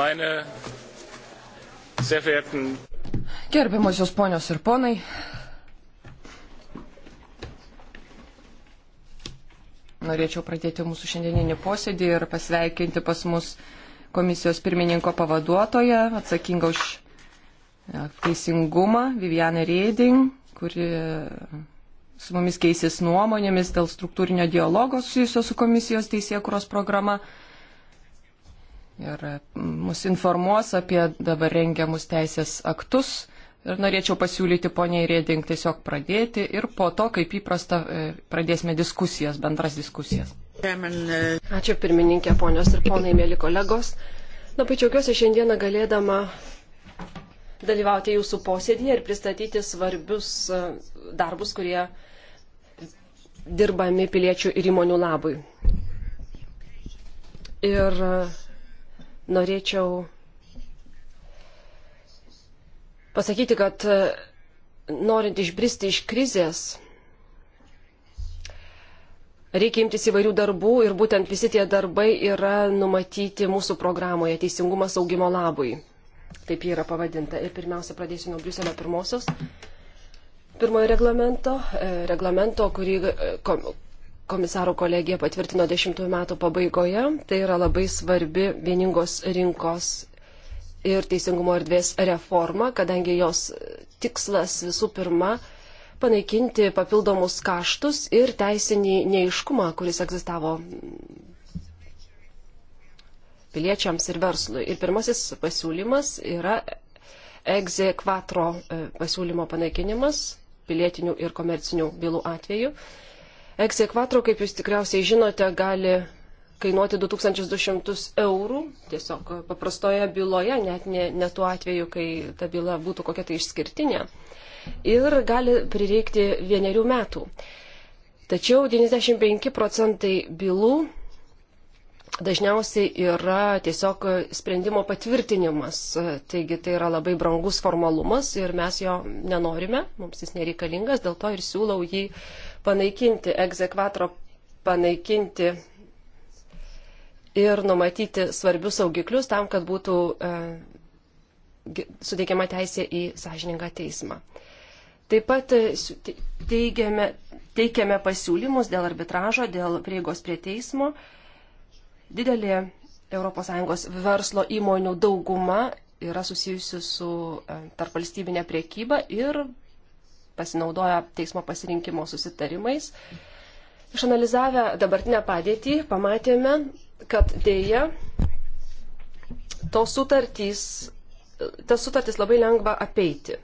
Meine sehr verehrten Gerbiamosios ponios ir ponai, norėčiau pradėti mūsų šiandieninį posėdį ir pasveikinti pas mus komisijos pirmininko pavaduotoją, atsakingą už e, teisingumą, Vivianą Rėding, kuri e, su mumis keisis nuomonėmis dėl struktūrinio dialogo susijusio su komisijos teisėkuros programa ir mm, mus informuos apie dabar rengiamus teisės aktus. Ir norėčiau pasiūlyti poniai Rėding tiesiog pradėti ir po to, kaip įprasta, e, pradėsime diskusijas, bendras diskusijas. Ačiū pirmininkė, ponios ir ponai, mėly kolegos. Labai džiaugiuosi šiandieną galėdama dalyvauti jūsų posėdėje ir pristatyti svarbius e, darbus, kurie dirbami piliečių ir įmonių labui. Ir norėčiau pasakyti, kad e, norint išbristi iš krizės, reikia imtis įvairių darbų ir būtent visi tie darbai yra numatyti mūsų programoje Teisingumas augimo labui. Taip yra pavadinta. Ir pirmiausia, pradėsiu nuo Briuselio pirmosios. Pirmojo reglamento, e, reglamento kurį e, komisaro kolegija patvirtino 10 metų pabaigoje. Tai yra labai svarbi vieningos rinkos ir teisingumo erdvės reforma, kadangi jos tikslas visų pirma panaikinti papildomus kaštus ir teisinį neiškumą, kuris egzistavo piliečiams ir verslui. Ir pirmasis pasiūlymas yra egze quattro e, pasiūlymo panaikinimas pilietinių ir komercinių bylų atveju. Eksekvatro, kaip jūs tikriausiai žinote, gali kainuoti 2200 eurų tiesiog paprastoje byloje, net ne, ne tuo atveju, kai ta byla būtų kokia tai išskirtinė. Ir gali prireikti vienerių metų. Tačiau 95 procentai bylų dažniausiai yra tiesiog sprendimo patvirtinimas. Taigi tai yra labai brangus formalumas ir mes jo nenorime, mums jis nereikalingas, dėl to ir siūlau jį uh, panaikinti egzekvatro, panaikinti ir numatyti svarbius saugiklius tam, kad būtų e, suteikiama teisė į sąžiningą teismą. Taip pat e, teigiame, teikiame pasiūlymus dėl arbitražo, dėl prieigos prie teismo. Didelė ES verslo įmonių dauguma yra susijusi su e, tarpvalstybinė priekyba ir pasinaudoja teismo pasirinkimo susitarimais. Išanalizavę dabartinę padėtį, pamatėme, kad dėja tos sutartys, tas sutartys labai lengva apeiti.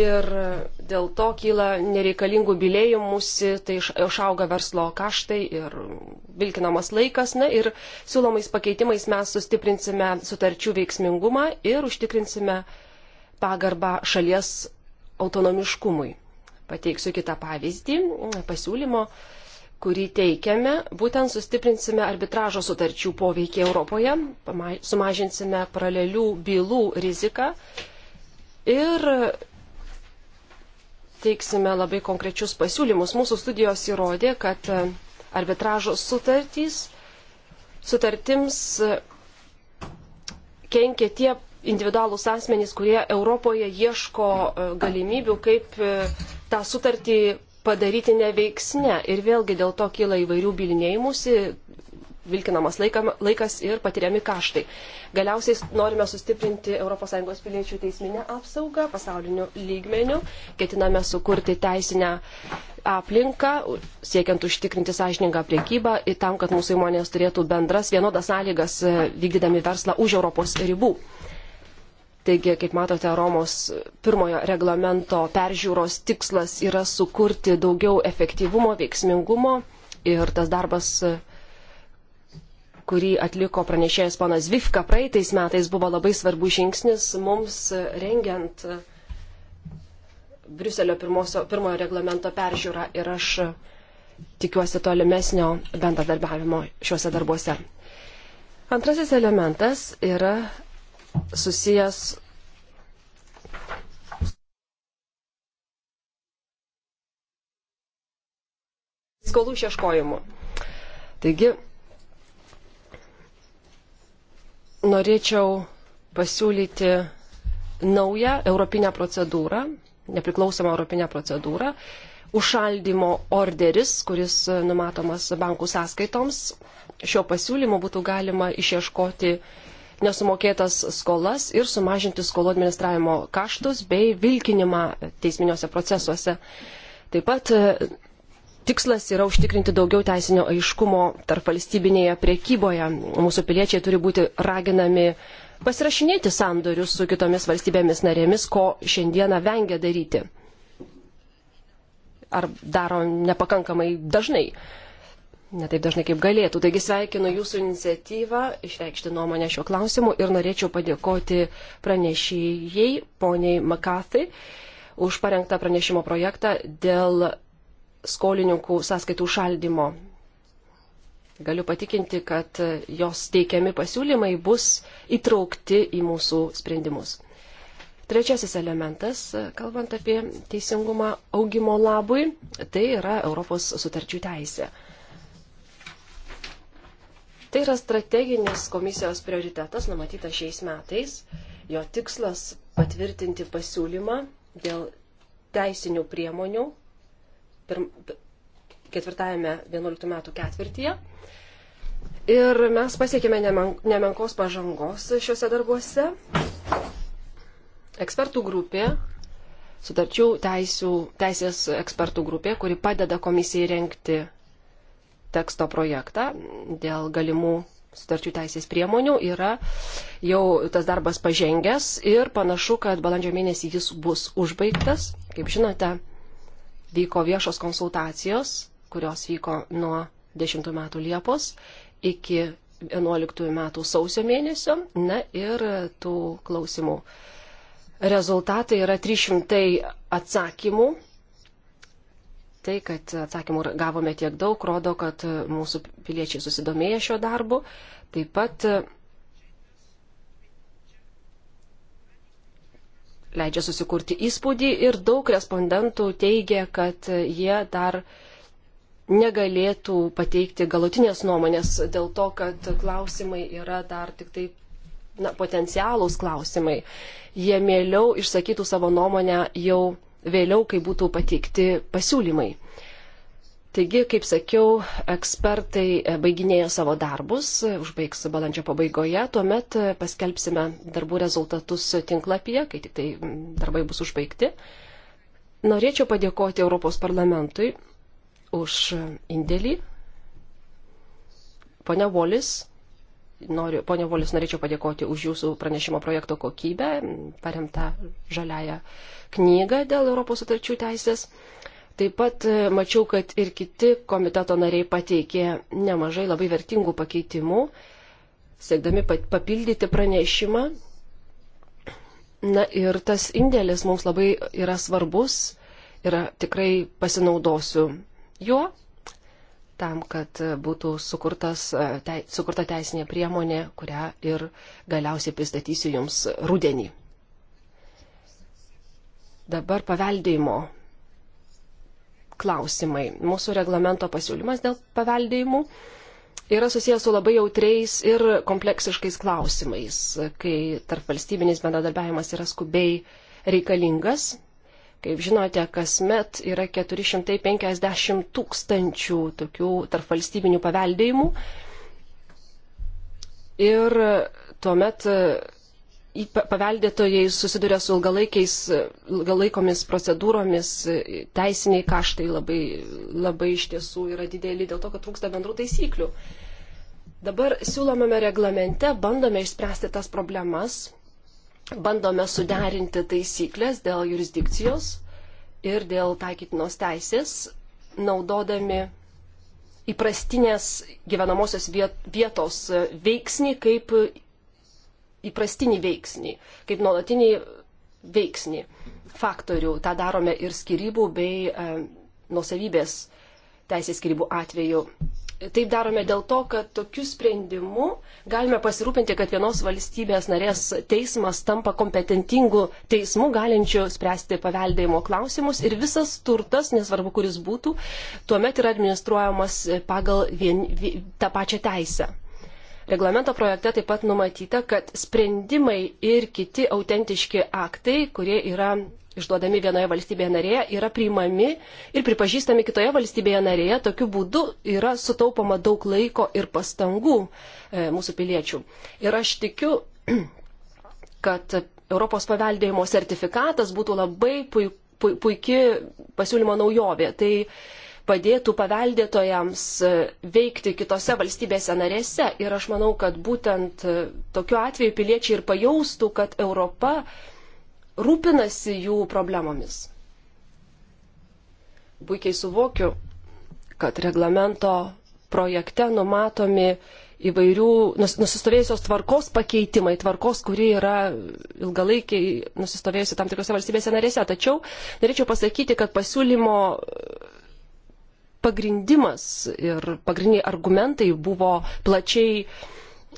Ir dėl to kyla nereikalingų bilėjimusi, tai išauga verslo kaštai ir vilkinamas laikas. Na ir siūlomais pakeitimais mes sustiprinsime sutarčių veiksmingumą ir užtikrinsime pagarbą šalies autonomiškumui. Pateiksiu kitą pavyzdį pasiūlymo, kurį teikiame. Būtent sustiprinsime arbitražo sutarčių poveikį Europoje, sumažinsime paralelių bylų riziką ir teiksime labai konkrečius pasiūlymus. Mūsų studijos įrodė, kad arbitražo sutartys sutartims kenkia tie individualūs asmenys, kurie Europoje ieško e, galimybių, kaip e, tą sutartį padaryti neveiksne. Ir vėlgi dėl to kyla įvairių bilinėjimusi, vilkinamas laikas ir patiriami kaštai. Galiausiai norime sustiprinti ES piliečių teisminę apsaugą pasauliniu lygmeniu, ketiname sukurti teisinę aplinką, siekiant užtikrinti sąžiningą priekybą ir tam, kad mūsų įmonės turėtų bendras vienodas sąlygas e, vykdydami verslą už Europos ribų. Taigi, kaip matote, Romos pirmojo reglamento peržiūros tikslas yra sukurti daugiau efektyvumo, veiksmingumo ir tas darbas, kurį atliko pranešėjas ponas Vifka praeitais metais, buvo labai svarbus žingsnis mums rengiant Briuselio pirmosio, pirmojo reglamento peržiūrą ir aš tikiuosi tolimesnio bendradarbiavimo šiuose darbuose. Antrasis elementas yra susijęs skolų išieškojimu. Taigi, norėčiau pasiūlyti naują europinę procedūrą, nepriklausomą europinę procedūrą, užšaldimo orderis, kuris numatomas bankų sąskaitoms. Šio pasiūlymo būtų galima išieškoti uh, nesumokėtas skolas ir sumažinti skolų administravimo kaštus bei vilkinimą teisminiuose procesuose. Taip pat e, tikslas yra užtikrinti daugiau teisinio aiškumo tarp valstybinėje priekyboje. Mūsų piliečiai turi būti raginami pasirašinėti sandorius su kitomis valstybėmis narėmis, ko šiandieną vengia daryti. Ar daro nepakankamai dažnai netaip dažnai kaip galėtų. Taigi sveikinu jūsų iniciatyvą išreikšti nuomonę šiuo klausimu ir norėčiau padėkoti pranešėjai, poniai Makathai, už parengtą pranešimo projektą dėl skolininkų sąskaitų šaldymo. Galiu patikinti, kad jos teikiami pasiūlymai bus įtraukti į mūsų sprendimus. Trečiasis elementas, kalbant apie teisingumą augimo labui, tai yra Europos sutarčių teisė. Tai yra strateginis komisijos prioritetas numatytas šiais metais. Jo tikslas patvirtinti pasiūlymą dėl teisinių priemonių pirm, ketvirtajame 11 metų ketvirtyje. Ir mes pasiekėme nemenkos pažangos šiuose darbuose. Ekspertų grupė, sutarčių teisų, teisės ekspertų grupė, kuri padeda komisijai renkti teksto projektą dėl galimų sutarčių teisės priemonių yra jau tas darbas pažengęs ir panašu, kad balandžio mėnesį jis bus užbaigtas. Kaip žinote, vyko viešos konsultacijos, kurios vyko nuo 10 metų Liepos iki 11 metų sausio mėnesio. Na ir tų klausimų rezultatai yra 300 atsakymų Tai, kad atsakymų gavome tiek daug, rodo, kad mūsų piliečiai susidomėję šio darbu. Taip pat e, leidžia susikurti įspūdį ir daug respondentų teigia, kad jie dar negalėtų pateikti galutinės nuomonės dėl to, kad klausimai yra dar tik tai na, potencialūs klausimai. Jie mėliau išsakytų savo nuomonę jau vėliau, kai būtų pateikti pasiūlymai. Taigi, kaip sakiau, ekspertai e, baiginėja savo darbus, užbaigs balandžio pabaigoje, tuomet e, paskelbsime darbų rezultatus tinklapyje, kai tik tai darbai bus užbaigti. Norėčiau padėkoti Europos parlamentui už e, indėlį. Pone Volis noriu, ponia Volis, norėčiau padėkoti už jūsų pranešimo projekto kokybę, paremtą žaliają knygą dėl Europos sutarčių teisės. Taip pat e, mačiau, kad ir kiti komiteto nariai pateikė nemažai labai vertingų pakeitimų, siekdami papildyti pranešimą. Na ir tas indėlis mums labai yra svarbus ir tikrai pasinaudosiu juo tam, kad būtų sukurtas, e, te, sukurta teisinė priemonė, kurią ir galiausiai pristatysiu Jums rudenį. Dabar paveldėjimo klausimai. Mūsų reglamento pasiūlymas dėl paveldėjimų yra susijęs su labai jautriais ir kompleksiškais klausimais, kai tarp valstybinis bendradarbiavimas yra skubiai reikalingas Kaip žinote, kasmet yra 450 tūkstančių tokių tarpvalstybinių paveldėjimų. Ir tuomet e, paveldėtojai susiduria su ilgalaikomis procedūromis, e, teisiniai kaštai labai, labai iš tiesų yra dideli dėl to, kad trūksta bendrų taisyklių. Dabar siūlomame reglamente bandome išspręsti tas problemas bandome suderinti taisyklės dėl jurisdikcijos ir dėl taikytinos teisės, naudodami įprastinės gyvenamosios vietos veiksnį kaip įprastinį veiksnį, kaip nuolatinį veiksnį faktorių. Ta darome ir skirybų bei e, nusavybės teisės skirybų atveju taip darome dėl to, kad tokiu sprendimu galime pasirūpinti, kad vienos valstybės narės teismas tampa kompetentingu teismu, galinčiu spręsti paveldėjimo klausimus ir visas turtas, nesvarbu kuris būtų, tuomet yra administruojamas pagal vien, vien, tą pačią teisę. Reglamento projekte taip pat numatyta, kad sprendimai ir kiti autentiški aktai, kurie yra išduodami vienoje valstybėje narėje, yra priimami ir pripažįstami kitoje valstybėje narėje. Tokiu būdu yra sutaupama daug laiko ir pastangų e, mūsų piliečių. Ir aš tikiu, kad Europos paveldėjimo sertifikatas būtų labai puik, puik, puikia pasiūlymo naujovė. Tai padėtų paveldėtojams e, veikti kitose valstybėse narėse. Ir aš manau, kad būtent e, tokiu atveju piliečiai ir pajaustų, kad Europa rūpinasi jų problemomis. Puikiai suvokiu, kad reglamento projekte numatomi įvairių nusistovėjusios tvarkos pakeitimai, tvarkos, kuri yra ilgalaikiai nusistovėjusi tam tikrose valstybėse narėse. Tačiau norėčiau pasakyti, kad pasiūlymo pagrindimas ir pagrindiniai argumentai buvo plačiai uh,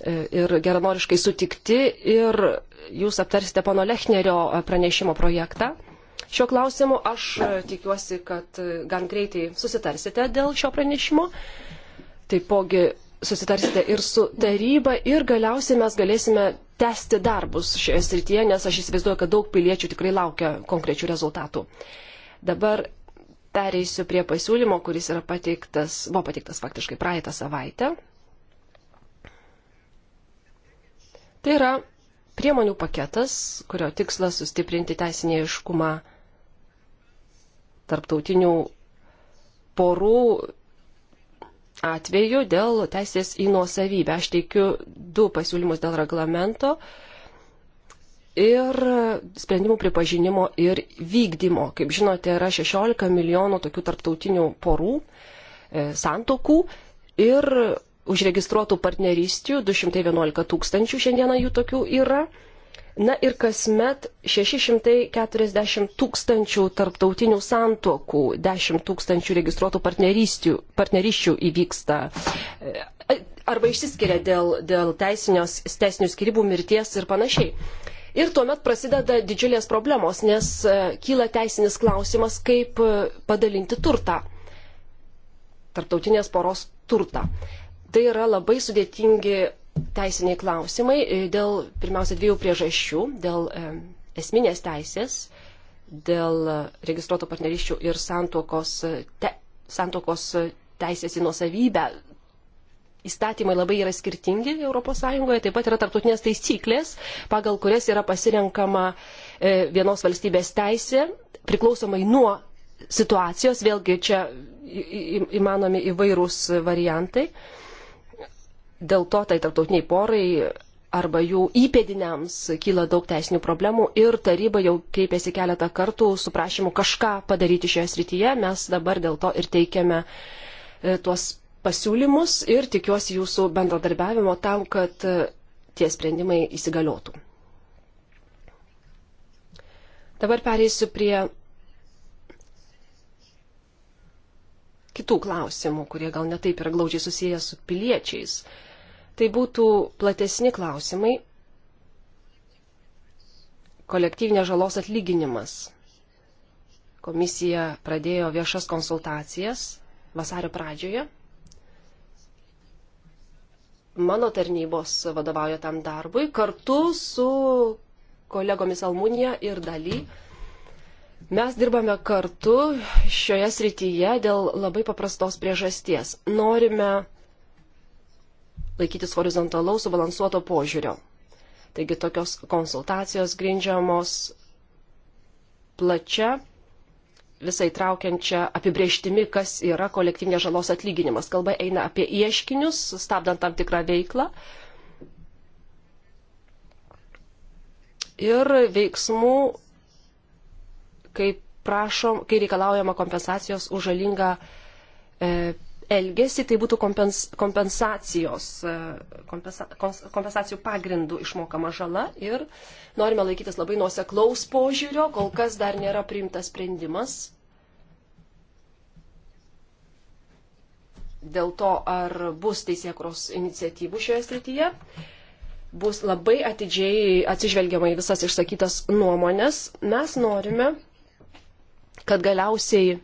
ir geranoriškai sutikti ir jūs aptarsite pono Lechnerio pranešimo projektą. Šiuo klausimu aš tikiuosi, kad gan greitai susitarsite dėl šio pranešimo. Taipogi susitarsite ir su taryba ir galiausiai mes galėsime tęsti darbus šioje srityje, nes aš įsivaizduoju, kad daug piliečių tikrai laukia konkrečių rezultatų. Dabar pereisiu prie pasiūlymo, kuris yra pateiktas, buvo pateiktas faktiškai praeitą savaitę, Tai yra priemonių paketas, kurio tikslas sustiprinti teisinį iškumą tarptautinių porų atveju dėl teisės į nuosavybę. Aš teikiu du pasiūlymus dėl reglamento ir sprendimų pripažinimo ir vykdymo. Kaip žinote, yra 16 milijonų tokių tarptautinių porų, e, santokų ir užregistruotų partnerysčių, 211 tūkstančių šiandieną jų tokių yra. Na ir kasmet 640 tūkstančių tarptautinių santokų, 10 tūkstančių registruotų partnerysčių įvyksta arba išsiskiria dėl, dėl teisinios, teisinių skirybų, mirties ir panašiai. Ir tuomet prasideda didžiulės problemos, nes e, kyla teisinis klausimas, kaip e, padalinti turtą, tarptautinės poros turtą. Tai yra labai sudėtingi teisiniai klausimai e, dėl pirmiausia dviejų priežasčių - dėl e, esminės teisės, dėl registruoto partnerysčių ir santokos, e, te, santokos teisės į nuosavybę. Įstatymai labai yra skirtingi ES, taip pat yra tarptautinės taisyklės, pagal kurias yra pasirenkama vienos valstybės teisė priklausomai nuo situacijos, vėlgi čia įmanomi įvairūs variantai. E, Dėl to tai tarptautiniai porai arba jų įpėdiniams kyla daug teisinių problemų ir taryba jau kreipėsi keletą kartų su prašymu kažką padaryti šioje srityje. Mes dabar dėl to ir teikiame e, tuos pasiūlymus ir tikiuosi jūsų bendradarbiavimo tam, kad e, tie sprendimai įsigaliotų. Dabar pereisiu prie kitų klausimų, kurie gal netaip yra glaudžiai susijęs su piliečiais. Tai būtų platesni klausimai. Kolektyvinė žalos atlyginimas. Komisija pradėjo viešas konsultacijas vasario pradžioje. Mano tarnybos vadovauja tam darbui kartu su kolegomis Almunija ir Daly. Mes dirbame kartu šioje srityje dėl labai paprastos priežasties. Norime laikytis horizontalaus subalansuoto požiūrio. Taigi tokios konsultacijos grindžiamos plačia visai traukiančią apibrieštimi, kas yra kolektyvinės žalos atlyginimas. Kalba eina apie ieškinius, stabdant tam tikrą veiklą. Ir veiksmų, kai, prašom, kai reikalaujama kompensacijos už žalingą e, elgesį, tai būtų kompens, kompensacijos, e, kompensa, kompensacijų pagrindų išmokama žala ir norime laikytis labai nuoseklaus požiūrio, kol kas dar nėra priimtas sprendimas. Dėl to, ar bus teisėkros iniciatyvų šioje srityje, bus labai atidžiai atsižvelgiama į visas išsakytas nuomonės. Mes norime, kad galiausiai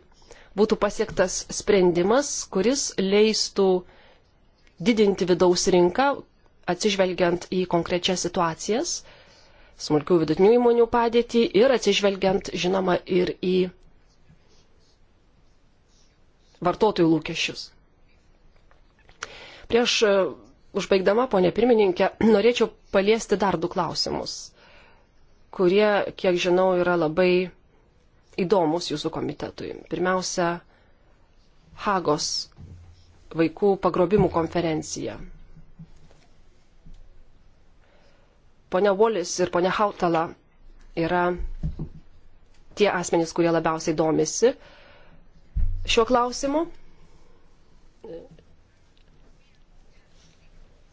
būtų pasiektas sprendimas, kuris leistų didinti vidaus rinką, atsižvelgiant į konkrečias situacijas, smulkių vidutinių įmonių padėtį ir atsižvelgiant, žinoma, ir į vartotojų lūkesčius. Prieš e, užbaigdama, ponė pirmininkė, norėčiau paliesti dar du klausimus, kurie, kiek žinau, yra labai įdomus jūsų komitetui. Pirmiausia, Hagos vaikų pagrobimų konferencija. Pone Wallis ir pone Hautala yra tie asmenys, kurie labiausiai domisi šiuo klausimu.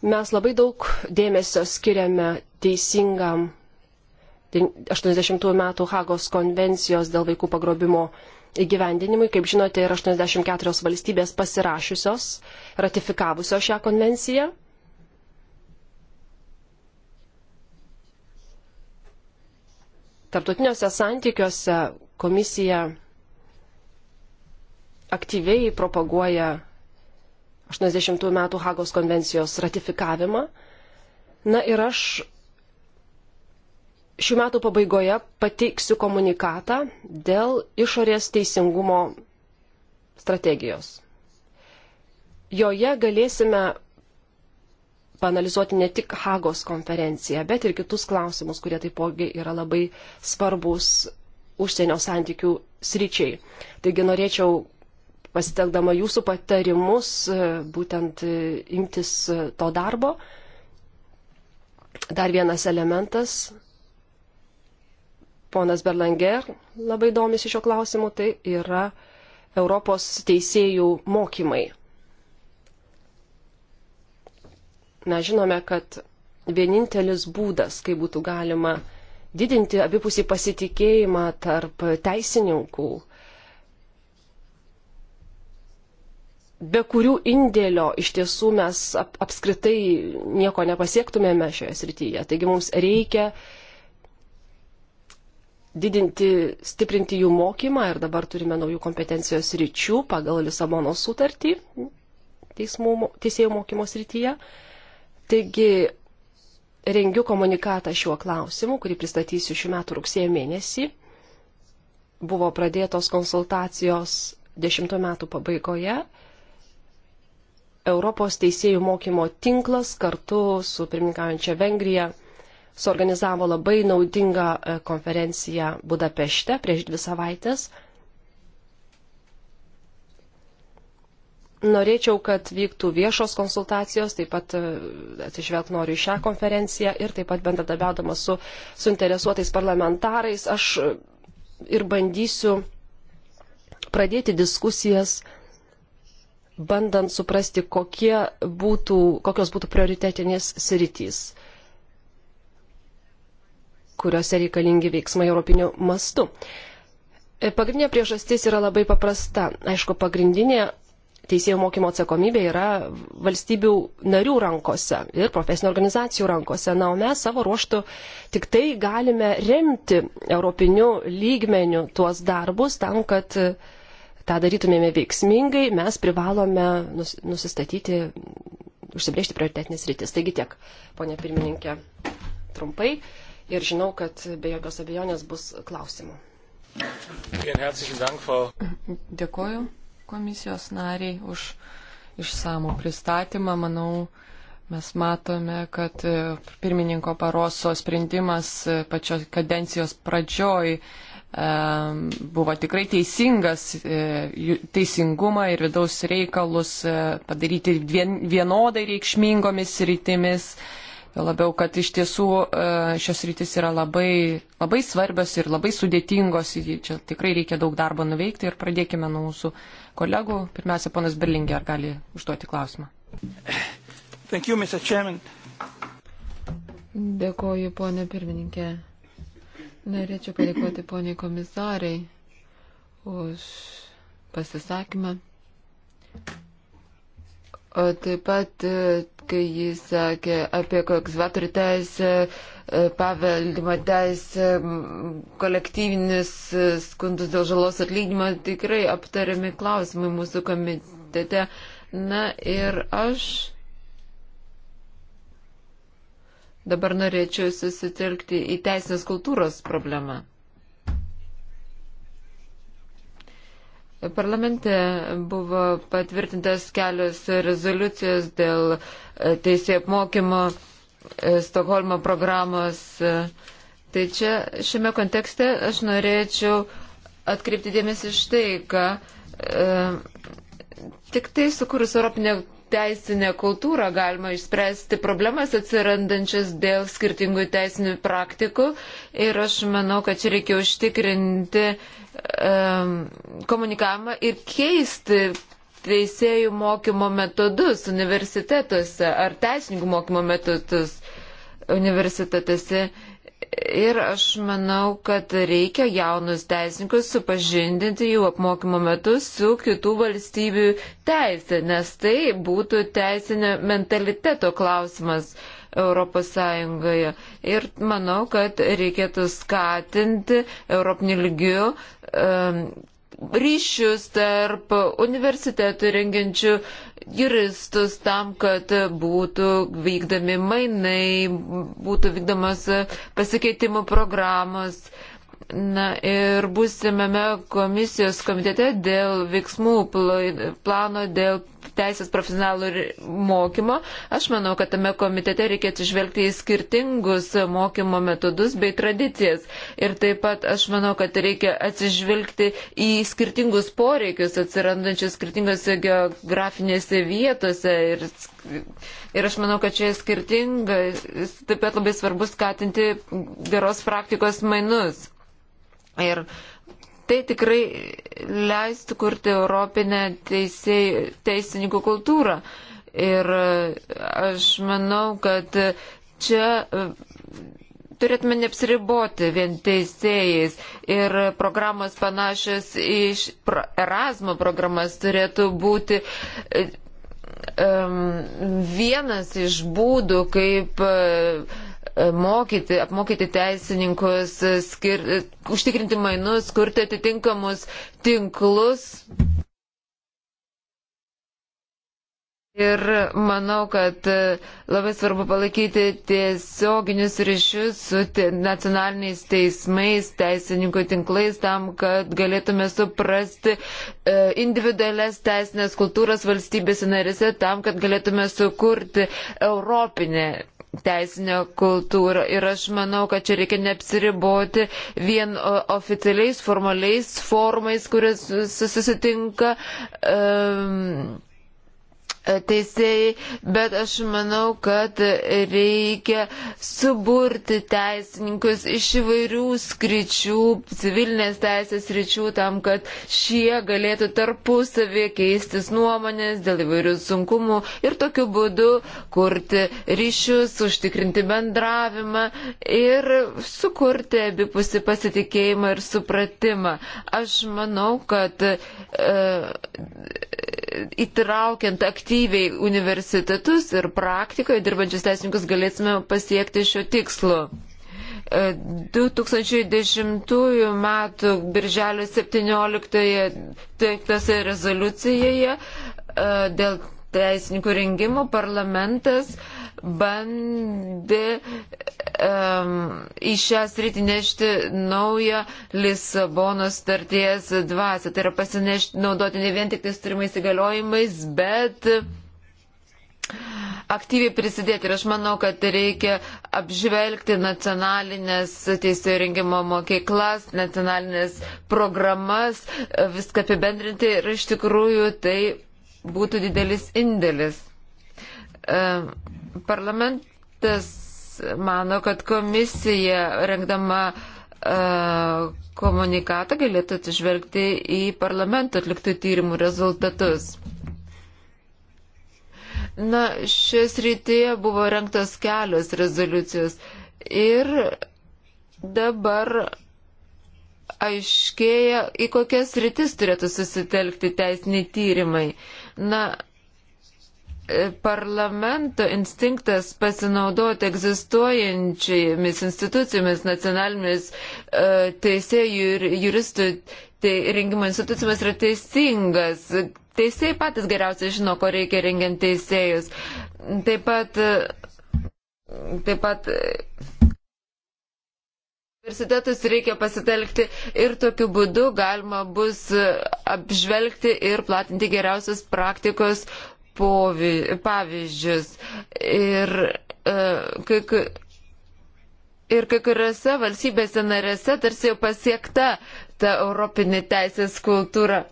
Mes labai daug dėmesio skiriame teisingam 80 metų Hagos konvencijos dėl vaikų pagrobimo įgyvendinimui. Kaip žinote, yra 84 valstybės pasirašiusios, ratifikavusios šią konvenciją. Tartutiniuose santykiuose komisija aktyviai propaguoja 80 metų Hagos konvencijos ratifikavimą. Na ir aš Šių metų pabaigoje pateiksiu komunikatą dėl išorės teisingumo strategijos. Joje galėsime panalizuoti ne tik Hagos konferenciją, bet ir kitus klausimus, kurie taipogi yra labai svarbus užsienio santykių sryčiai. Taigi norėčiau pasitelkdama jūsų patarimus būtent imtis to darbo. Dar vienas elementas ponas Berlanger labai domisi šio klausimu, tai yra Europos teisėjų mokymai. Mes žinome, kad vienintelis būdas, kaip būtų galima didinti abipusį pasitikėjimą tarp teisininkų, be kurių indėlio iš tiesų mes ap apskritai nieko nepasiektumėme šioje srityje. Taigi mums reikia didinti, stiprinti jų mokymą ir dabar turime naujų kompetencijos ryčių pagal Lisabono sutartį teismų, teisėjų mokymo srityje. Taigi rengiu komunikatą šiuo klausimu, kurį pristatysiu šių metų rugsėjo mėnesį. Buvo pradėtos konsultacijos 10 metų pabaigoje. Europos teisėjų mokymo tinklas kartu su pirmininkaujančia Vengrija suorganizavo labai naudingą e, konferenciją Budapešte prieš dvi savaitės. Norėčiau, kad vyktų viešos konsultacijos, taip pat e, atsižvelg noriu į šią konferenciją ir taip pat bendradarbiaudama su suinteresuotais parlamentarais, aš e, ir bandysiu pradėti diskusijas, bandant suprasti, būtų, kokios būtų prioritetinės sritys kuriuose reikalingi veiksmai europiniu mastu. E, pagrindinė priežastis yra labai paprasta. Aišku, pagrindinė teisėjų mokymo atsakomybė yra valstybių narių rankose ir profesinių organizacijų rankose. Na, o mes savo ruoštų tik tai galime remti europiniu lygmeniu tuos darbus tam, kad e, tą darytumėme veiksmingai, mes privalome nusistatyti, užsibriežti prioritetinės rytis. Taigi tiek, ponė pirmininkė, trumpai ir žinau, kad be jokios abejonės bus klausimų. Dėkoju komisijos nariai už išsamų pristatymą. Manau, mes matome, kad e, pirmininko paroso sprendimas e, pačios kadencijos pradžioj e, buvo tikrai teisingas teisingumą ir vidaus reikalus padaryti vienodai reikšmingomis rytimis. Ir Jo labiau, kad iš tiesų e, šios rytis yra labai, labai svarbios ir labai sudėtingos. Čia tikrai reikia daug darbo nuveikti ir pradėkime nuo mūsų kolegų. Pirmiausia, ponas Berlingė, ar gali užduoti klausimą? Thank you, Dėkoju, ponė pirmininkė. Norėčiau padėkoti poniai komisariai už pasisakymą. O taip pat e, kai jis sakė apie konservatorių teisę, e, paveldimo teisę, kolektyvinius e, skundus dėl žalos atlyginimo, tikrai aptariami klausimai mūsų komitete. Na ir aš dabar norėčiau susitelkti į teisinės kultūros problemą. Parlamente buvo patvirtintas kelios rezoliucijos dėl uh, teisėjų apmokymo, e, Stokholmo programos. E, tai čia šiame kontekste aš norėčiau atkreipti dėmesį iš tai, kad e, tik tai sukūrus Europinę teisinę kultūrą galima išspręsti problemas atsirandančias dėl skirtingų teisinių praktikų ir aš manau, kad čia reikia užtikrinti um, komunikavimą ir keisti teisėjų mokymo metodus universitetuose ar teisininkų mokymo metodus universitetuose. Ir aš manau, kad reikia jaunus teisininkus supažindinti jų apmokymo metu su kitų valstybių teisė, nes tai būtų teisinio mentaliteto klausimas ES. Ir manau, kad reikėtų skatinti Europinių lygių um, ryšius tarp universitetų rengiančių juristus tam, kad būtų vykdami mainai, būtų vykdomas pasikeitimo programos Na ir būsimame komisijos komitete dėl veiksmų plano, dėl teisės profesionalų mokymo, aš manau, kad tame komitete reikia atsižvelgti į skirtingus mokymo metodus bei tradicijas. Ir taip pat aš manau, kad reikia atsižvelgti į skirtingus poreikius atsirandančius skirtingose geografinėse vietose. Ir, ir aš manau, kad čia skirtinga, taip pat labai svarbu skatinti geros praktikos mainus. Ir tai tikrai leistų kurti Europinę teisėjų, teisininkų kultūrą. Ir aš manau, kad čia e, turėtume neapsiriboti vien teisėjais ir programos panašios iš Erasmo programas turėtų būti um, vienas iš būdų, kaip uh, mokyti, apmokyti teisininkus, skir, užtikrinti mainus, kurti atitinkamus tinklus. Ir manau, kad e, labai svarbu palaikyti tiesioginius ryšius su nacionaliniais teismais, teisininkų tinklais, tam, kad galėtume suprasti e, individualias teisinės kultūras valstybėse narise, tam, kad galėtume sukurti europinę teisinę kultūrą. Ir aš manau, kad čia reikia neapsiriboti vien oficialiais, formaliais formais, kuris susitinka. Um, teisėjai, bet aš manau, kad reikia suburti teisininkus iš įvairių skričių, civilinės teisės ryčių, tam, kad šie galėtų tarpusavį keistis nuomonės dėl įvairių sunkumų ir tokiu būdu kurti ryšius, užtikrinti bendravimą ir sukurti abipusi pasitikėjimą ir supratimą. Aš manau, kad e, įtraukiant aktyviai universitetus ir praktikoje dirbančius teisininkus galėsime pasiekti šio tikslo. 2010 e, m. birželio 17 teiktose rezoliucijoje e, dėl teisininkų rengimo parlamentas uh, bandė um, į šią sritį nešti naują Lisabonos starties dvasę. Tai yra pasinešti, naudoti ne vien tik tais turimais įgaliojimais, bet aktyviai prisidėti. Ir aš manau, kad reikia apžvelgti nacionalinės teisėjų rengimo mokyklas, nacionalinės programas, viską apibendrinti ir iš tikrųjų tai būtų didelis indėlis. Um, Parlamentas mano, kad komisija rengdama uh, komunikatą galėtų atsižvelgti į parlamento atliktų tyrimų rezultatus. Na, šios rytyje buvo renktos kelios rezoliucijos ir dabar aiškėja, į kokias rytis turėtų susitelkti teisiniai tyrimai. Na, parlamento instinktas pasinaudoti egzistuojančiamis institucijomis, nacionalinėmis e, teisėjų ir juristų tai rengimo institucijomis yra teisingas. Teisėjai patys geriausiai žino, ko reikia rengiant teisėjus. Taip pat. E, taip pat e, universitetus reikia pasitelkti ir tokiu būdu galima bus apžvelgti ir platinti geriausios praktikos pavyzdžius. Ir, e, kai, ir kai kuriuose valstybėse narėse tarsi jau pasiekta ta europinė teisės kultūra.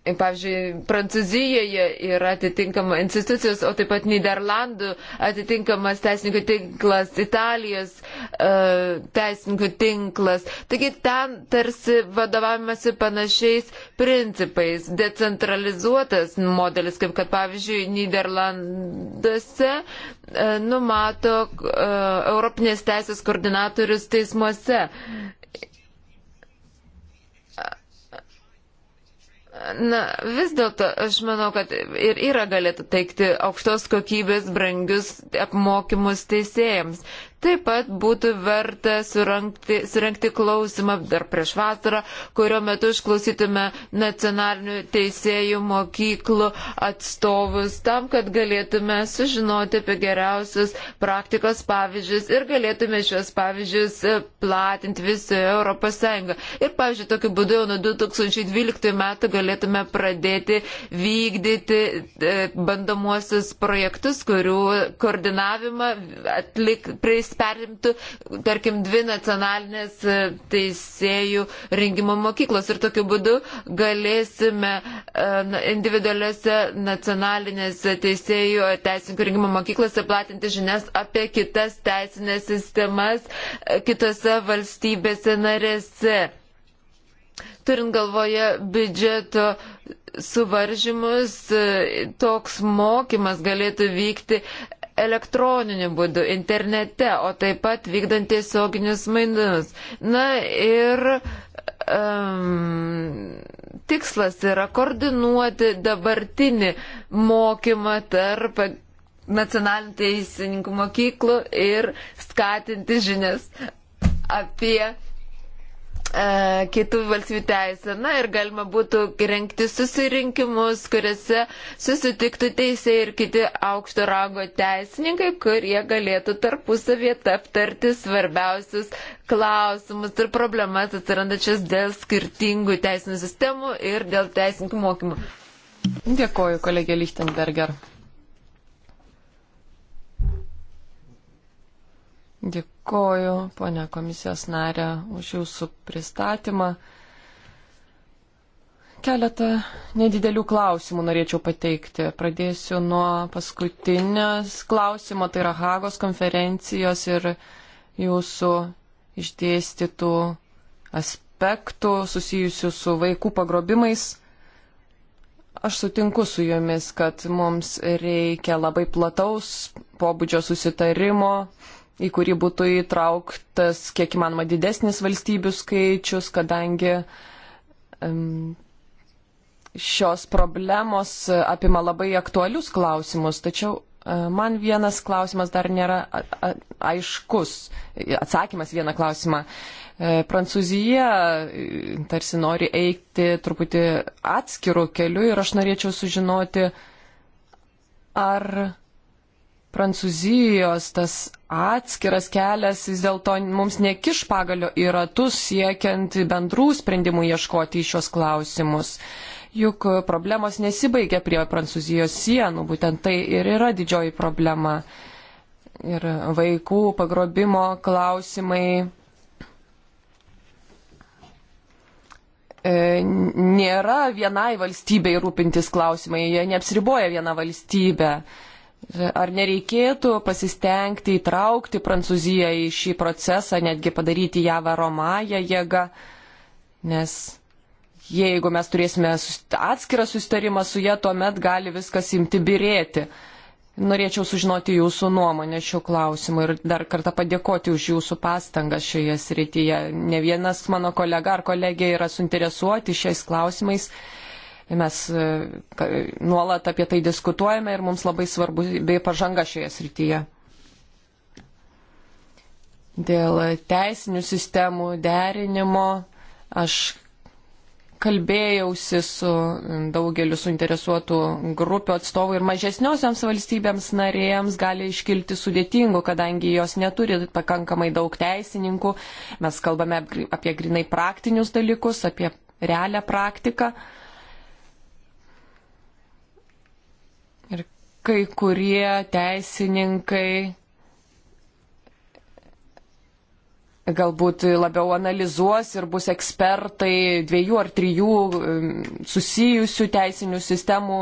Pavyzdžiui, Prancūzijoje yra atitinkama institucijos, o taip pat Niderlandų atitinkamas teisininkų tinklas, Italijos uh, teisininkų tinklas. Taigi ten tarsi vadovavimasi panašiais principais. Decentralizuotas modelis, kaip kad pavyzdžiui Niderlanduose uh, numato uh, Europinės teisės koordinatorius teismuose. Uh, Na, vis dėlto aš manau, kad ir yra galėtų teikti aukštos kokybės brangius apmokymus teisėjams. Taip pat būtų verta surinkti, surinkti klausimą dar prieš vasarą, kurio metu išklausytume nacionalinių teisėjų mokyklų atstovus tam, kad galėtume sužinoti apie geriausius praktikos pavyzdžius ir galėtume šios pavyzdžius e, platinti visoje Europos Sąjungoje. Ir, pavyzdžiui, tokiu būdu jau nuo 2012 metų galėtume pradėti vykdyti e, bandomuosius projektus, kurių koordinavimą atlik, prieis jis perimtų, tarkim, dvi nacionalinės e, teisėjų rengimo mokyklos ir tokiu būdu galėsime e, individualiuose nacionalinėse teisėjų teisininkų rengimo mokyklose platinti žinias apie kitas teisinės sistemas e, kitose valstybėse narėse. Turint galvoje biudžeto suvaržymus, toks mokymas galėtų vykti elektroniniu būdu, internete, o taip pat vykdant tiesioginius mainus. Na ir um, tikslas yra koordinuoti dabartinį mokymą tarp nacionalinių teisininkų mokyklų ir skatinti žinias apie E, kitų valstybių teisę. Na ir galima būtų rengti susirinkimus, kuriuose susitiktų teisėjai ir kiti aukšto rango teisininkai, kurie galėtų tarpusavėje aptarti svarbiausius klausimus ir problemas atsirandačias dėl skirtingų teisinių sistemų ir dėl teisininkų mokymų. Dėkoju, kolegė Lichtenberger. Dėkoju, ponia komisijos narė, už jūsų pristatymą. Keletą nedidelių klausimų norėčiau pateikti. Pradėsiu nuo paskutinės klausimo, tai yra Hagos konferencijos ir jūsų išdėstytų aspektų susijusių su vaikų pagrobimais. Aš sutinku su jumis, kad mums reikia labai plataus pobūdžio susitarimo į kurį būtų įtrauktas kiek įmanoma didesnis valstybių skaičius, kadangi um, šios problemos apima labai aktualius klausimus. Tačiau e, Man vienas klausimas dar nėra aiškus, atsakymas vieną klausimą. E, Prancūzija e, tarsi nori eiti truputį atskirų kelių ir aš norėčiau sužinoti, ar Prancūzijos tas atskiras kelias vis dėlto mums nekiš pagalio į ratus siekiant bendrų sprendimų ieškoti į šios klausimus. Juk problemos nesibaigia prie Prancūzijos sienų, būtent tai ir yra didžioji problema. Ir vaikų pagrobimo klausimai e, nėra vienai valstybei rūpintis klausimai, jie neapsiriboja vieną valstybę. Ar nereikėtų pasistengti įtraukti Prancūziją į šį procesą, netgi padaryti ją varomąją jėgą, nes jeigu mes turėsime atskirą susitarimą su jie, tuomet gali viskas imti birėti. Norėčiau sužinoti jūsų nuomonę šiuo klausimu ir dar kartą padėkoti už jūsų pastangas šioje srityje. Ne vienas mano kolega ar kolegė yra suinteresuoti šiais klausimais Mes e, nuolat apie tai diskutuojame ir mums labai svarbu bei pažanga šioje srityje. Dėl teisinių sistemų derinimo aš kalbėjausi su daugeliu suinteresuotų grupių atstovų ir mažesniosiams valstybėms narėjams gali iškilti sudėtingų, kadangi jos neturi pakankamai daug teisininkų. Mes kalbame apie grinai praktinius dalykus, apie realią praktiką. Uh, kai kurie teisininkai galbūt labiau analizuos ir bus ekspertai dviejų ar trijų susijusių teisinių sistemų,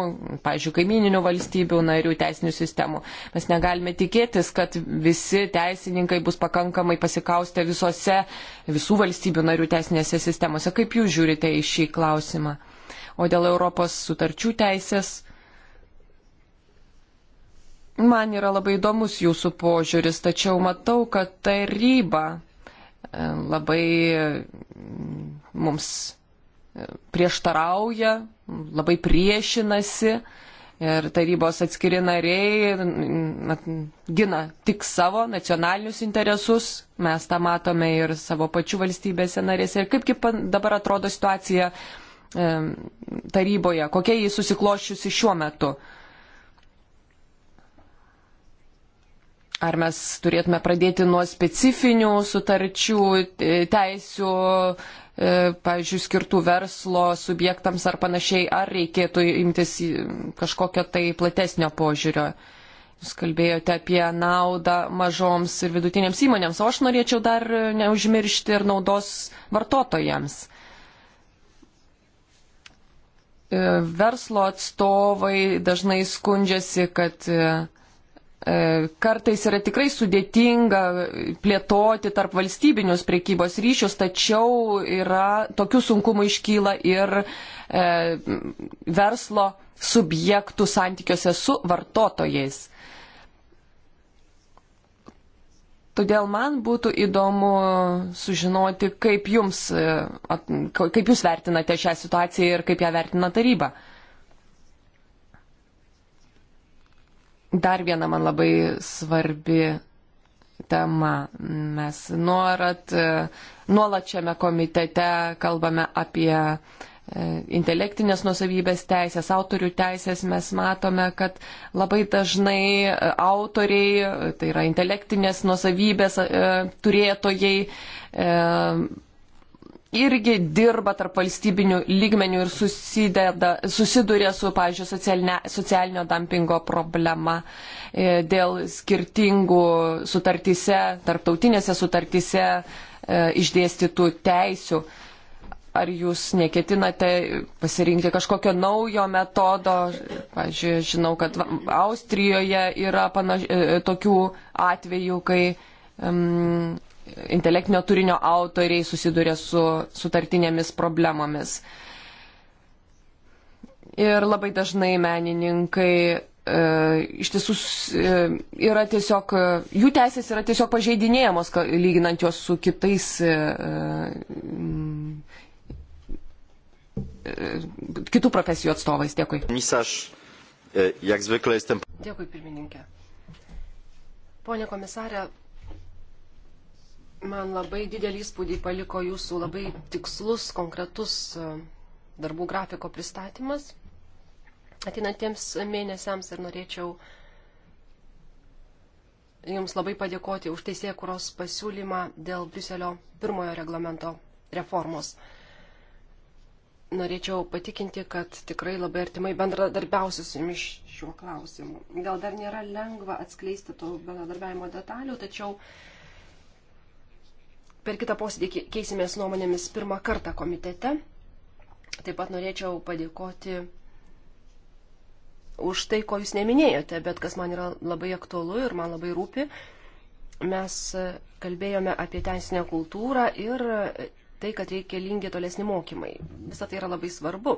pažiūrėjau, kaimininių valstybių narių teisinių sistemų. Mes negalime tikėtis, kad visi teisininkai bus pakankamai pasikaustę visose, visų valstybių narių teisinėse sistemose. Kaip jūs žiūrite į šį klausimą? O dėl Europos sutarčių teisės Man yra labai įdomus jūsų požiūris, tačiau matau, kad taryba e, labai mm, mums e, prieštarauja, labai priešinasi ir tarybos atskiri nariai mm, mm, gina tik savo nacionalinius interesus. Mes tą matome ir savo pačių valstybėse narėse. Ir kaip, kaip dabar atrodo situacija taryboje, kokia jį susikloščiusi šiuo metu. Ar mes turėtume pradėti nuo specifinių sutarčių, e, teisių, e, pavyzdžiui, skirtų verslo subjektams ar panašiai, ar reikėtų imtis kažkokio tai platesnio požiūrio? Jūs kalbėjote apie naudą mažoms ir vidutinėms įmonėms, o aš norėčiau dar neužmiršti ir naudos vartotojams e, verslo atstovai dažnai skundžiasi, kad E, kartais yra tikrai sudėtinga plėtoti tarp valstybinius priekybos ryšius, tačiau yra, tokių sunkumų iškyla ir e, verslo subjektų santykiuose su vartotojais. Todėl man būtų įdomu sužinoti, kaip, jums, e, kaip jūs vertinate šią situaciją ir kaip ją vertina taryba. Dar viena man labai svarbi tema. Mes nuorat, e, nuolat šiame komitete kalbame apie e, intelektinės nusavybės teisės, autorių teisės, mes matome, kad labai dažnai e, autoriai, tai yra intelektinės nusavybės turėtojai, irgi dirba tarp valstybinių lygmenių ir susideda, susiduria su, pavyzdžiui, socialinė, socialinio dumpingo problema e, dėl skirtingų sutartyse, tarptautinėse sutartyse e, išdėstytų teisių. Ar jūs neketinate pasirinkti kažkokio naujo metodo? Pavyzdžiui, žinau, kad Austrijoje yra panaš, e, tokių atvejų, kai um, intelektinio turinio autoriai susiduria su sutartinėmis problemomis. Ir labai dažnai menininkai e, iš tiesų e, yra tiesiog, e, jų teisės yra tiesiog pažeidinėjamos, lyginant juos su kitais, e, e, kitų profesijų atstovais. Dėkui. E, Dėkui, pirmininkė. Pone komisarė, Man labai didelį įspūdį paliko jūsų labai tikslus, konkretus e, darbų grafiko pristatymas ateinantiems mėnesiams ir norėčiau Jums labai padėkoti už teisėje kuros pasiūlymą dėl Briuselio pirmojo reglamento reformos. Norėčiau patikinti, kad tikrai labai artimai bendradarbiausiu su Jumis šiuo klausimu. Gal dar nėra lengva atskleisti to bendradarbiavimo detalių, tačiau uh, Per kitą posėdį keisimės nuomonėmis pirmą kartą komitete. Taip pat norėčiau padėkoti už tai, ko jūs neminėjote, bet kas man yra labai aktualu ir man labai rūpi. Mes kalbėjome apie teisinę kultūrą ir tai, kad reikalingi tolesni mokymai. Visą tai yra labai svarbu.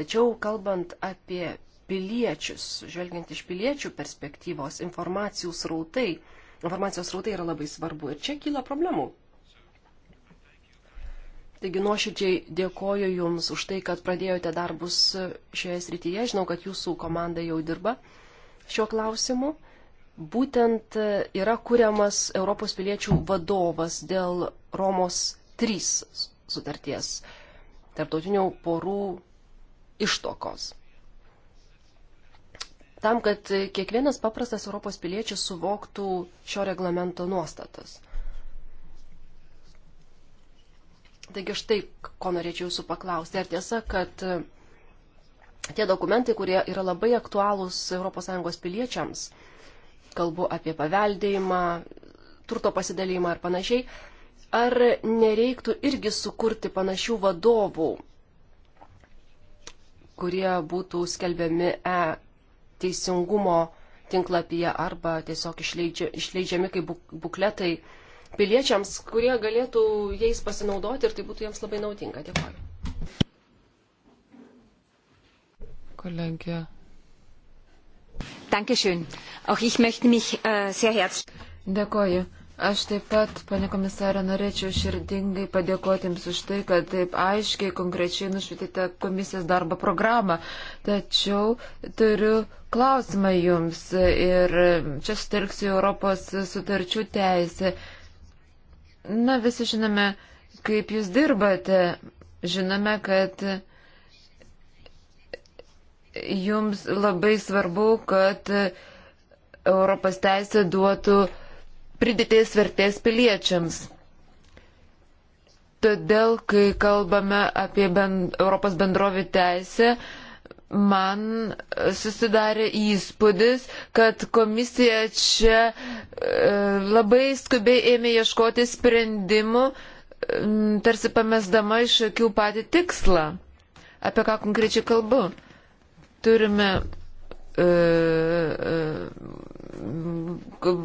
Tačiau kalbant apie piliečius, žvelgiant iš piliečių perspektyvos, informacijos rautai, informacijos rautai yra labai svarbu ir čia kyla problemų. Taigi nuoširdžiai dėkoju Jums už tai, kad pradėjote darbus šioje srityje. Žinau, kad Jūsų komanda jau dirba šiuo klausimu. Būtent yra kuriamas Europos piliečių vadovas dėl Romos 3 sutarties tarptautinių porų ištokos. Tam, kad kiekvienas paprastas Europos piliečius suvoktų šio reglamento nuostatas. Taigi štai, ko norėčiau jūsų paklausti. Ar tiesa, kad e, tie dokumentai, kurie yra labai aktualūs ES piliečiams, kalbu apie paveldėjimą, turto pasidalymą ir panašiai, ar nereiktų irgi sukurti panašių vadovų, kurie būtų skelbiami e teisingumo tinklapyje arba tiesiog išleidžia, išleidžiami kaip bukletai piliečiams, kurie galėtų jais pasinaudoti ir tai būtų jiems labai naudinga. Dėkuoju. Kolegė. Dankeschön. Auch ich möchte mich äh, sehr herzlich. Dėkuoju. Aš taip pat, pane komisarė, norėčiau širdingai padėkoti Jums už tai, kad taip aiškiai, konkrečiai nušvitėte komisijos darbo programą. Tačiau turiu klausimą Jums ir čia sutelksiu Europos sutarčių teisę. Na, visi žinome, kaip jūs dirbate. Žinome, kad jums labai svarbu, kad Europos teisė duotų pridėties vertės piliečiams. Todėl, kai kalbame apie ben, Europos bendrovių teisę, man susidarė įspūdis, kad komisija čia e, labai skubiai ėmė ieškoti sprendimų, tarsi pamesdama iš akių patį tikslą. Apie ką konkrečiai kalbu? Turime e, e,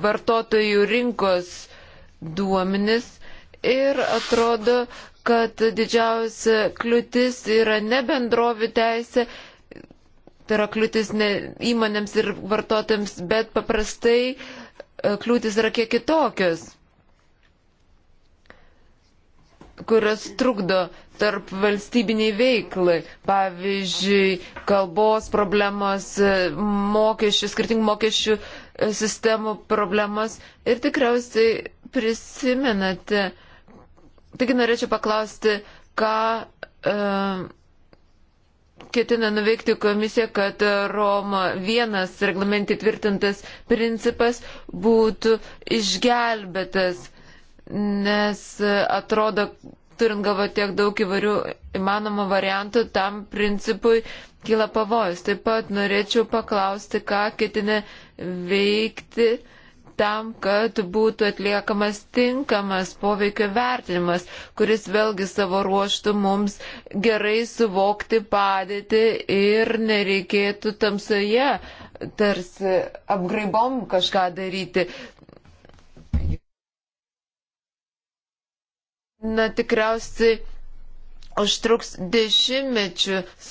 vartotojų rinkos duomenis ir atrodo, kad didžiausia kliūtis yra ne bendrovių teisė, tai yra kliūtis ne įmonėms ir vartotojams, bet paprastai e, kliūtis yra kiek kitokios, kurios trukdo tarp valstybiniai veiklai, pavyzdžiui, kalbos problemos, e, mokesčių, skirtingų mokesčių e, sistemų problemas ir tikriausiai prisimenate. Taigi norėčiau paklausti, ką. Uh, e, ketina nuveikti komisija, kad Roma vienas reglamentai tvirtintas principas būtų išgelbėtas, nes atrodo, turint galvo tiek daug įvairių įmanomų variantų, tam principui kyla pavojus. Taip pat norėčiau paklausti, ką ketina veikti tam, kad būtų atliekamas tinkamas poveikio vertinimas, kuris vėlgi savo ruoštų mums gerai suvokti padėti ir nereikėtų tamsoje tarsi apgraibom kažką daryti. Na tikriausiai užtruks dešimtmečius,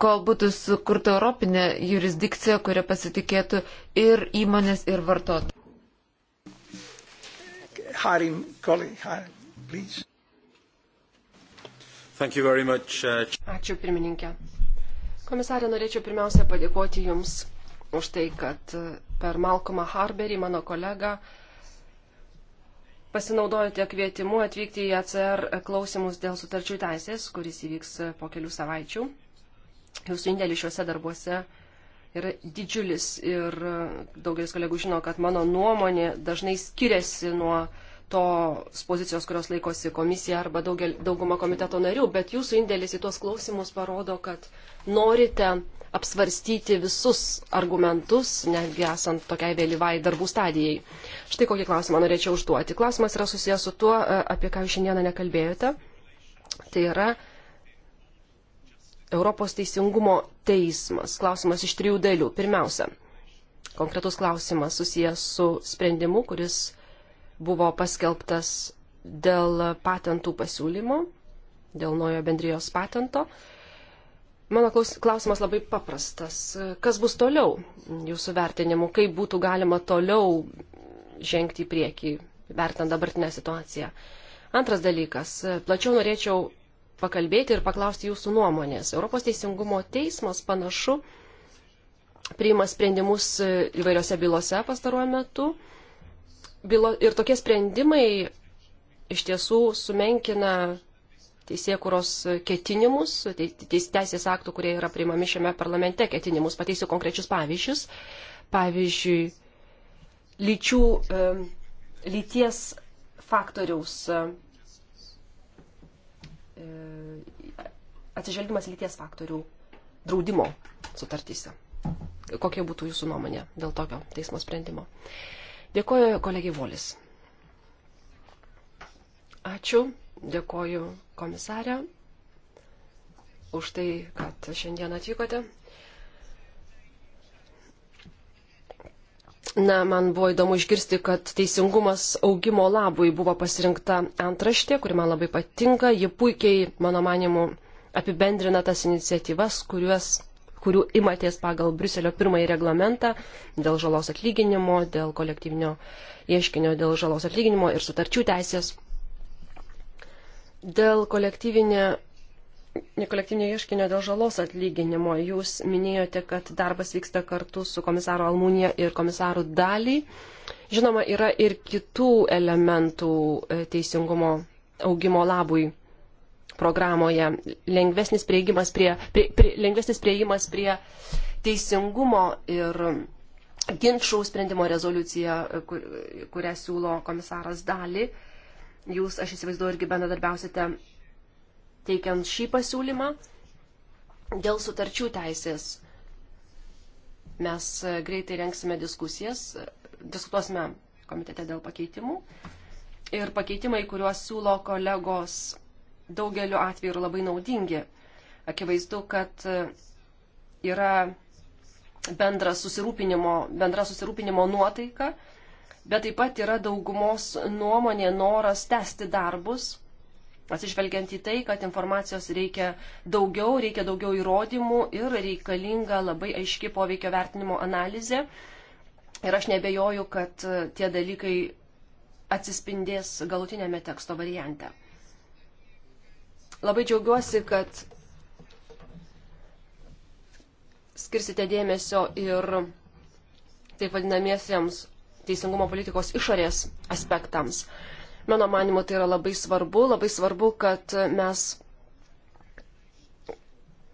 kol būtų sukurta Europinė jurisdikcija, kuria pasitikėtų ir įmonės, ir vartotojai. Harim, colleague Harim, please. Thank you very much. Uh... Ačiū pirmininkė. Komisarė, norėčiau pirmiausia padėkoti Jums už tai, kad uh, per Malcolmą Harberį, mano kolegą, pasinaudojote kvietimu atvykti į ACR klausimus dėl sutarčių teisės, kuris įvyks uh, po kelių savaičių. Jūsų indėlis šiuose darbuose yra didžiulis ir uh, daugelis kolegų žino, kad mano nuomonė dažnai skiriasi nuo uh, tos pozicijos, kurios laikosi komisija arba daugel, dauguma komiteto narių, bet jūsų indėlis į tuos klausimus parodo, kad norite apsvarstyti visus argumentus, netgi esant tokiai vėlyvai darbų stadijai. Štai kokį klausimą norėčiau užduoti. Klausimas yra susijęs su tuo, e, apie ką jūs šiandieną nekalbėjote. Tai yra Europos teisingumo teismas. Klausimas iš trijų dalių. Pirmiausia, konkretus klausimas susijęs su sprendimu, kuris buvo paskelbtas dėl patentų pasiūlymo, dėl naujo bendrijos patento. Mano klausimas labai paprastas. Kas bus toliau jūsų vertinimu? Kaip būtų galima toliau žengti į priekį, vertant dabartinę situaciją? Antras dalykas. Plačiau norėčiau pakalbėti ir paklausti jūsų nuomonės. Europos teisingumo teismas panašu priima sprendimus įvairiose bylose pastaruoju metu bylo, ir tokie sprendimai iš tiesų sumenkina teisėkuros ketinimus, teis, teisės aktų, kurie yra priimami šiame parlamente ketinimus. Pateisiu konkrečius pavyzdžius. Pavyzdžiui, lyčių, lyties faktoriaus e, atsižvelgimas lyties faktorių draudimo sutartyse. Kokia būtų jūsų nuomonė dėl tokio teismo sprendimo? Uh, Dėkoju kolegiai Volis. Ačiū, dėkoju komisarė už tai, kad šiandien atvykote. Na, man buvo įdomu išgirsti, kad teisingumas augimo labui buvo pasirinkta antraštė, kuri man labai patinka. Ji puikiai, mano manimu, apibendrina tas iniciatyvas, kuriuos kurių imatės pagal Briuselio pirmąjį reglamentą dėl žalos atlyginimo, dėl kolektyvinio ieškinio, dėl žalos atlyginimo ir sutarčių teisės. Dėl kolektyvinio nekolektyvinio ieškinio dėl žalos atlyginimo. Jūs minėjote, kad darbas vyksta kartu su komisaru Almūnija ir komisaru Dalį. Žinoma, yra ir kitų elementų e, teisingumo augimo labui programoje. Lengvesnis prieigimas prie, prie, prie, lengvesnis prieigimas prie teisingumo ir ginčių sprendimo rezoliucija, kur, kurią siūlo komisaras Dali. Jūs, aš įsivaizduoju, irgi bendradarbiausite teikiant šį pasiūlymą dėl sutarčių teisės. Mes greitai renksime diskusijas, diskutuosime komitete dėl pakeitimų. Ir pakeitimai, kuriuos siūlo kolegos daugeliu atveju yra labai naudingi. Akivaizdu, kad e, yra bendra susirūpinimo, bendra susirūpinimo nuotaika, bet taip pat yra daugumos nuomonė noras tęsti darbus, atsižvelgiant į tai, kad informacijos reikia daugiau, reikia daugiau įrodymų ir reikalinga labai aiški poveikio vertinimo analizė. Ir aš nebejoju, kad e, tie dalykai atsispindės galutinėme teksto variante. Labai džiaugiuosi, kad skirsite dėmesio ir taip vadinamiesiems teisingumo politikos išorės aspektams. Mano manimo, tai yra labai svarbu, labai svarbu, kad mes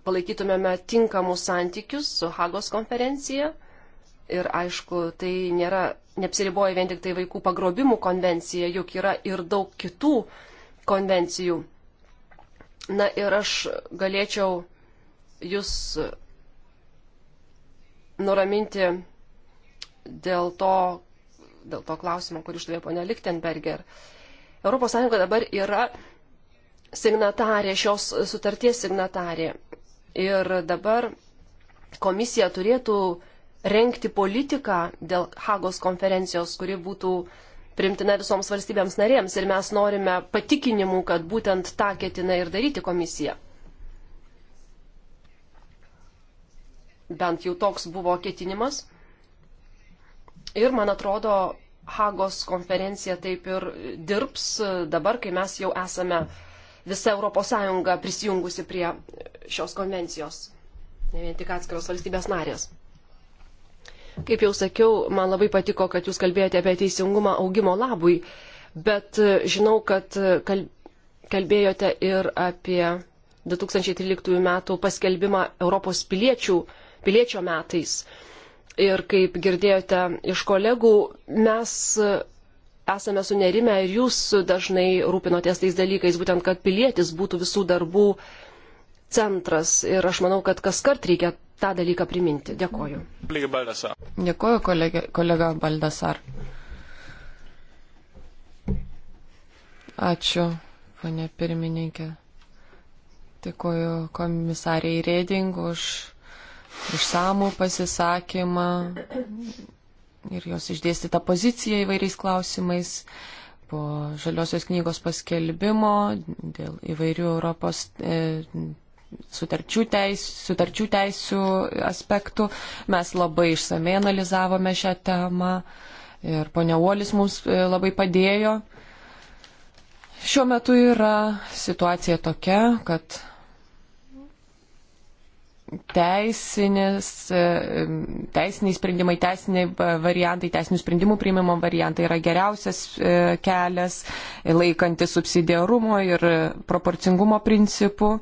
palaikytumėme tinkamus santykius su Hagos konferencija. Ir aišku, tai nėra, neapsiriboja vien tik tai vaikų pagrobimų konvencija, juk yra ir daug kitų konvencijų Na ir aš galėčiau jūs nuraminti dėl to, dėl to klausimo, kurį uždavė ponia Lichtenberger. ES dabar yra signatarė, šios sutarties signatarė. Ir dabar komisija turėtų renkti politiką dėl Hagos konferencijos, kuri būtų uh, primtina visoms valstybėms narėms ir mes norime patikinimų, kad būtent tą ketina ir daryti komisija. Bent jau toks buvo ketinimas. Ir man atrodo, Hagos konferencija taip ir dirbs dabar, kai mes jau esame visa ES prisijungusi prie šios konvencijos, ne vien tik atskiros valstybės narės. Kaip jau sakiau, man labai patiko, kad jūs kalbėjote apie teisingumą augimo labui, bet e, žinau, kad e, kalbėjote ir apie 2013 metų paskelbimą Europos piliečių, piliečio metais. Ir kaip girdėjote iš kolegų, mes e, esame sunerime ir jūs dažnai rūpinotės tais dalykais, būtent kad pilietis būtų visų darbų centras ir aš manau, kad kas kart reikia tą dalyką priminti. Dėkoju. Dėkoju, kolega, kolega Baldasar. Ačiū, ponė pirmininkė. Dėkoju komisariai Reding už išsamų pasisakymą ir jos išdėstytą poziciją įvairiais klausimais. Po žaliosios knygos paskelbimo dėl įvairių Europos e, sutarčių, teis, sutarčių teisų aspektų. Mes labai išsamei analizavome šią temą ir ponia Uolis mums e, labai padėjo. Šiuo metu yra situacija tokia, kad teisinis, e, teisiniai sprendimai, teisiniai variantai, teisinių sprendimų priimimo variantai yra geriausias e, kelias, laikantis subsidiarumo ir proporcingumo principų.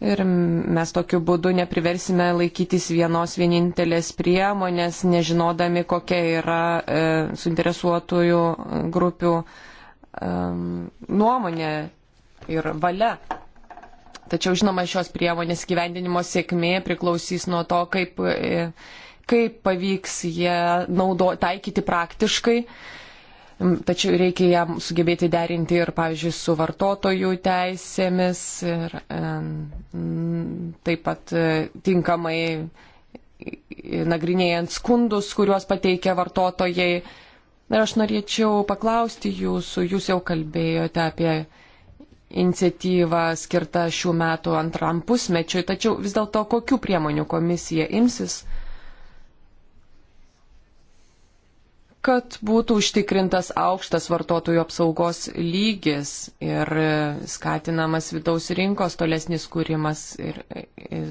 Ir mes tokiu būdu nepriversime laikytis vienos vienintelės priemonės, nežinodami, kokia yra e, suinteresuotųjų grupių e, nuomonė ir valia. Tačiau, žinoma, šios priemonės gyvendinimo sėkmė priklausys nuo to, kaip, e, kaip pavyks jie naudo, taikyti praktiškai. E, Mm, tačiau reikia ją sugebėti derinti ir, pavyzdžiui, su vartotojų teisėmis ir mm, taip pat e, tinkamai nagrinėjant skundus, kuriuos pateikia vartotojai. Ir aš norėčiau paklausti jūsų, jūs jau kalbėjote apie iniciatyvą skirtą šių metų antram pusmečiui, tačiau vis dėlto kokių priemonių komisija imsis? kad būtų užtikrintas aukštas vartotojų apsaugos lygis ir skatinamas vidaus rinkos tolesnis kūrimas ir e,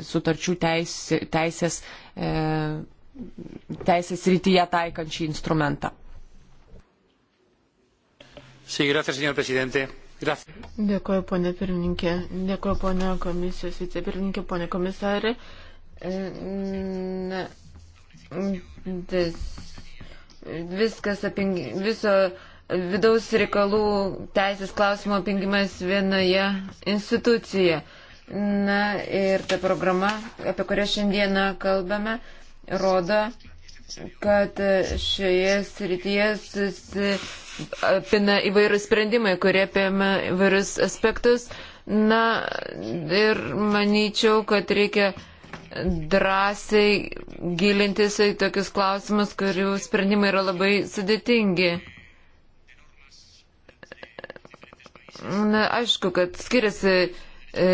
sutarčių teisė, teisės, e, teisės rytyje taikant šį instrumentą. Sí, gracias, señor presidente. Gracias. Dėkuoju, ponė pirmininkė. Dėkuoju, ponė komisijos vicepirmininkė, ponė komisarė. E, na, des viskas apingi, viso vidaus reikalų teisės klausimo apingimas vienoje institucijoje. Na ir ta programa, apie kurią šiandieną kalbame, rodo, kad šioje srityje susipina įvairūs sprendimai, kurie apima įvairius aspektus. Na ir manyčiau, kad reikia drąsiai gilintis į tokius klausimus, kurių sprendimai yra labai sudėtingi. Na, aišku, kad skiriasi e,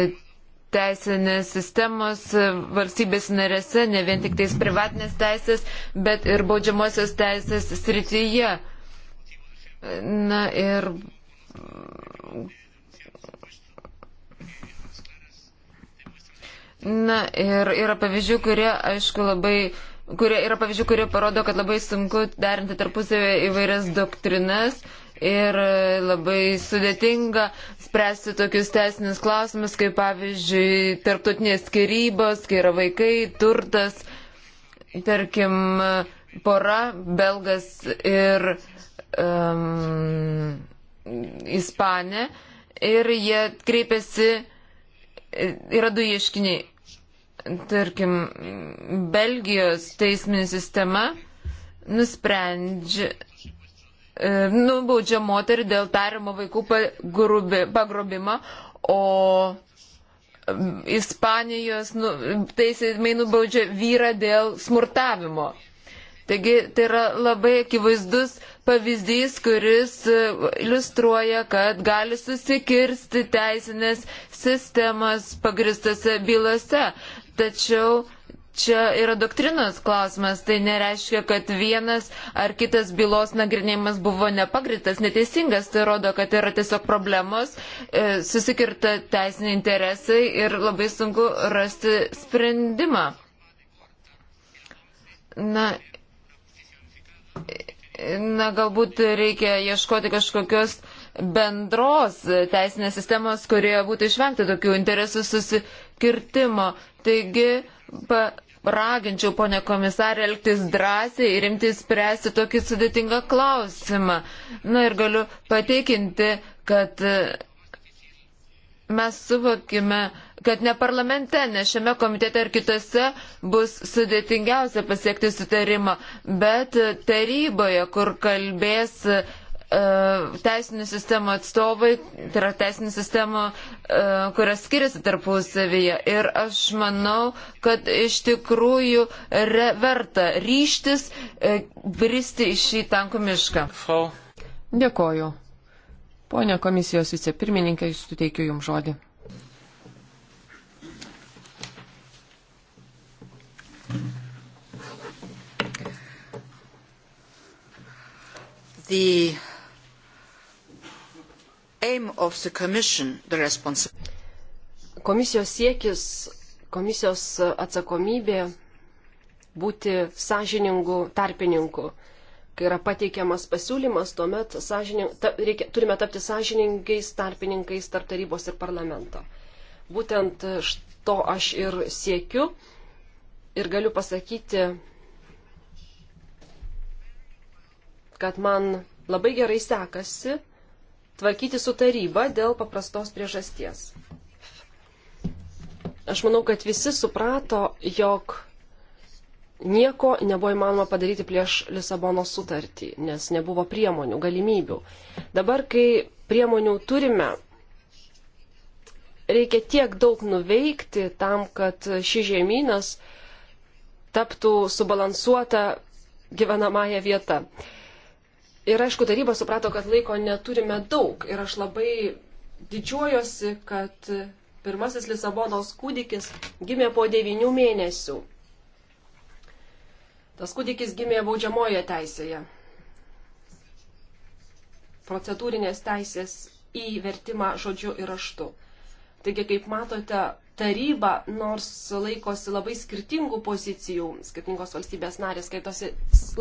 teisinės sistemos e, valstybės narėse, ne vien tik tais privatinės teisės, bet ir baudžiamosios teisės srityje. Na ir Na ir yra pavyzdžių, kurie, aišku, labai, kurie, yra pavyzdžių, kurie parodo, kad labai sunku derinti tarpusavį įvairias doktrinas ir labai sudėtinga spręsti tokius teisinius klausimus, kaip pavyzdžiui, tarptautinės skirybos, kai yra vaikai, turtas, tarkim, pora, belgas ir um, ispanė. Ir jie kreipiasi, yra du ieškiniai tarkim, Belgijos teisminė sistema nusprendžia, e, nubaudžia moterį dėl tariamo vaikų pagrobimo, o Ispanijos nu, teisėmai nubaudžia vyrą dėl smurtavimo. Taigi tai yra labai akivaizdus pavyzdys, kuris e, iliustruoja, kad gali susikirsti teisinės sistemas pagristose bylose. Tačiau čia yra doktrinos klausimas, tai nereiškia, kad vienas ar kitas bylos nagrinėjimas buvo nepagritas, neteisingas, tai rodo, kad yra tiesiog problemos, e, susikirta teisiniai interesai ir labai sunku rasti sprendimą. Na, na galbūt reikia ieškoti kažkokios bendros teisinės sistemos, kurioje būtų išvengta tokių interesų susikirtimo. Taigi, pa, raginčiau, ponė komisarė, elgtis drąsiai ir imtis spręsti tokį sudėtingą klausimą. Na ir galiu pateikinti, kad e, mes suvokime, kad ne parlamente, ne šiame komitete ar kitose bus sudėtingiausia pasiekti sutarimą, bet e, taryboje, kur kalbės E, teisinių sistemų atstovai, tai yra teisinių sistemų, e, kurios skiriasi tarpusavyje. Ir aš manau, kad iš tikrųjų re, verta ryštis e, bristi į šį tankų mišką. Frau. Dėkoju. Pone komisijos vicepirmininkė, jūs suteikiu jums žodį. the Komisijos siekis, komisijos atsakomybė būti sąžiningu tarpininku. Kai yra pateikiamas pasiūlymas, tuomet sąžining, ta, reikia, turime tapti sąžiningais tarpininkais tarp tarybos ir parlamento. Būtent to aš ir siekiu ir galiu pasakyti, kad man labai gerai sekasi tvarkyti su taryba dėl paprastos priežasties. Aš manau, kad visi suprato, jog nieko nebuvo įmanoma padaryti prieš Lisabono sutartį, nes nebuvo priemonių, galimybių. Dabar, kai priemonių turime, reikia tiek daug nuveikti tam, kad šis žemynas taptų subalansuota gyvenamąją vietą. Ir aišku, taryba suprato, kad laiko neturime daug. Ir aš labai didžiuojosi, kad pirmasis Lisabonos kūdikis gimė po devinių mėnesių. Tas kūdikis gimė baudžiamoje teisėje. Procedūrinės teisės į vertimą žodžiu ir raštu. Taigi, kaip matote, taryba, nors laikosi labai skirtingų pozicijų, skirtingos valstybės narės skaitosi,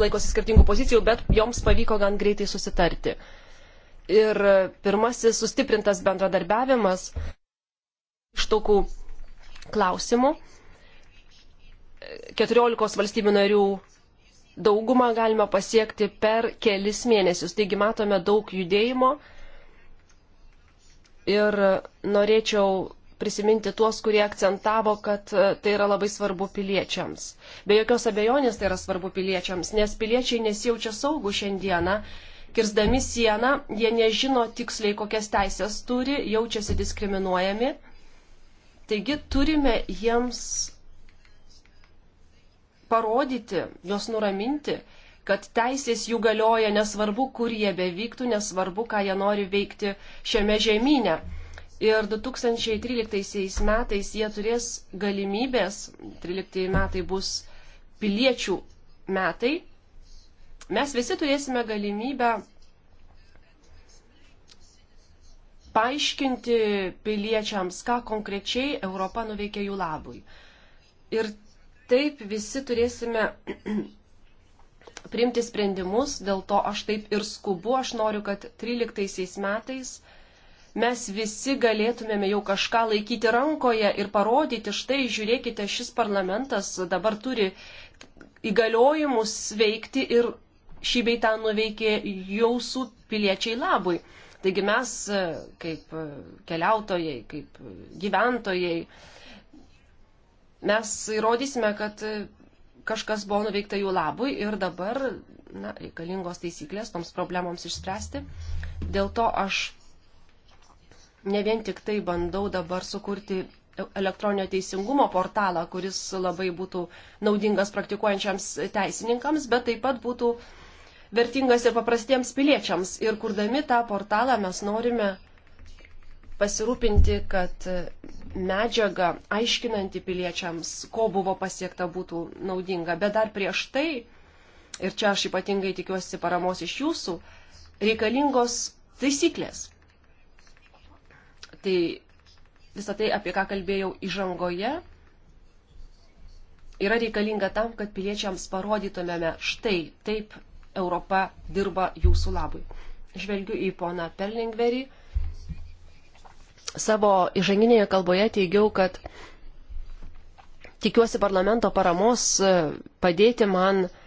laikosi skirtingų pozicijų, bet joms pavyko gan greitai susitarti. Ir pirmasis sustiprintas bendradarbiavimas iš tokių klausimų. 14 valstybių narių daugumą galime pasiekti per kelis mėnesius. Taigi matome daug judėjimo ir norėčiau prisiminti tuos, kurie akcentavo, kad e, tai yra labai svarbu piliečiams. Be jokios abejonės tai yra svarbu piliečiams, nes piliečiai nesijaučia saugų šiandieną. Kirzdami sieną, jie nežino tiksliai, kokias teisės turi, jaučiasi diskriminuojami. Taigi turime jiems parodyti, juos nuraminti, kad teisės jų galioja nesvarbu, kur jie bevyktų, nesvarbu, ką jie nori veikti šiame žemynė. Ir 2013 metais jie turės galimybės, 13 metai bus piliečių metai, mes visi turėsime galimybę paaiškinti piliečiams, ką konkrečiai Europa nuveikė jų labui. Ir taip visi turėsime priimti sprendimus, dėl to aš taip ir skubu, aš noriu, kad 13 metais mes visi galėtumėme jau kažką laikyti rankoje ir parodyti, štai žiūrėkite, šis parlamentas dabar turi įgaliojimus veikti ir šį beitą nuveikė jūsų piliečiai labui. Taigi mes e, kaip e, keliautojai, kaip e, gyventojai, mes įrodysime, kad kažkas buvo nuveikta jų labui ir dabar na, reikalingos taisyklės toms problemoms išspręsti. Dėl to aš ne vien tik tai bandau dabar sukurti elektroninio teisingumo portalą, kuris labai būtų naudingas praktikuojančiams teisininkams, bet taip pat būtų vertingas ir paprastiems piliečiams. Ir kurdami tą portalą mes norime pasirūpinti, kad medžiaga aiškinanti piliečiams, ko buvo pasiekta, būtų naudinga. Bet dar prieš tai, ir čia aš ypatingai tikiuosi paramos iš jūsų, reikalingos taisyklės Tai visą tai, apie ką kalbėjau įžangoje, yra reikalinga tam, kad piliečiams parodytumėme štai taip Europa dirba jūsų labui. Žvelgiu į poną Perlingverį. Savo įžanginėje kalboje teigiau, kad tikiuosi parlamento paramos e, padėti man uh,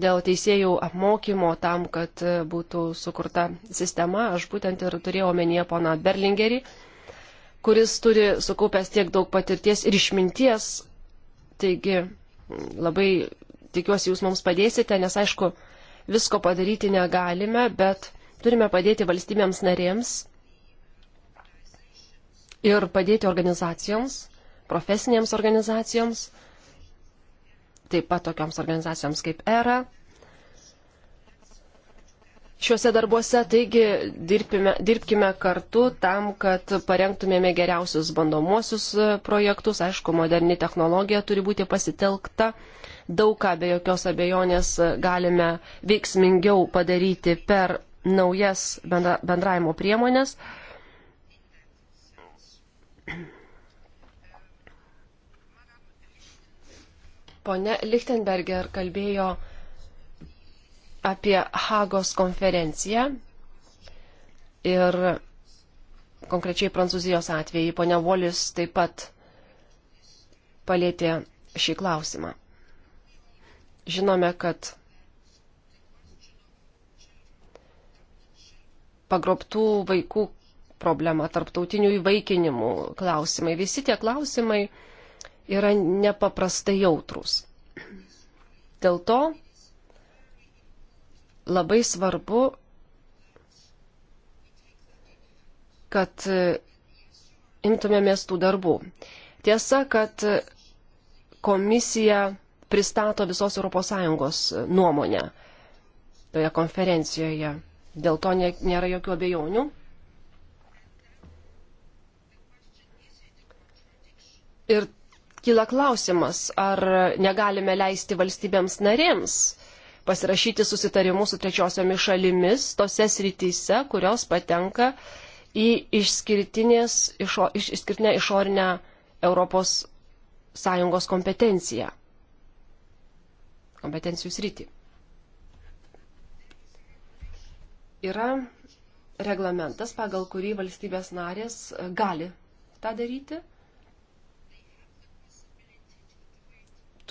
dėl teisėjų apmokymo tam, kad būtų sukurta sistema. Aš būtent ir turėjau omenyje poną Berlingerį, kuris turi sukaupęs tiek daug patirties ir išminties. Taigi labai tikiuosi jūs mums padėsite, nes aišku, visko padaryti negalime, bet turime padėti valstybėms narėms ir padėti organizacijoms, profesinėms organizacijoms taip pat tokioms organizacijoms kaip ERA. Šiuose darbuose taigi dirbime, dirbkime kartu tam, kad parengtumėme geriausius bandomuosius e, projektus. Aišku, moderni technologija turi būti pasitelkta. Daug ką be jokios abejonės e, galime veiksmingiau padaryti per naujas bendra, bendravimo priemonės. Uh, Pone Lichtenberger kalbėjo apie Hagos konferenciją ir konkrečiai Prancūzijos atvejį. Pone Volis taip pat palėtė šį klausimą. Žinome, kad pagrobtų vaikų problema, tarptautinių įvaikinimų klausimai, visi tie klausimai yra nepaprastai jautrus. Dėl to labai svarbu, kad imtumėmės tų darbų. Tiesa, kad komisija pristato visos ES nuomonę toje konferencijoje. Dėl to nėra jokių abejonių. Ir kyla klausimas, ar negalime leisti valstybėms narėms pasirašyti susitarimus su trečiosiomis šalimis tose srityse, kurios patenka į išo, iš, išskirtinę išorinę Europos Sąjungos kompetenciją, kompetencijų srity. Yra reglamentas, pagal kurį valstybės narės gali tą daryti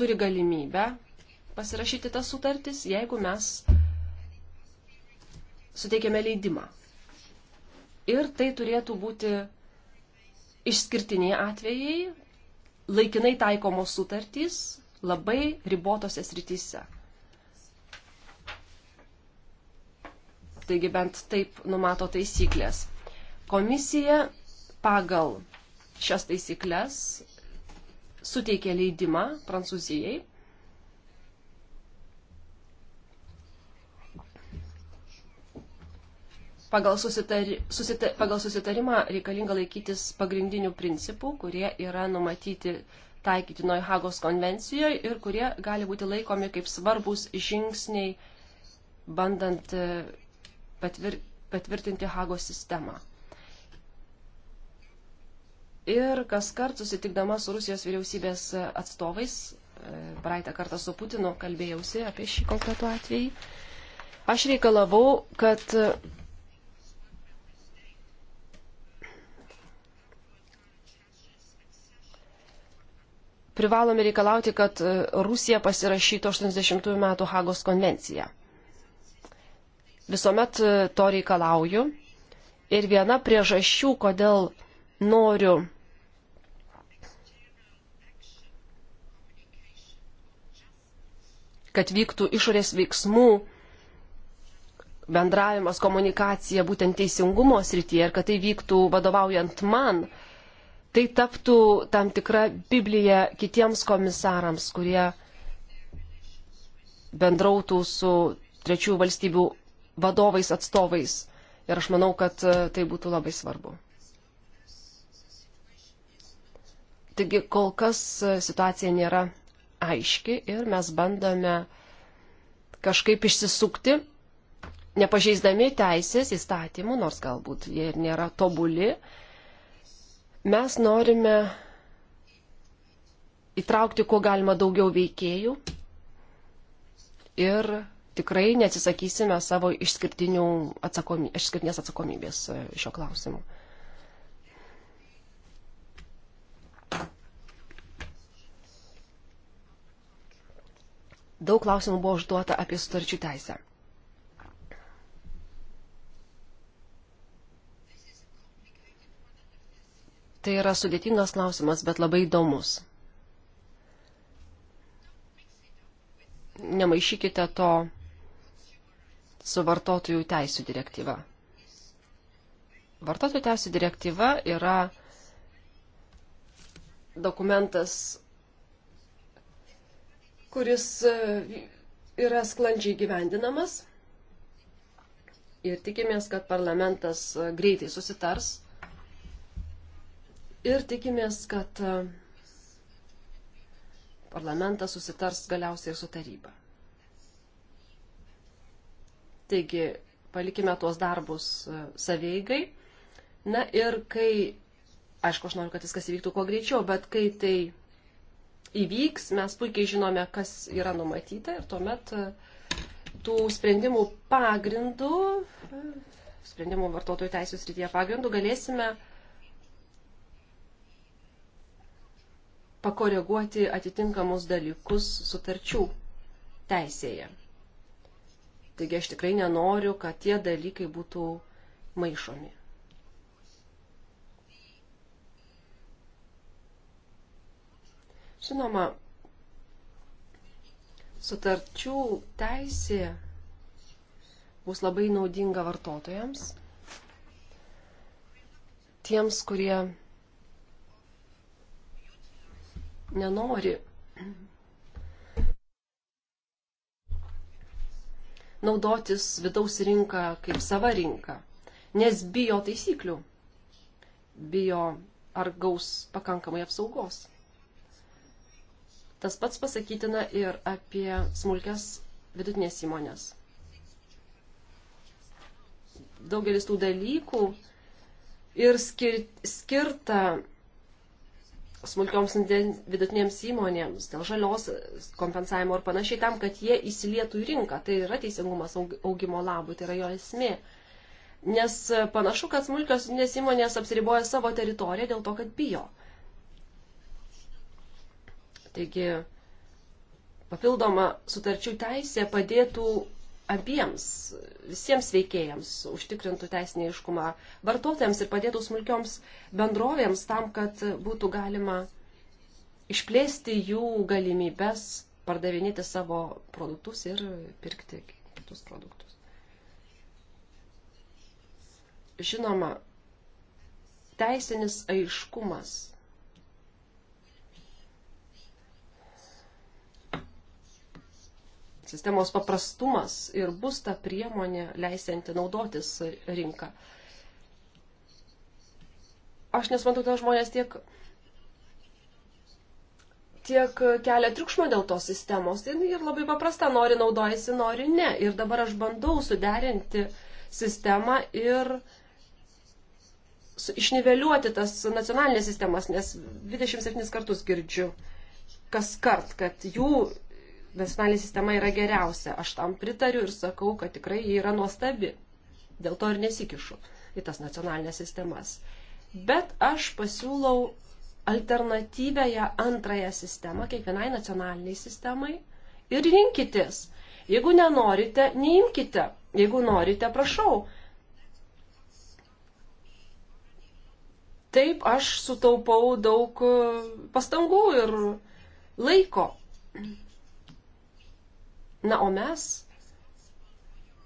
turi galimybę pasirašyti tas sutartis, jeigu mes suteikėme leidimą. Ir tai turėtų būti išskirtiniai atvejai, laikinai taikomos sutartys labai ribotose srityse. Taigi bent taip numato taisyklės. Komisija pagal šias taisyklės suteikė leidimą Prancūzijai. Pagal, susitari, susita, pagal susitarimą reikalinga laikytis pagrindinių principų, kurie yra numatyti taikytinoj Hagos konvencijoje ir kurie gali būti laikomi kaip svarbus žingsniai bandant e, patvir, patvirtinti Hagos sistemą. Ir kas kart susitikdama su Rusijos vyriausybės atstovais, e, praeitą kartą su Putinu kalbėjausi apie šį konkretų atvejį, aš reikalavau, kad e, privalome reikalauti, kad e, Rusija pasirašytų 80 metų Hagos konvenciją. Visuomet to reikalauju. Ir viena priežasčių, kodėl noriu kad vyktų išorės veiksmų bendravimas, komunikacija būtent teisingumo srityje ir kad tai vyktų vadovaujant man, tai taptų tam tikra Biblija kitiems komisarams, kurie bendrautų su trečių valstybių vadovais, atstovais. Ir aš manau, kad e, tai būtų labai svarbu. Taigi kol kas e, situacija nėra aiški ir mes bandome kažkaip išsisukti, nepažeisdami teisės įstatymų, nors galbūt jie ir nėra tobuli. Mes norime įtraukti kuo galima daugiau veikėjų ir tikrai neatsisakysime savo išskirtinės atsakomybės e, šio klausimu. daug klausimų buvo užduota apie sutarčių teisę. Tai yra sudėtingas klausimas, bet labai įdomus. Nemaišykite to su vartotojų teisų direktyva. Vartotojų teisų direktyva yra dokumentas kuris e, yra sklandžiai gyvendinamas. Ir tikimės, kad parlamentas e, greitai susitars. Ir tikimės, kad e, parlamentas susitars galiausiai ir su taryba. Taigi, palikime tuos darbus saveigai. Na ir kai, aišku, aš noriu, kad viskas įvyktų kuo greičiau, bet kai tai įvyks, mes puikiai žinome, kas yra numatyta ir tuomet e, tų sprendimų pagrindų, e, sprendimų vartotojų teisų srityje pagrindų galėsime pakoreguoti atitinkamus dalykus sutarčių teisėje. Taigi aš tikrai nenoriu, kad tie dalykai būtų maišomi. Žinoma, sutarčių teisė bus labai naudinga vartotojams, tiems, kurie nenori naudotis vidaus rinką kaip sava rinka, nes bijo taisyklių, bijo ar gaus pakankamai apsaugos. Tas pats pasakytina ir apie smulkės vidutinės įmonės. Daugelis tų dalykų ir skir skirta smulkioms vidutinėms įmonėms dėl žalios kompensavimo ir panašiai tam, kad jie įsilietų į rinką. Tai yra teisingumas augimo labui, tai yra jo esmė. Nes panašu, kad smulkios vidutinės įmonės apsiriboja savo teritoriją dėl to, kad bijo. Taigi papildoma sutarčių teisė padėtų abiems, visiems veikėjams, užtikrintų teisinį iškumą vartotojams ir padėtų smulkioms bendrovėms tam, kad būtų galima išplėsti jų galimybės pardavinėti savo produktus ir pirkti kitus produktus. Žinoma, teisinis aiškumas Sistemos paprastumas ir bus ta priemonė leisianti naudotis rinką. Aš nesmantau, kad žmonės tiek, tiek kelia triukšmą dėl tos sistemos. Tai ir labai paprasta, nori naudojasi, nori ne. Ir dabar aš bandau suderinti sistemą ir išniveliuoti tas nacionalinės sistemas, nes 27 kartus girdžiu kas kart, kad jų nacionalinė sistema yra geriausia. Aš tam pritariu ir sakau, kad tikrai jie yra nuostabi. Dėl to ir nesikišu į tas nacionalinės sistemas. Bet aš pasiūlau alternatyvęją antrąją sistemą kiekvienai nacionaliniai sistemai ir rinkitės. Jeigu nenorite, neimkite. Jeigu norite, prašau. Taip aš sutaupau daug pastangų ir laiko. Na, o mes,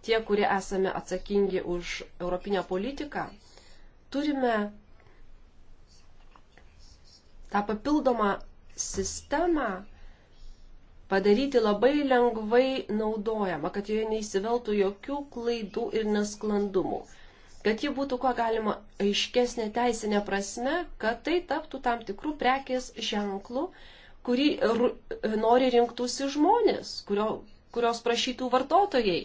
tie, kurie esame atsakingi už europinę politiką, turime tą papildomą sistemą padaryti labai lengvai naudojama, kad joje neįsiveltų jokių klaidų ir nesklandumų, kad ji būtų kuo galima aiškesnė teisinė prasme, kad tai taptų tam tikrų prekės ženklų, kurį nori rinktųsi žmonės, kurio kurios prašytų vartotojai,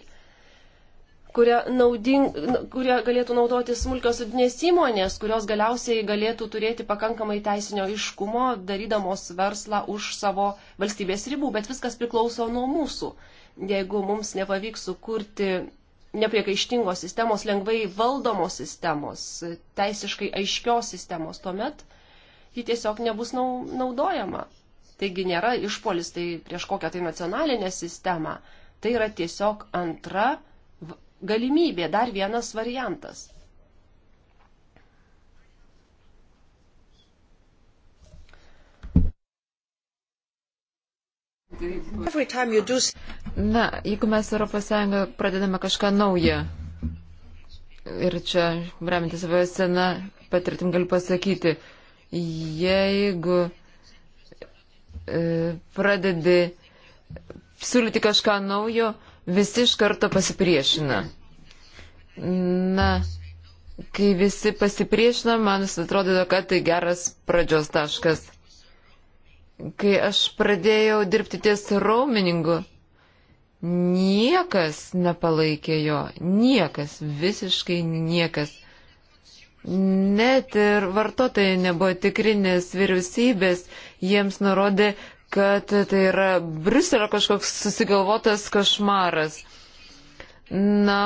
kurie, nauding, kurie galėtų naudoti smulkios vidinės įmonės, kurios galiausiai galėtų turėti pakankamai teisinio iškumo, darydamos verslą už savo valstybės ribų, bet viskas priklauso nuo mūsų. Jeigu mums nepavyks sukurti nepriekaištingos sistemos, lengvai valdomos sistemos, teisiškai aiškios sistemos, tuomet ji tiesiog nebus naudojama. Taigi nėra išpolis tai prieš kokią tai nacionalinę sistemą. Tai yra tiesiog antra galimybė, dar vienas variantas. Na, jeigu mes ES pradedame kažką naują, ir čia remintis savo sena patirtim galiu pasakyti, jeigu E, pradedi siūlyti kažką naujo, visi iš karto pasipriešina. Na, kai visi pasipriešina, man atrodo, kad tai geras pradžios taškas. Kai aš pradėjau dirbti ties raumeningu, niekas nepalaikė jo, niekas, visiškai niekas. Net ir vartotojai nebuvo tikri, nes vyriausybės jiems nurodė, kad tai yra Briuselio kažkoks susigalvotas košmaras. Na,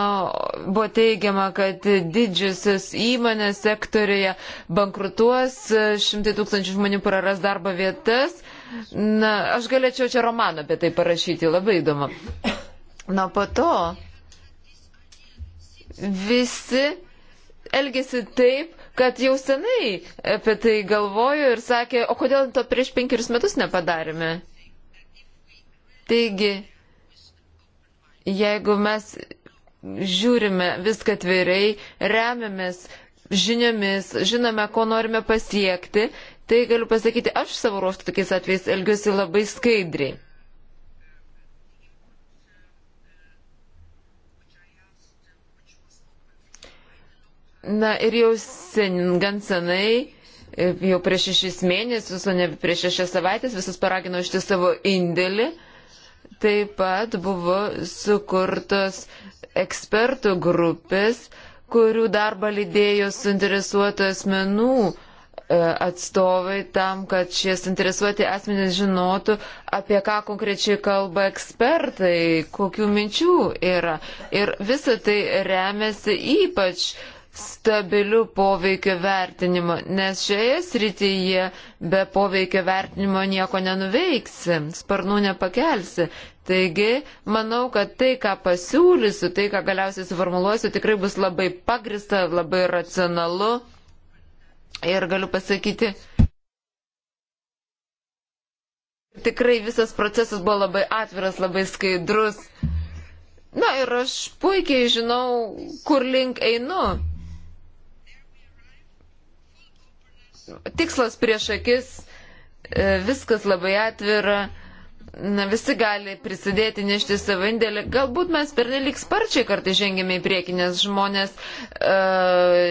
buvo teigiama, kad didžiosios įmonės sektorėje bankrutuos, šimtai tūkstančių žmonių praras darbo vietas. Na, aš galėčiau čia romaną apie tai parašyti, labai įdomu. Na, po to visi elgesi taip, kad jau senai apie tai galvoju ir sakė, o kodėl to prieš penkerius metus nepadarėme. Taigi, jeigu mes žiūrime viską tviriai, remiamės žiniomis, žinome, ko norime pasiekti, tai galiu pasakyti, aš savo ruoštų tokiais atvejais elgiuosi labai skaidriai. Na ir jau sen, gan senai, e, jau prieš šešis mėnesius, o ne prieš šešias savaitės, visus paragino išti savo indėlį. Taip pat buvo sukurtos ekspertų grupės, kurių darbą lydėjo suinteresuotų asmenų e, atstovai tam, kad šie suinteresuoti asmenys žinotų, apie ką konkrečiai kalba ekspertai, kokių minčių yra. Ir visa tai remiasi ypač uh, stabiliu poveikio vertinimu, nes šioje srityje be poveikio vertinimo nieko nenuveiksi, sparnų nepakelsi. Taigi, manau, kad tai, ką pasiūlysiu, tai, ką galiausiai suformuluosiu, tikrai bus labai pagrista, labai racionalu. Ir galiu pasakyti, tikrai visas procesas buvo labai atviras, labai skaidrus. Na ir aš puikiai žinau, kur link einu. tikslas prieš akis, e, viskas labai atvira. Na, visi gali prisidėti, nešti savo indėlį. Galbūt mes pernelik sparčiai kartai žengėme į priekį, nes žmonės e,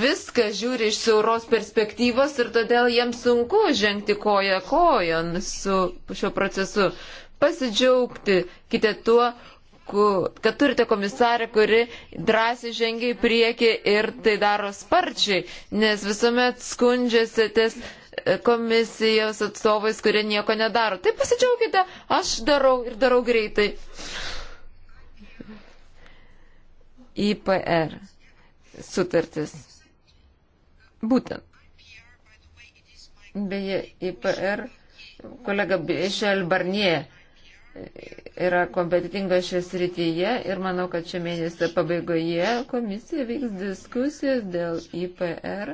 viską žiūri iš siauros perspektyvos ir todėl jiems sunku žengti koją kojon su šiuo procesu. Pasidžiaugti kitą tuo, kad turite komisarę, kuri drąsiai žengia į priekį ir tai daro sparčiai, nes visuomet skundžiasi ties e, komisijos atstovais, kurie nieko nedaro. Tai pasidžiaugite, aš darau ir darau greitai. IPR sutartis. Būtent. Beje, IPR kolega Bišel Barnie yra kompetitinga šios rytyje ir manau, kad šią mėnesį pabaigoje komisija vyks diskusijos dėl IPR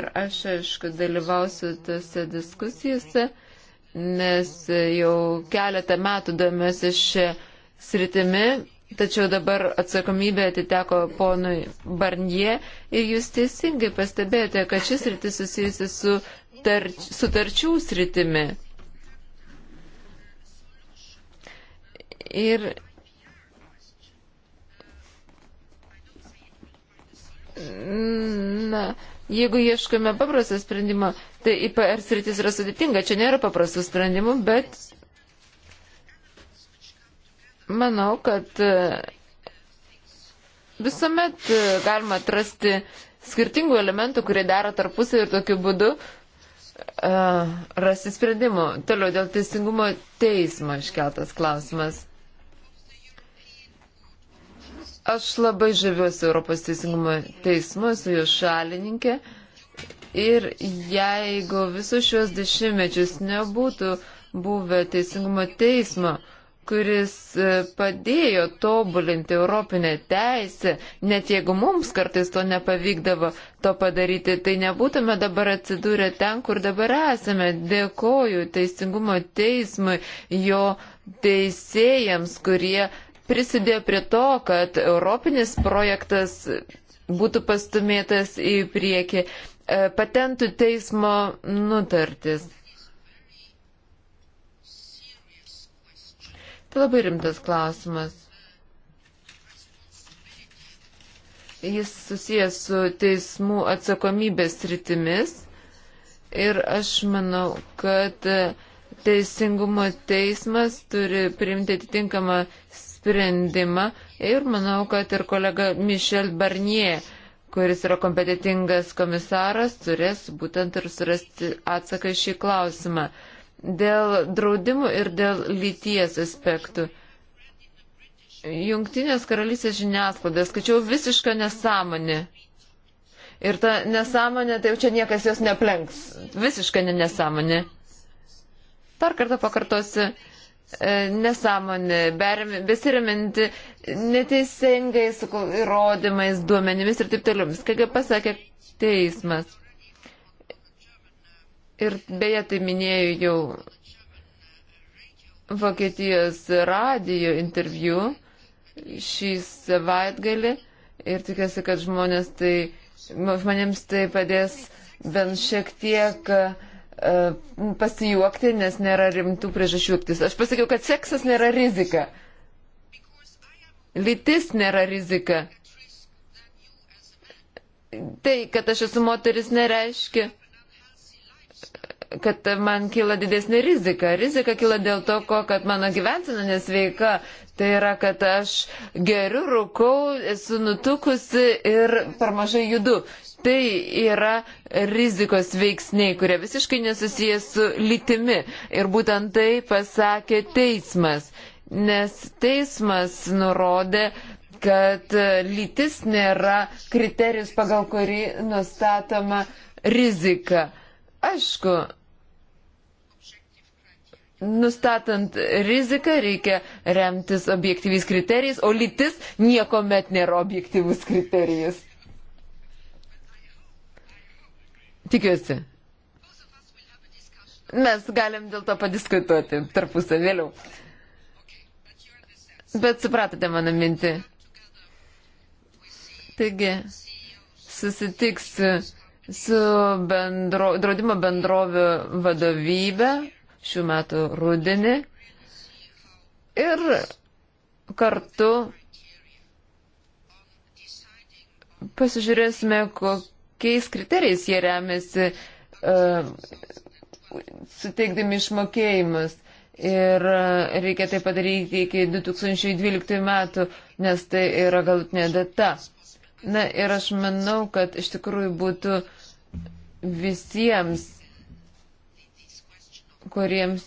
ir aš, aišku, dalyvausiu tose diskusijose, nes jau keletą metų domiuosi šią sritimi, tačiau dabar atsakomybė atiteko ponui Barnie ir jūs teisingai pastebėjote, kad šis rytis susijusi su tarč, sutarčių sritimi. Ir Na, jeigu ieškome paprastą sprendimą, tai IPR sritis yra sudėtinga, čia nėra paprastų sprendimų, bet manau, kad e, visuomet e, galima atrasti skirtingų elementų, kurie dera tarpusai ir tokiu būdu uh, rasti sprendimų. Toliau dėl teisingumo teismo iškeltas klausimas. Aš labai žaviuosi Europos teisingumo teismu, esu jo šalininkė. Ir jeigu visus šios dešimtmečius nebūtų buvę teisingumo teismo, kuris e, padėjo tobulinti Europinę teisę, net jeigu mums kartais to nepavykdavo to padaryti, tai nebūtume dabar atsidūrę ten, kur dabar esame. Dėkoju Teisingumo teismui, jo teisėjams, kurie prisidėjo prie to, kad europinis projektas būtų pastumėtas į priekį e, patentų teismo nutartis. Tai labai rimtas klausimas. Jis susijęs su teismų atsakomybės rytimis ir aš manau, kad teisingumo teismas turi priimti atitinkamą sprendimą ir manau, kad ir kolega Mišel Barnier, kuris yra kompetitingas komisaras, turės būtent ir surasti atsaką šį klausimą. Dėl draudimų ir dėl lyties aspektų. Jungtinės karalystės žiniasklaida skaičiau visišką nesąmonę. Ir ta nesąmonė, tai jau čia niekas jos neplenks. Visiškai nesąmonė. Dar kartą pakartosiu E, nesąmonė, besiriminti neteisingai įrodymais, duomenimis ir taip toliau. Kągi pasakė teismas. Ir beje, tai minėjau jau Vokietijos radijo interviu šį savaitgalį ir tikiuosi, kad žmonės tai, žmonėms tai padės bent šiek tiek uh, E, pasijuokti, nes nėra rimtų priežasčių juoktis. Aš pasakiau, kad seksas nėra rizika. Lytis nėra rizika. Tai, kad aš esu moteris, nereiškia, kad man kyla didesnė rizika. Rizika kyla dėl to, ko, kad mano gyvensina nesveika. Tai yra, kad aš geriu, rūkau, esu nutukusi ir per mažai judu. Tai yra rizikos veiksniai, kurie visiškai nesusijęs su lytimi. Ir būtent tai pasakė teismas. Nes teismas nurodė, kad lytis nėra kriterijus, pagal kurį nustatoma rizika. Aišku, nustatant riziką reikia remtis objektyviais kriterijais, o lytis nieko met nėra objektyvus kriterijus. Tikiuosi. Mes galim dėl to padiskutuoti tarpusą vėliau. Bet supratote mano mintį. Taigi, susitiksiu su bendro, draudimo bendrovių vadovybė šių metų rudenį ir kartu pasižiūrėsime, kokiais kriterijais jie remiasi uh, suteikdami išmokėjimus. Ir reikia tai padaryti iki 2012 metų, nes tai yra galutinė data. Na ir aš manau, kad iš tikrųjų būtų uh, visiems, kuriems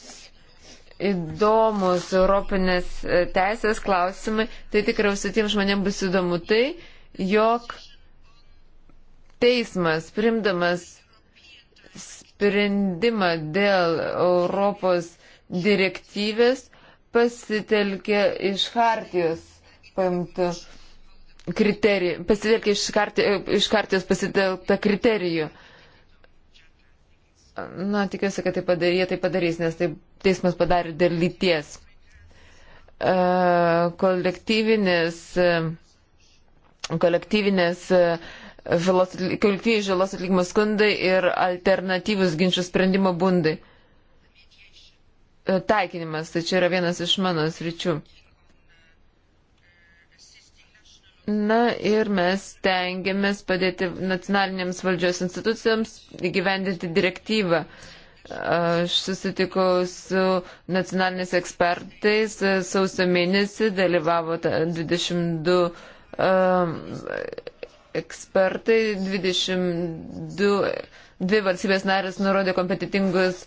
įdomus Europinės e, teisės klausimai, tai tikriausiai tiem žmonėm bus įdomu tai, jog teismas primdamas sprendimą dėl Europos direktyvės pasitelkė iš hartijos paimtų kriterijų, pasitelkė iš, karti, e, iš kartijos pasitelktą kriterijų. Uh, Na, tikiuosi, kad tai padarė, tai padarys, nes tai teismas padarė dėl lyties. E, e, kolektyvinės, kolektyvinės žalos, kolektyviai žalos atlyginimo skundai ir alternatyvus ginčių sprendimo bundai. E, taikinimas, tai čia yra vienas iš mano sričių. Na ir mes tengiamės padėti nacionalinėms valdžios institucijoms įgyvendinti direktyvą. Aš susitikau su nacionaliniais ekspertais sausio mėnesį, dalyvavo 22 um, ekspertai, 22 dvi valstybės narės nurodė kompetitingus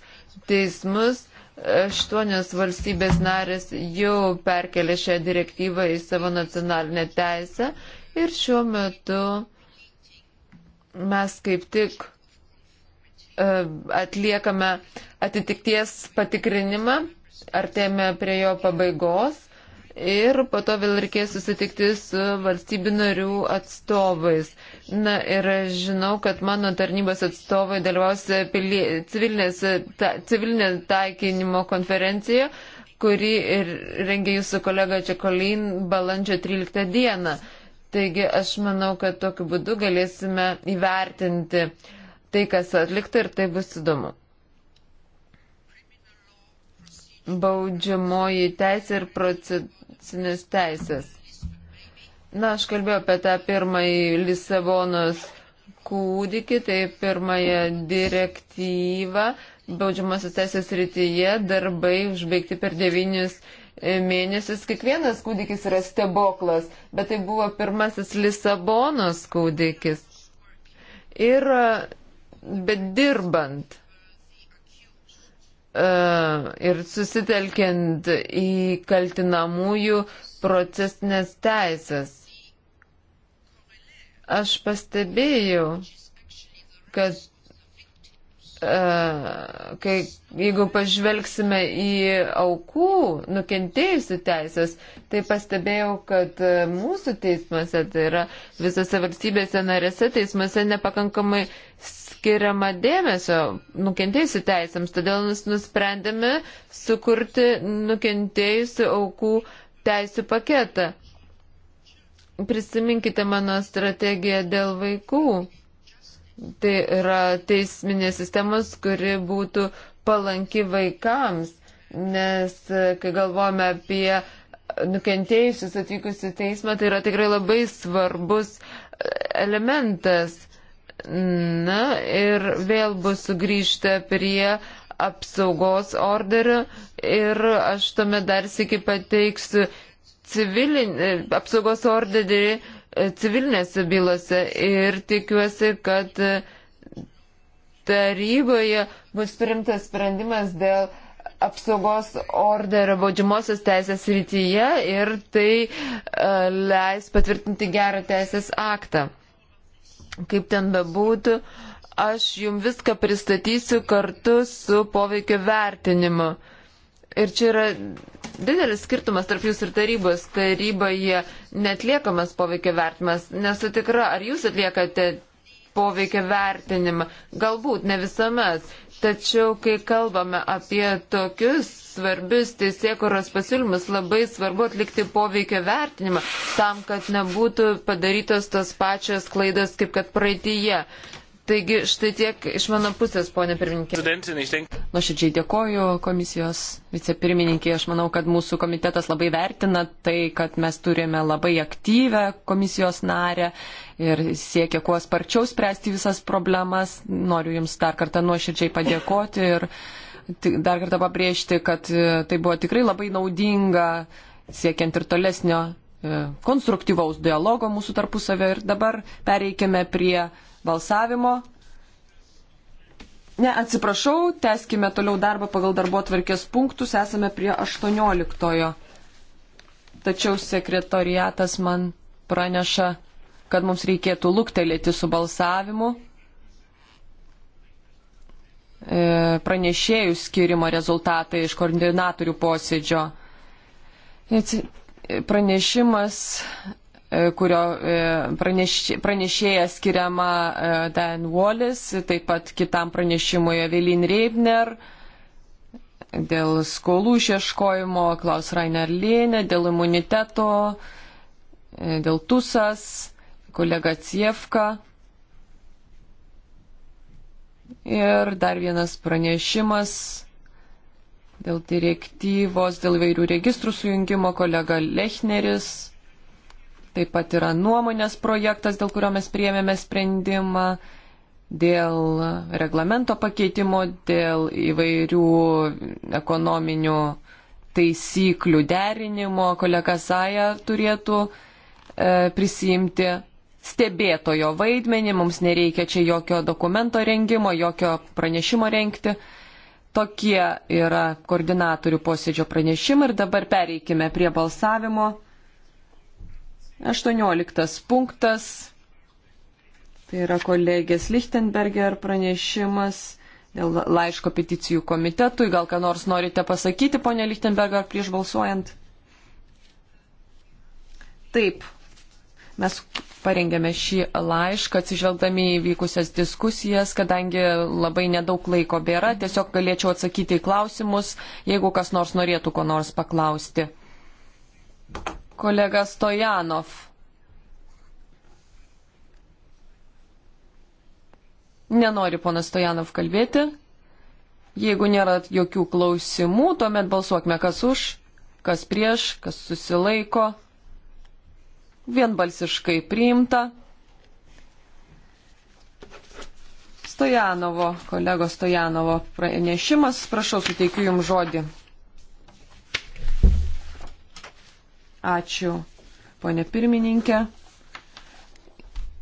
teismus aštuonios valstybės narės jau perkelė šią direktyvą į savo nacionalinę teisę ir šiuo metu mes kaip tik e, atliekame atitikties patikrinimą, artėjame prie jo pabaigos ir po to vėl reikės susitikti su valstybių narių atstovais. Na ir žinau, kad mano tarnybos atstovai dalyvaus civilinės, ta, civilinė taikinimo konferencija, kuri ir rengia jūsų kolega Čekolin balandžio 13 dieną. Taigi aš manau, kad tokiu būdu galėsime įvertinti tai, kas atlikta ir tai bus įdomu. baudžiamoji teisė ir procesinės teisės. Na, aš kalbėjau apie tą pirmąjį Lisabonos kūdikį, tai pirmąją direktyvą baudžiamosios teisės rytyje darbai užbaigti per devynius e, mėnesius. Kiekvienas kūdikis yra steboklas, bet tai buvo pirmasis Lisabonos kūdikis. Ir e, bet dirbant E, ir susitelkiant į kaltinamųjų procesinės teisės. Aš pastebėjau, kad e, kai, jeigu pažvelgsime į aukų nukentėjusių teisės, tai pastebėjau, kad e, mūsų teismuose, tai yra visose valstybėse narėse teismuose nepakankamai skiriama dėmesio nukentėjusių teisėms, todėl nusprendėme sukurti nukentėjusių aukų teisų paketą. Prisiminkite mano strategiją dėl vaikų. Tai yra teisminės sistemos, kuri būtų palanki vaikams, nes kai galvojame apie nukentėjusius atvykusių teismą, tai yra tikrai labai svarbus elementas. Na ir vėl bus sugrįžta prie apsaugos orderio ir aš tuomet dar sėki pateiksiu civilin, e, apsaugos orderį e, civilinėse bylose ir tikiuosi, kad e, taryboje bus primtas sprendimas dėl apsaugos orderio baudžiamosios teisės rytyje ir tai leis patvirtinti gerą teisės aktą. Kaip ten bebūtų, aš jums viską pristatysiu kartu su poveikio vertinimu. Ir čia yra didelis skirtumas tarp jūs ir tarybos. Taryboje netliekamas poveikio vertinimas. Nesu tikra, ar jūs atliekate poveikio vertinimą. Galbūt ne visuomet. Tačiau, kai kalbame apie tokius svarbius teisėkuros pasiūlymus, labai svarbu atlikti poveikio vertinimą tam, kad nebūtų padarytos tos pačios klaidos, kaip kad praeitįje. Taigi štai tiek iš mano pusės, ponė pirmininkė. Nuoširdžiai dėkoju komisijos vicepirmininkė. Aš manau, kad mūsų komitetas labai vertina tai, kad mes turime labai aktyvę komisijos narę ir siekia kuo sparčiau spręsti visas problemas. Noriu Jums dar kartą nuoširdžiai padėkoti ir dar kartą pabrėžti, kad e, tai buvo tikrai labai naudinga siekiant ir tolesnio E, konstruktyvaus dialogo mūsų tarpusavio ir dabar pereikime prie balsavimo. Ne, atsiprašau, teskime toliau darbą pagal darbo tvarkės punktus, esame prie 18. -ojo. Tačiau sekretoriatas man praneša, kad mums reikėtų luktelėti su balsavimu e, pranešėjų skirimo rezultatai iš koordinatorių posėdžio pranešimas, e, kurio e, praneš, pranešėja skiriama e, Dan Wallis, taip pat kitam pranešimui Evelyn Reibner dėl skolų išieškojimo, Klaus Rainer Lėnė, dėl imuniteto, dėl Tusas, kolega Cievka. Ir dar vienas pranešimas dėl direktyvos, dėl vairių registrų sujungimo kolega Lechneris. Taip pat yra nuomonės projektas, dėl kurio mes priėmėme sprendimą, dėl reglamento pakeitimo, dėl įvairių ekonominių taisyklių derinimo. Kolega Saja turėtų e, prisijimti stebėtojo vaidmenį, mums nereikia čia jokio dokumento rengimo, jokio pranešimo rengti. E, Tokie yra koordinatorių posėdžio pranešimai ir dabar pereikime prie balsavimo. 18 punktas. Tai yra kolegės Lichtenberger pranešimas dėl laiško peticijų komitetui. Gal ką nors norite pasakyti, ponė Lichtenberger, prieš balsuojant? Taip. Mes parengėme šį laišką, atsižvelgdami į vykusias diskusijas, kadangi labai nedaug laiko bėra, tiesiog galėčiau atsakyti į klausimus, jeigu kas nors norėtų ko nors paklausti. Kolega Stojanov. Nenori ponas Stojanov kalbėti. Jeigu nėra jokių klausimų, tuomet balsuokime, kas už, kas prieš, kas susilaiko vienbalsiškai priimta. Stojanovo, kolego Stojanovo pranešimas, prašau, suteikiu Jums žodį. Ačiū, ponė pirmininkė.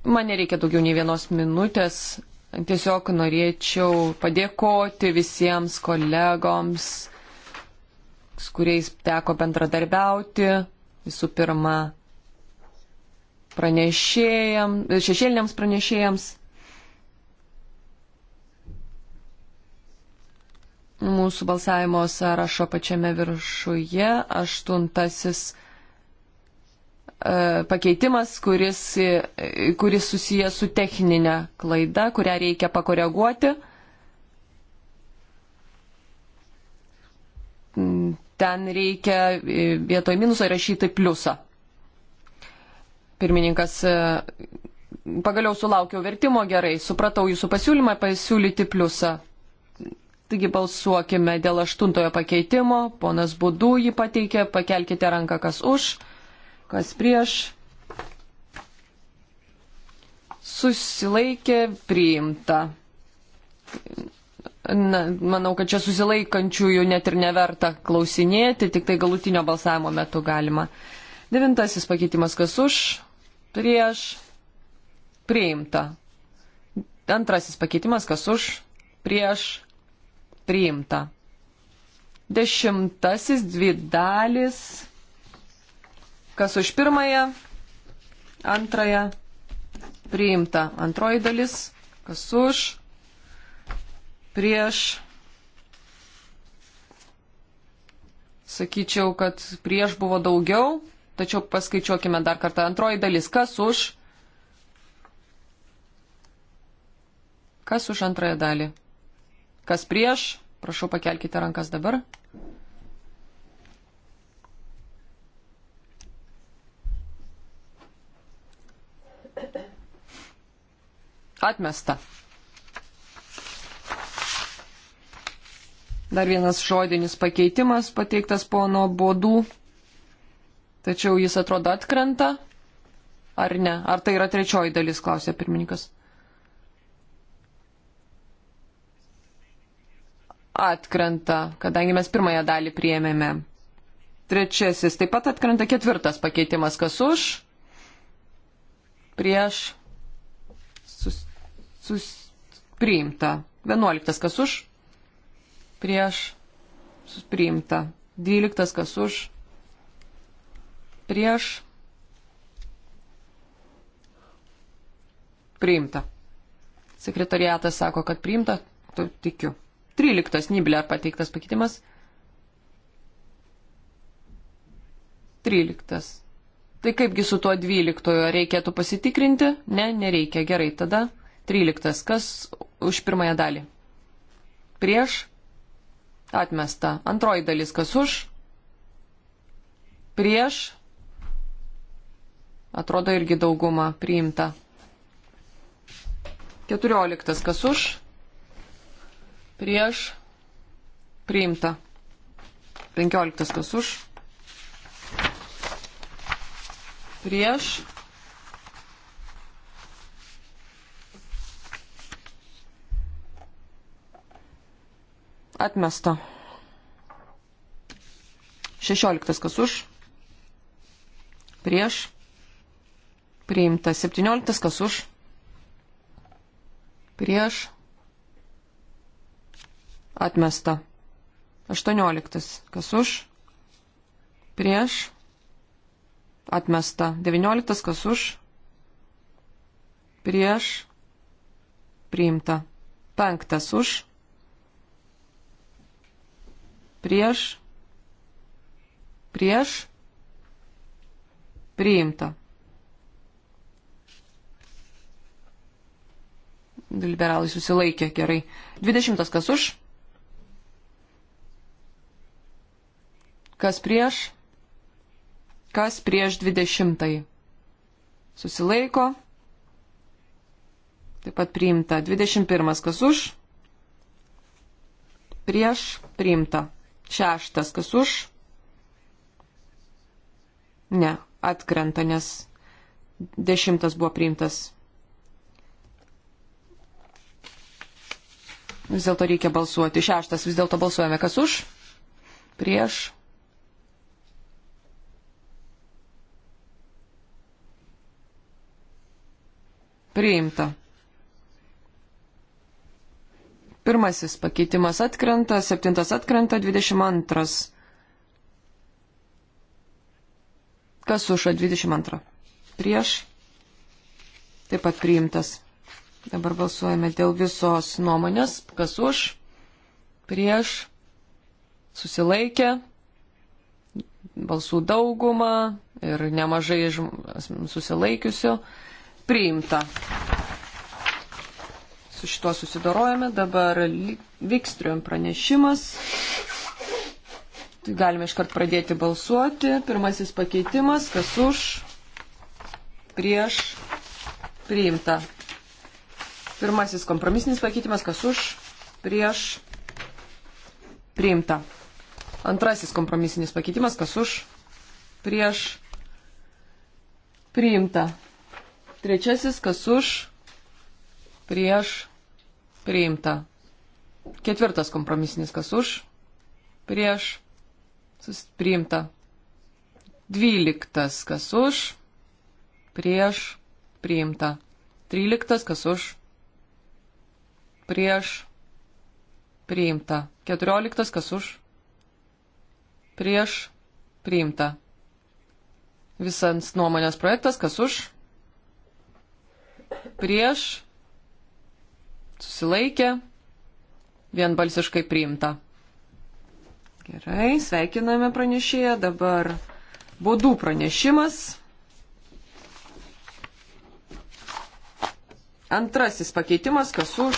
Man nereikia daugiau nei vienos minutės. Tiesiog norėčiau padėkoti visiems kolegoms, su kuriais teko bendradarbiauti. Visų pirma, pranešėjams, šešėliniams pranešėjams. Mūsų balsavimo sąrašo pačiame viršuje aštuntasis e, pakeitimas, kuris, e, kuris susijęs su techninė klaida, kurią reikia pakoreguoti. Ten reikia e, vietoj minuso įrašyti pliusą. Pirmininkas, e, pagaliau sulaukiau vertimo gerai, supratau jūsų pasiūlymą pasiūlyti pliusą. Taigi balsuokime dėl aštuntojo pakeitimo. Ponas Būdų jį pateikė, pakelkite ranką kas už, kas prieš. Susilaikė priimta. Na, manau, kad čia susilaikančiųjų net ir neverta klausinėti, tik tai galutinio balsavimo metu galima. Devintasis pakeitimas kas už, prieš, priimta. Antrasis pakeitimas, kas už, prieš, priimta. Dešimtasis dvi dalis, kas už pirmąją, antrąją, priimta. Antroji dalis, kas už, prieš, sakyčiau, kad prieš buvo daugiau Tačiau paskaičiuokime dar kartą antroji dalis. Kas už? Kas už antrąją dalį? Kas prieš? Prašau, pakelkite rankas dabar. Atmesta. Dar vienas žodinis pakeitimas pateiktas pono Bodų. Tačiau jis atrodo atkrenta, ar ne? Ar tai yra trečioji dalis, klausė pirmininkas. Atkrenta, kadangi mes pirmąją dalį priėmėme. Trečiasis taip pat atkrenta ketvirtas pakeitimas, kas už, prieš, sus, sus, priimta. Vienuoliktas kas už, prieš, sus, priimta. Dvyliktas kas už, prieš priimta. Sekretariatas sako, kad priimta, tu tikiu. 13 Nibler pateiktas pakeitimas. 13. Tai kaipgi su tuo 12 reikėtų pasitikrinti? Ne, nereikia. Gerai, tada 13. Kas už pirmąją dalį? Prieš. Atmesta. Antroji dalis kas už? Prieš. Atrodo irgi dauguma priimta. 14. Kas už? Prieš. Priimta. 15. Kas už? Prieš. Atmesta. 16. Kas už? Prieš Priimta 17, kas už? Prieš. Atmesta. 18, kas už? Prieš. Atmesta. 19, kas už? Prieš. Priimta. 5 už. Prieš. Prieš. Priimta. Liberalai susilaikė, gerai. 20 kas už? Kas prieš? Kas prieš 20? Susilaiko. Taip pat priimta. 21 kas už? Prieš priimta. Šeštas kas už? Ne, atkrenta, nes dešimtas buvo priimtas. Vis dėlto reikia balsuoti. Šeštas, vis dėlto balsuojame. Kas už? Prieš. Priimta. Pirmasis pakeitimas atkrenta, septintas atkrenta, dvidešimt antras. Kas už 22? Prieš. Taip pat priimtas. Dabar balsuojame dėl visos nuomonės, kas už, prieš, susilaikė, balsų daugumą ir nemažai susilaikiusių priimta. Su šituo susidarojame. Dabar Vikstrium pranešimas. Tai galime iškart pradėti balsuoti. Pirmasis pakeitimas, kas už, prieš, priimta. Pirmasis kompromisinis pakeitimas, kas už, prieš, priimta. Antrasis kompromisinis pakeitimas, kas už, prieš, priimta. Trečiasis, kas už, prieš, priimta. Ketvirtas kompromisinis, kas už, prieš, priimta. Dvyliktas, kas už, prieš, priimta. Tryliktas, kas už, prieš priimta. 14 kas už prieš priimta. Visas nuomonės projektas kas už prieš susilaikė vienbalsiškai priimta. Gerai, sveikiname pranešėją. Dabar baudų pranešimas. Antrasis pakeitimas, kas už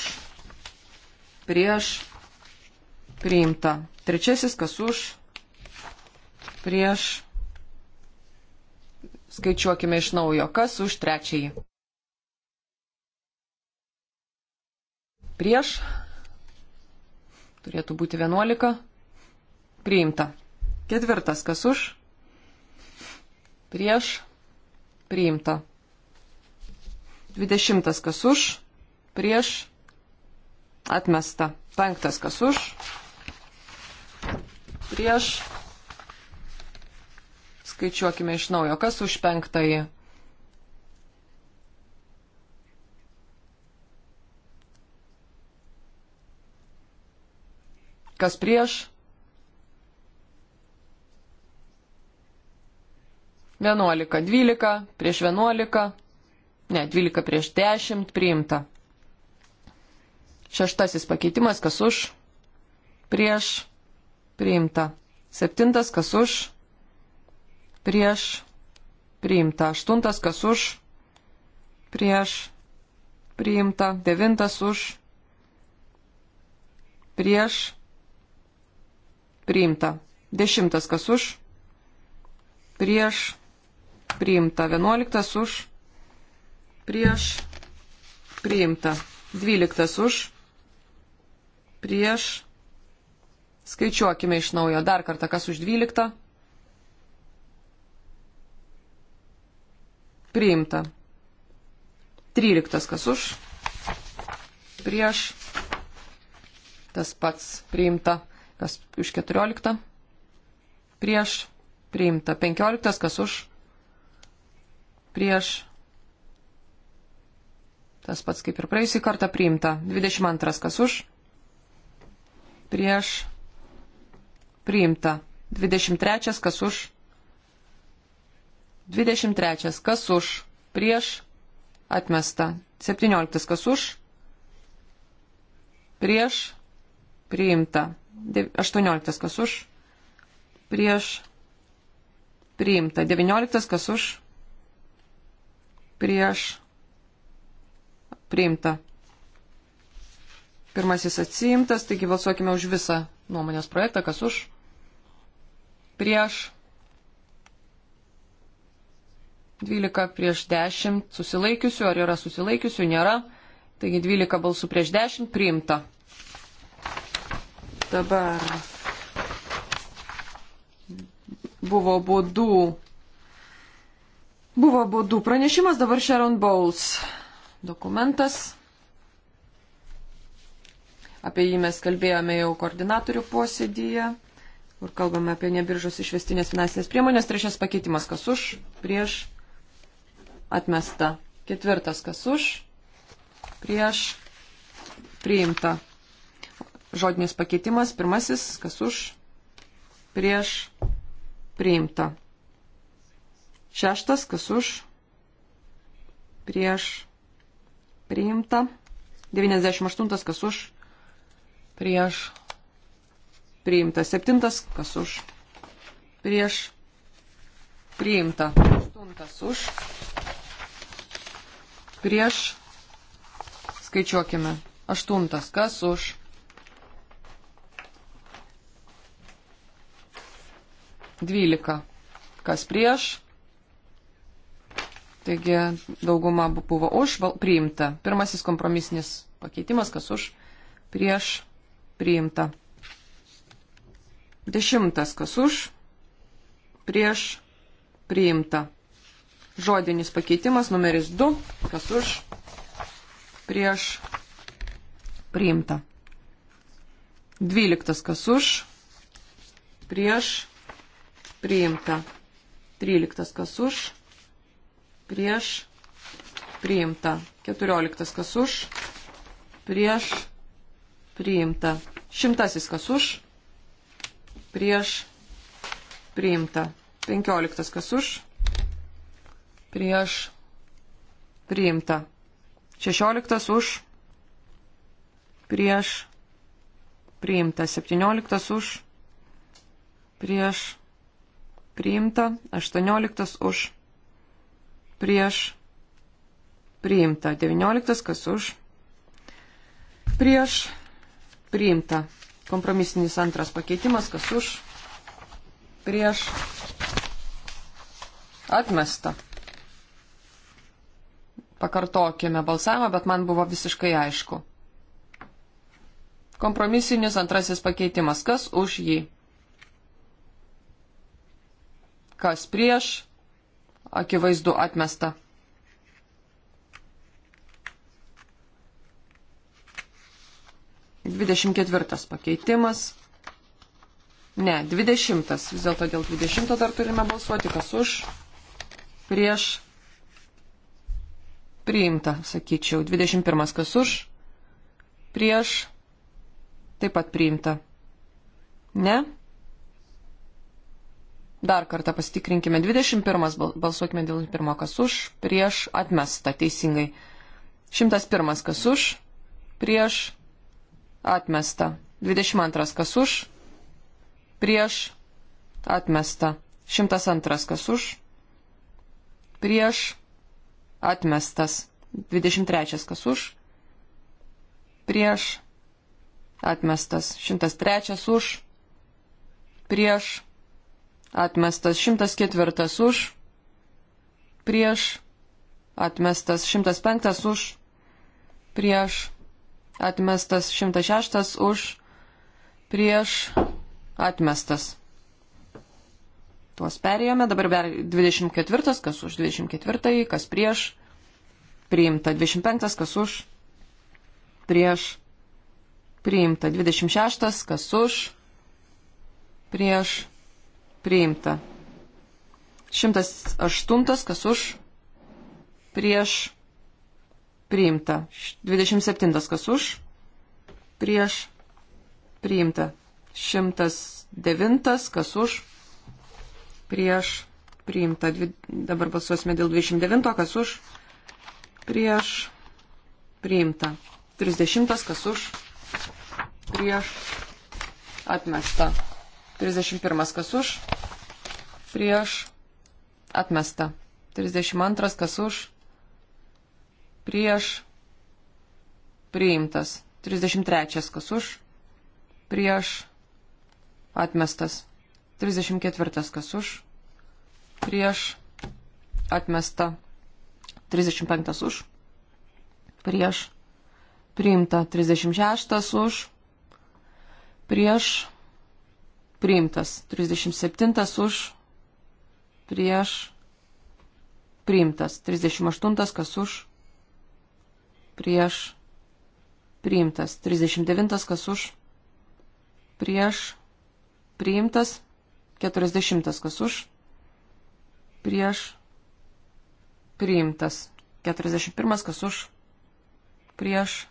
prieš priimta. Trečiasis, kas už prieš skaičiuokime iš naujo, kas už trečiąjį. Prieš turėtų būti 11. Priimta. Ketvirtas, kas už? Prieš. Priimta. Dvidešimtas, kas už? Prieš. Atmesta. Penktas kas už. Prieš. Skaičiuokime iš naujo. Kas už penktąjį? Kas prieš? Vienuolika, dvylika, prieš vienuolika, ne, dvylika prieš dešimt priimta. Šeštasis pakeitimas, kas už, prieš, priimta. Septintas, kas už, prieš, priimta. Aštuntas, kas už, prieš, priimta. Devintas už, prieš, priimta. Dešimtas, kas už, prieš, priimta. Vienuoliktas už, prieš, priimta. Dvyliktas už, prieš. Skaičiuokime iš naujo. Dar kartą, kas už 12. Priimta. 13. Kas už. Prieš. Tas pats priimta. Kas už 14. Prieš. Priimta. 15. Kas už. Prieš. Tas pats kaip ir praėjusį kartą priimta. 22. Kas už prieš priimta. 23 kas už. 23 kas už prieš atmesta. 17 kas už prieš priimta. 18 kas už prieš priimta. 19 kas už prieš priimta. Pirmasis atsiimtas, taigi balsuokime už visą nuomonės projektą, kas už, prieš, 12 prieš 10 susilaikiusių, ar yra susilaikiusių, nėra, taigi 12 balsų prieš 10 priimta. Dabar buvo būdų, buvo būdų pranešimas, dabar Sharon Bowles dokumentas. Apie jį mes kalbėjome jau koordinatorių posėdyje, kur kalbame apie nebiržos išvestinės finansinės priemonės. Trečias pakeitimas, kas už, prieš, atmesta. Ketvirtas, kas už, prieš, priimta. Žodinis pakeitimas, pirmasis, kas už, prieš, priimta. Šeštas, kas už, prieš, priimta. 98, kas už, prieš priimta. Septintas, kas už, prieš priimta. Aštuntas už, prieš skaičiuokime. Aštuntas, kas už. Dvylika, kas prieš. Taigi dauguma buvo už, priimta. Pirmasis kompromisinis pakeitimas, kas už, prieš, priimta. Dešimtas kas už, prieš, priimta. Žodinis pakeitimas numeris 2, kas už, prieš, priimta. Dvyliktas kas už, prieš, priimta. Tryliktas kas už, prieš, priimta. Keturioliktas kas už, prieš, priimta. Šimtasis kas už, prieš, priimta. Penkioliktas kas už, prieš, priimta. Šešioliktas už, prieš, priimta. Septynioliktas už, prieš, priimta. Aštuonioliktas už, prieš, priimta. Devynioliktas kas už, prieš, priimta Priimta. Kompromisinis antras pakeitimas, kas už, prieš, atmesta. Pakartokime balsavimą, bet man buvo visiškai aišku. Kompromisinis antrasis pakeitimas, kas už jį, kas prieš, akivaizdu atmesta. 24 pakeitimas. Ne, 20. Vis dėlto dėl 20 dar turime balsuoti, kas už, prieš, priimta, sakyčiau. 21 kas už, prieš, taip pat priimta. Ne? Dar kartą pasitikrinkime. 21 balsuokime dėl pirmo kas už, prieš atmesta teisingai. 101 kas už, prieš atmesta. 22 kas už, prieš, atmesta. 102 kas už, prieš, atmestas. 23 kas už, prieš, atmestas. 103 už, prieš, atmestas. 104 už, prieš, atmestas. 105 už, prieš, atmestas 106 už, prieš atmestas. Tuos perėjome, dabar 24, kas už 24, kas prieš, priimta 25, kas už, prieš, priimta 26, kas už, prieš, priimta 108, kas už, prieš, priimta priimta. 27 kas už, prieš, priimta. 109 kas už, prieš, priimta. Dvi, dabar balsuosime dėl 29 kas už, prieš, priimta. 30 kas už, prieš, atmesta. 31 kas už, prieš, atmesta. 32 kas už, prieš, priimtas. 33 kas už, prieš, atmestas. 34 kas už, prieš, atmesta. 35 už, prieš, priimta. 36 už, prieš, priimtas. 37 už, prieš, priimtas. 38 kas už, prieš priimtas. 39 kas už prieš priimtas. 40 kas už prieš priimtas. 41 kas už prieš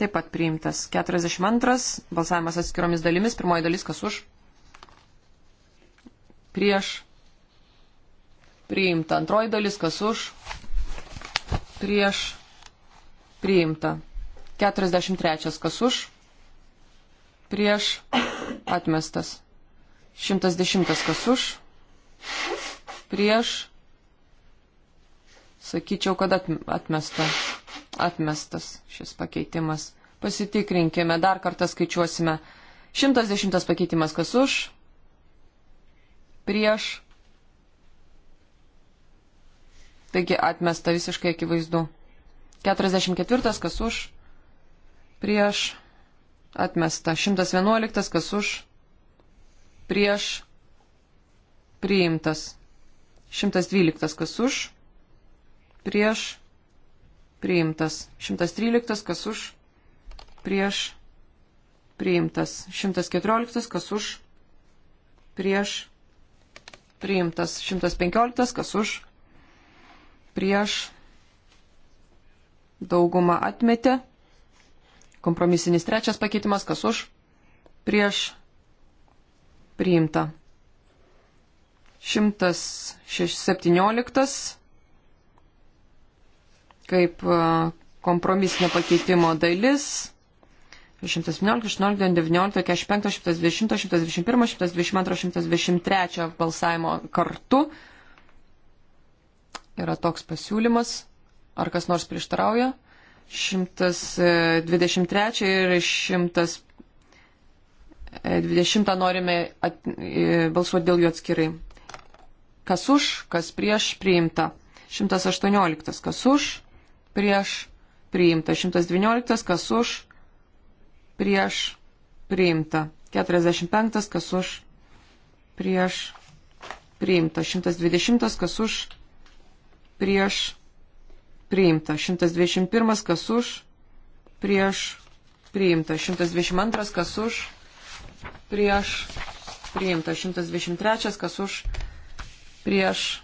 taip pat priimtas. 42 balsavimas atskiromis dalimis. Pirmoji dalis kas už prieš priimta. Antroji dalis kas už prieš priimta. 43 kas už, prieš, atmestas. 110 kas už, prieš, sakyčiau, kad atmesta, atmestas šis pakeitimas. Pasitikrinkime, dar kartą skaičiuosime. 110 pakeitimas kas už, prieš, taigi atmesta visiškai akivaizdu. 44, kas už, prieš, atmesta. 111, kas už, prieš, priimtas. 112, kas už, prieš, priimtas. 113, kas už, prieš, priimtas. 114, kas už, prieš, priimtas. 115, kas už, prieš, dauguma atmetė. Kompromisinis trečias pakeitimas, kas už, prieš, priimta. 117 kaip kompromisinio pakeitimo dalis. 117, 18, 19, 45, 120, 121, 122, 123 balsavimo kartu yra toks pasiūlymas. Ar kas nors prieštarauja? 123 ir 120 e, norime at, e, balsuoti dėl jų atskirai. Kas už, kas prieš priimta. 118 kas už, prieš priimta. 112 kas už, prieš priimta. 45 kas už, prieš priimta. 120 kas už, prieš priimta priimta. 121 kas už, prieš priimta. 122 kas už, prieš priimta. 123 kas už, prieš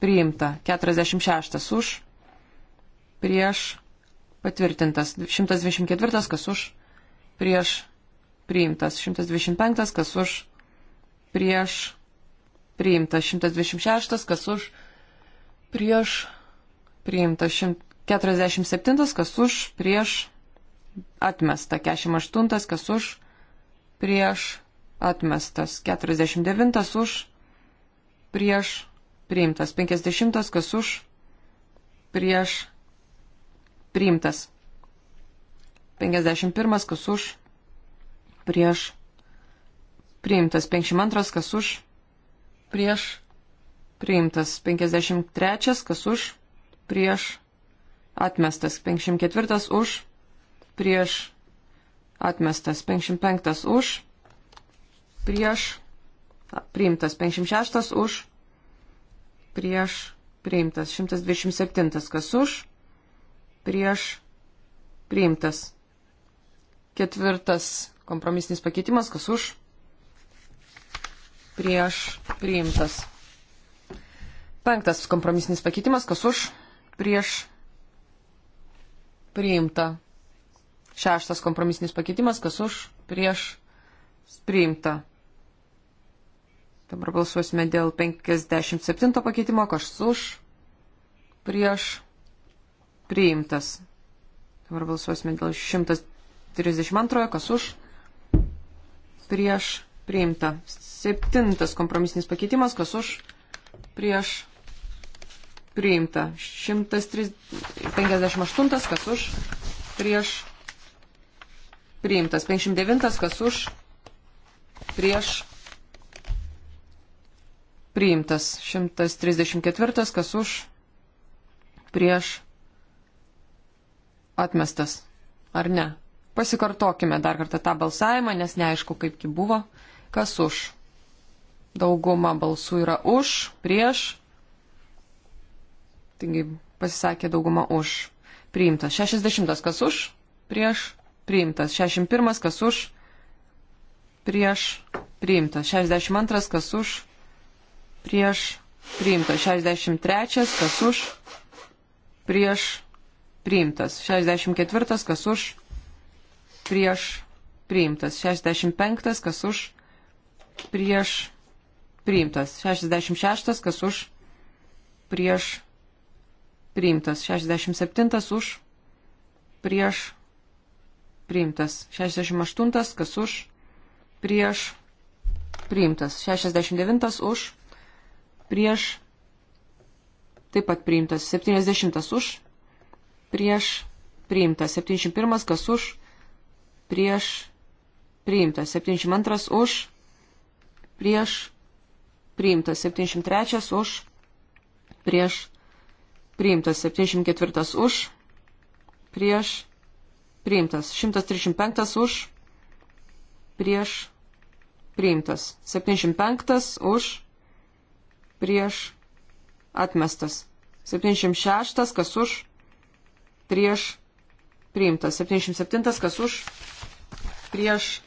priimta. 46 už, prieš patvirtintas. 124 kas už, prieš priimtas. 125 kas už, prieš priimtas. 126 kas už, prieš priimta 147, kas už, prieš, atmesta 48, kas už, prieš, atmestas 49, už, prieš, priimtas 50, kas už, prieš, priimtas 51, kas už, prieš, priimtas 52, kas už, prieš, priimtas 53, kas už, prieš atmestas 54 už, prieš atmestas 55 už, prieš priimtas 56 už, prieš priimtas 127 kas už, prieš priimtas ketvirtas kompromisinis pakeitimas kas už, prieš priimtas penktas kompromisinis pakeitimas kas už prieš priimta. Šeštas kompromisinis pakeitimas, kas už, prieš priimta. Dabar balsuosime dėl 57 pakeitimo, kas už, prieš priimtas. Dabar balsuosime dėl 132, kas už, prieš priimta. Septintas kompromisinis pakeitimas, kas už, prieš priimta. 158 kas už, prieš priimtas. 59 kas už, prieš priimtas. 134 kas už, prieš atmestas. Ar ne? Pasikartokime dar kartą tą balsavimą, nes neaišku, kaipgi buvo. Kas už? Dauguma balsų yra už, prieš, Taigi pasisakė dauguma už. Priimtas. 60 kas už, prieš, priimtas. 61 kas už, prieš, priimtas. 62 kas už, prieš, priimtas. 63 kas už, prieš, priimtas. 64 kas už, prieš, priimtas. 65 kas už, prieš, priimtas. 66 kas už, prieš, priimtas priimtas. 67 už, prieš, priimtas. 68 kas už, prieš, priimtas. 69 už, prieš, taip pat priimtas. 70 už, prieš, priimtas. 71 kas už, prieš, priimtas. 72 už, prieš, priimtas. 73 už, prieš, priimtas priimtas 74 už, prieš, priimtas 135 už, prieš, priimtas 75 už, prieš, atmestas 76 kas už, prieš, priimtas 77 kas už, prieš,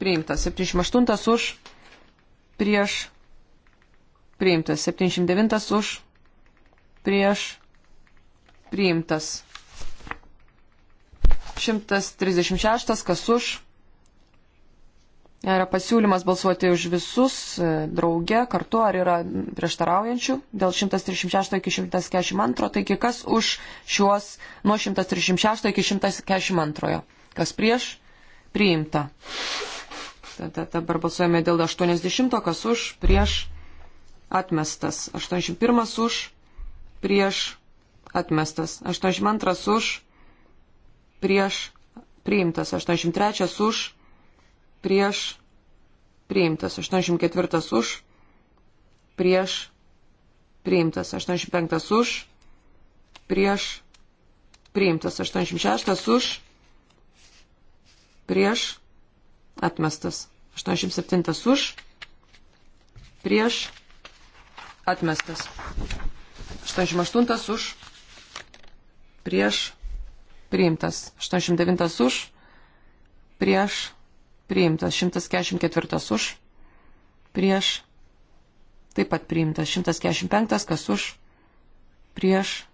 priimtas 78 už, prieš, priimtas 79 už, prieš priimtas. 136, kas už. Yra pasiūlymas balsuoti už visus e, drauge kartu, ar yra prieštaraujančių dėl 136 iki 142, taigi kas už šiuos nuo 136 iki 142, kas prieš, priimta. Tada dabar balsuojame dėl 80, kas už, prieš, atmestas. 81 už, prieš atmestas, 82 už prieš priimtas, 83 už prieš priimtas, 84 už prieš priimtas, 85 už prieš priimtas, 86 už prieš atmestas, 87 už prieš atmestas. 88 už, prieš, priimtas. 89 už, prieš, priimtas. 144 už, prieš, taip pat priimtas. 145 kas už, prieš,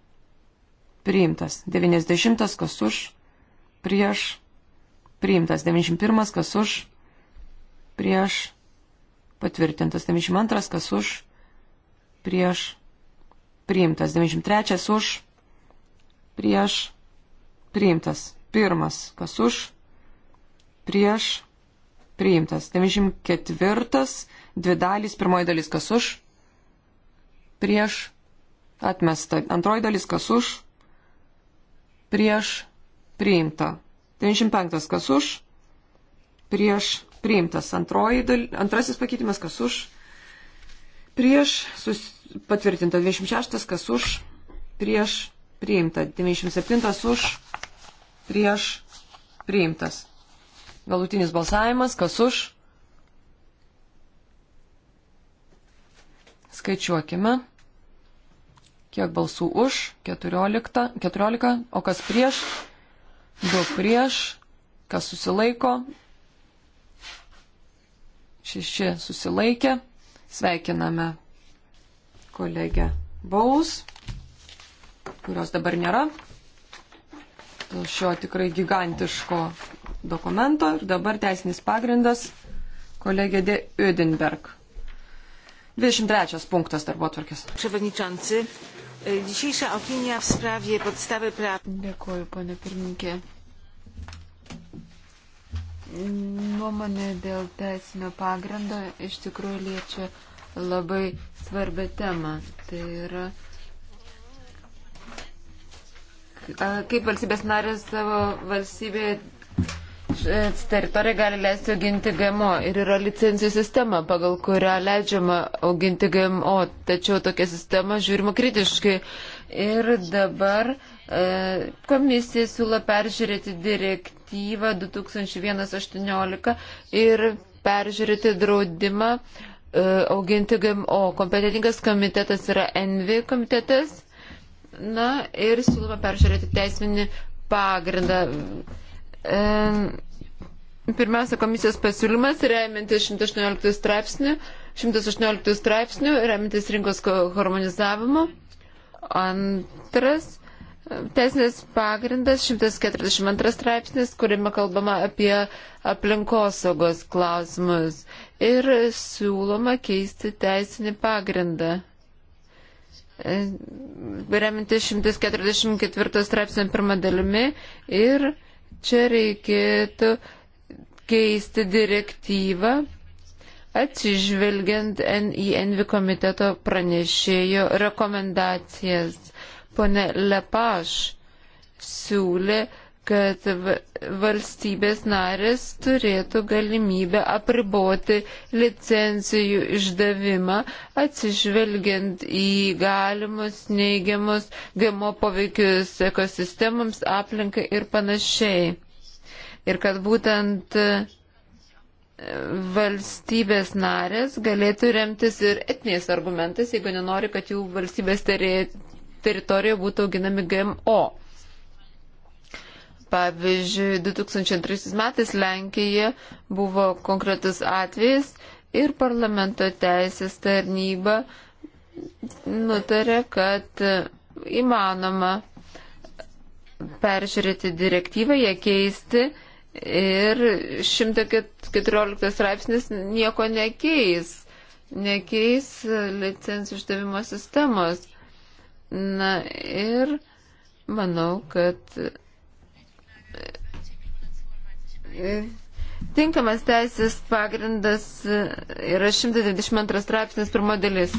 priimtas. 90 kas už, prieš, priimtas. 91 kas už, prieš, patvirtintas. 92 kas už, prieš, priimtas. 93 už, prieš, priimtas. Pirmas, kas už, prieš, priimtas. 94, dvi dalys, pirmoji dalis, kas už, prieš, atmesta. Antroji dalis, kas už, prieš, priimta. 95, kas už, prieš, priimtas. Antroji dal... Antrasis pakeitimas, kas už, prieš, susitikti patvirtinta 26, kas už, prieš, priimta 97, už, prieš, priimtas. Galutinis balsavimas, kas už. Skaičiuokime, kiek balsų už, 14, 14 o kas prieš, 2 prieš, kas susilaiko, 6 susilaikė. Sveikiname kolegę Baus, kurios dabar nėra, dėl šio tikrai gigantiško dokumento ir dabar teisinis pagrindas kolegė D. Ödenberg. 23 punktas darbo atvarkės. Przewodniczący, e, dzisiejsza opinia w sprawie podstawy praw. Dėkuoju, pane pirmininkė. Nuomonė dėl teisinio pagrindo iš tikrųjų liečia labai svarbę temą. Tai yra, kaip valstybės narės savo valstybėje e, teritoriją gali leisti auginti GMO ir yra licencijų sistema, pagal kurią leidžiama auginti GMO, tačiau tokia sistema žiūrima kritiškai. Ir dabar e, komisija siūlo peržiūrėti direktyvą 2118 ir peržiūrėti draudimą e, E, auginti GMO. Kompetitingas komitetas yra ENVI komitetas. Na ir siūloma peržiūrėti teisminį pagrindą. E, pirmiausia, komisijos pasiūlymas remiantis 118 straipsnių, 118 straipsnių remiantis rinkos harmonizavimu. Antras. Teisinės pagrindas 142 straipsnis, kuriame kalbama apie aplinkosaugos klausimus. E, ir siūloma keisti teisinį pagrindą. E, remintis 144 straipsnio pirmą dalimi ir čia reikėtų keisti direktyvą atsižvelgiant į Envi komiteto pranešėjo rekomendacijas. Pone Lepaš siūlė kad valstybės narės turėtų galimybę apriboti licencijų išdavimą, atsižvelgiant į galimus neigiamus GMO poveikius ekosistemams, aplinkai ir panašiai. Ir kad būtent e, valstybės narės galėtų remtis ir etniais argumentais, jeigu nenori, kad jų valstybės teritorijoje būtų auginami GMO. Pavyzdžiui, 2003 metais Lenkijoje buvo konkretus atvejis ir parlamento teisės tarnyba nutarė, kad įmanoma peržiūrėti direktyvą, ją keisti ir 114 straipsnis nieko nekeis, nekeis licencijų išdavimo sistemos. Na ir manau, kad Tinkamas teisės pagrindas e, yra 122 straipsnis pirmo dalis.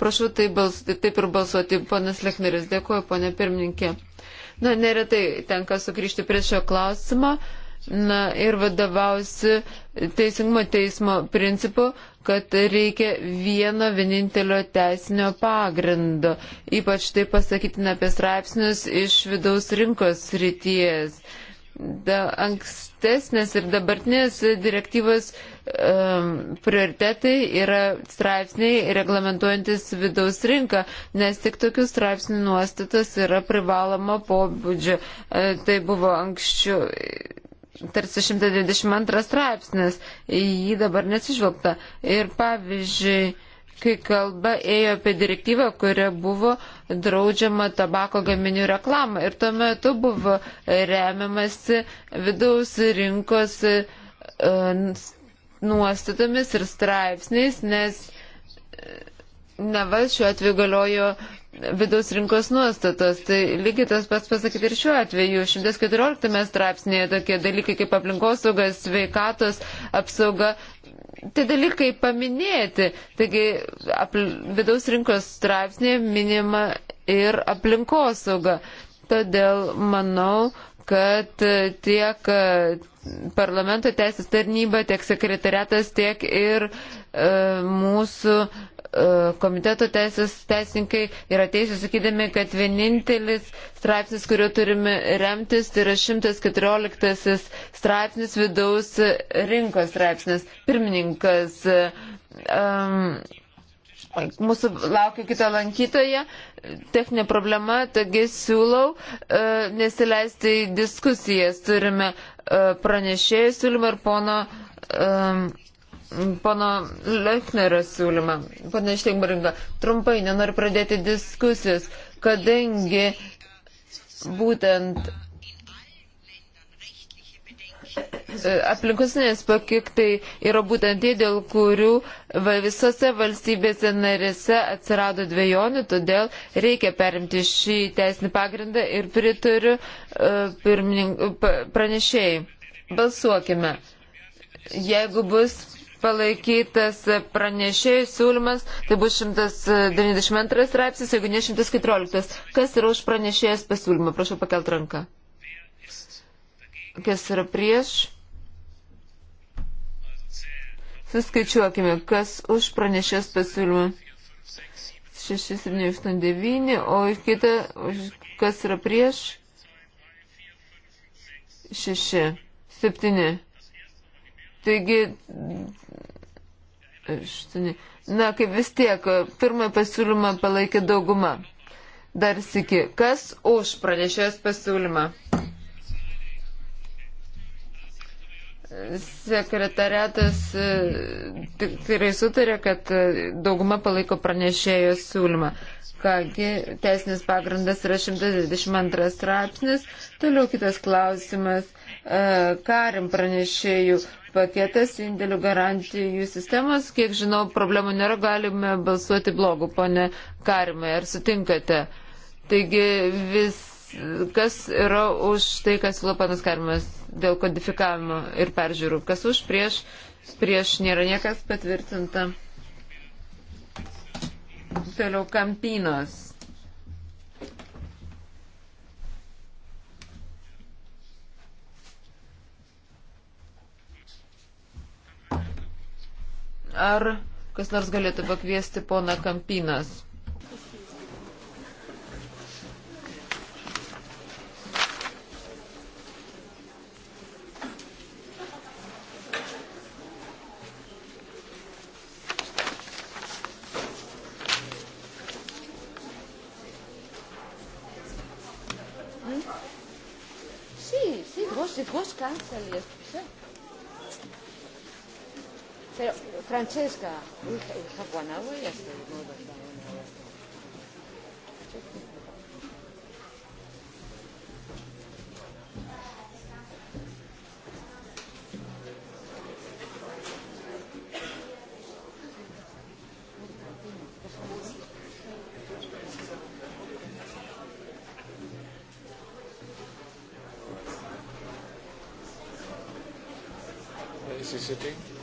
Prašau tai balsuoti, taip ir balsuoti, ponas Lechneris. Dėkuoju, ponė pirmininkė. Na, neretai tenka sugrįžti prie šio klausimo. Na ir vadovausi teisingumo teismo principu, kad reikia vieno vienintelio teisinio pagrindo. Ypač tai pasakytina apie straipsnius iš vidaus rinkos ryties da, ankstesnės ir dabartinės direktyvos um, prioritetai yra straipsniai reglamentuojantis vidaus rinką, nes tik tokių straipsnių nuostatas yra privaloma pobūdžio. E, tai buvo anksčiau. Tarsi 122 straipsnis, į jį dabar nesižvelgta. Ir pavyzdžiui, kai kalba ėjo apie direktyvą, kuria buvo draudžiama tabako gaminių reklama. Ir tuo metu buvo remiamasi vidaus rinkos e, nuostatomis ir straipsniais, nes e, neva šiuo atveju galiojo vidaus rinkos nuostatos. Tai lygiai tas pats pasakyti ir šiuo atveju. 114 straipsnėje tokie dalykai kaip aplinkosaugas, sveikatos apsauga tie dalykai paminėti. Taigi apl, vidaus rinkos straipsnėje minima ir aplinkosauga. Todėl manau, kad tiek parlamento teisės tarnyba, tiek sekretariatas, tiek ir e, mūsų E, komiteto teisės teisininkai yra teisūs sakydami, kad vienintelis straipsnis, kuriuo turime remtis, tai yra 114 straipsnis vidaus rinkos straipsnis. Pirmininkas, um, mūsų laukia kita lankytoja, techninė problema, taigi siūlau uh, nesileisti į diskusijas. Turime uh, pranešėjų siūlymą ir pono. Um, Pono Lechnerio siūlymą, pana Šteinbaringa, trumpai nenoriu pradėti diskusijos, kadangi būtent e, aplinkosiniai aspektai yra būtent tie, dėl kurių visose valstybėse narėse atsirado dviejonių, todėl reikia perimti šį teisinį pagrindą ir pritariu uh, pranešėjai. Balsuokime. Jeigu bus palaikytas pranešėjų siūlymas, tai bus 192 straipsnis, jeigu ne 114. Kas yra už pranešėjas pasiūlymą? Prašau pakelt ranką. Kas yra prieš? Suskaičiuokime, kas už pranešės pasiūlymą. 6, 7, 8, 9, o kita, kas yra prieš? 6, 7. Taigi 8. Na, kaip vis tiek, pirmąjį pasiūlymą palaikė dauguma. Dar sėki, kas už pranešėjos pasiūlymą? Sekretariatas e, tikrai sutarė, kad e, dauguma palaiko pranešėjos siūlymą. Kągi, teisinis pagrindas yra 122 straipsnis. Toliau kitas klausimas E, karim pranešėjų paketas indėlių garantijų sistemos. Kiek žinau, problemų nėra, galime balsuoti blogų, pone Karimai, ar sutinkate? Taigi vis, kas yra už tai, kas siūlo panas Karimas dėl kodifikavimo ir peržiūrų, kas už prieš, prieš nėra niekas patvirtinta. Toliau kampinos. Ar kas nors galėtų pakviesti poną Kampinas? Sì, hm? sì, grosse, grosse cancer, yes, tu sais. Pero, Francesca, we have one hour yesterday, more than one hour. Is he sitting?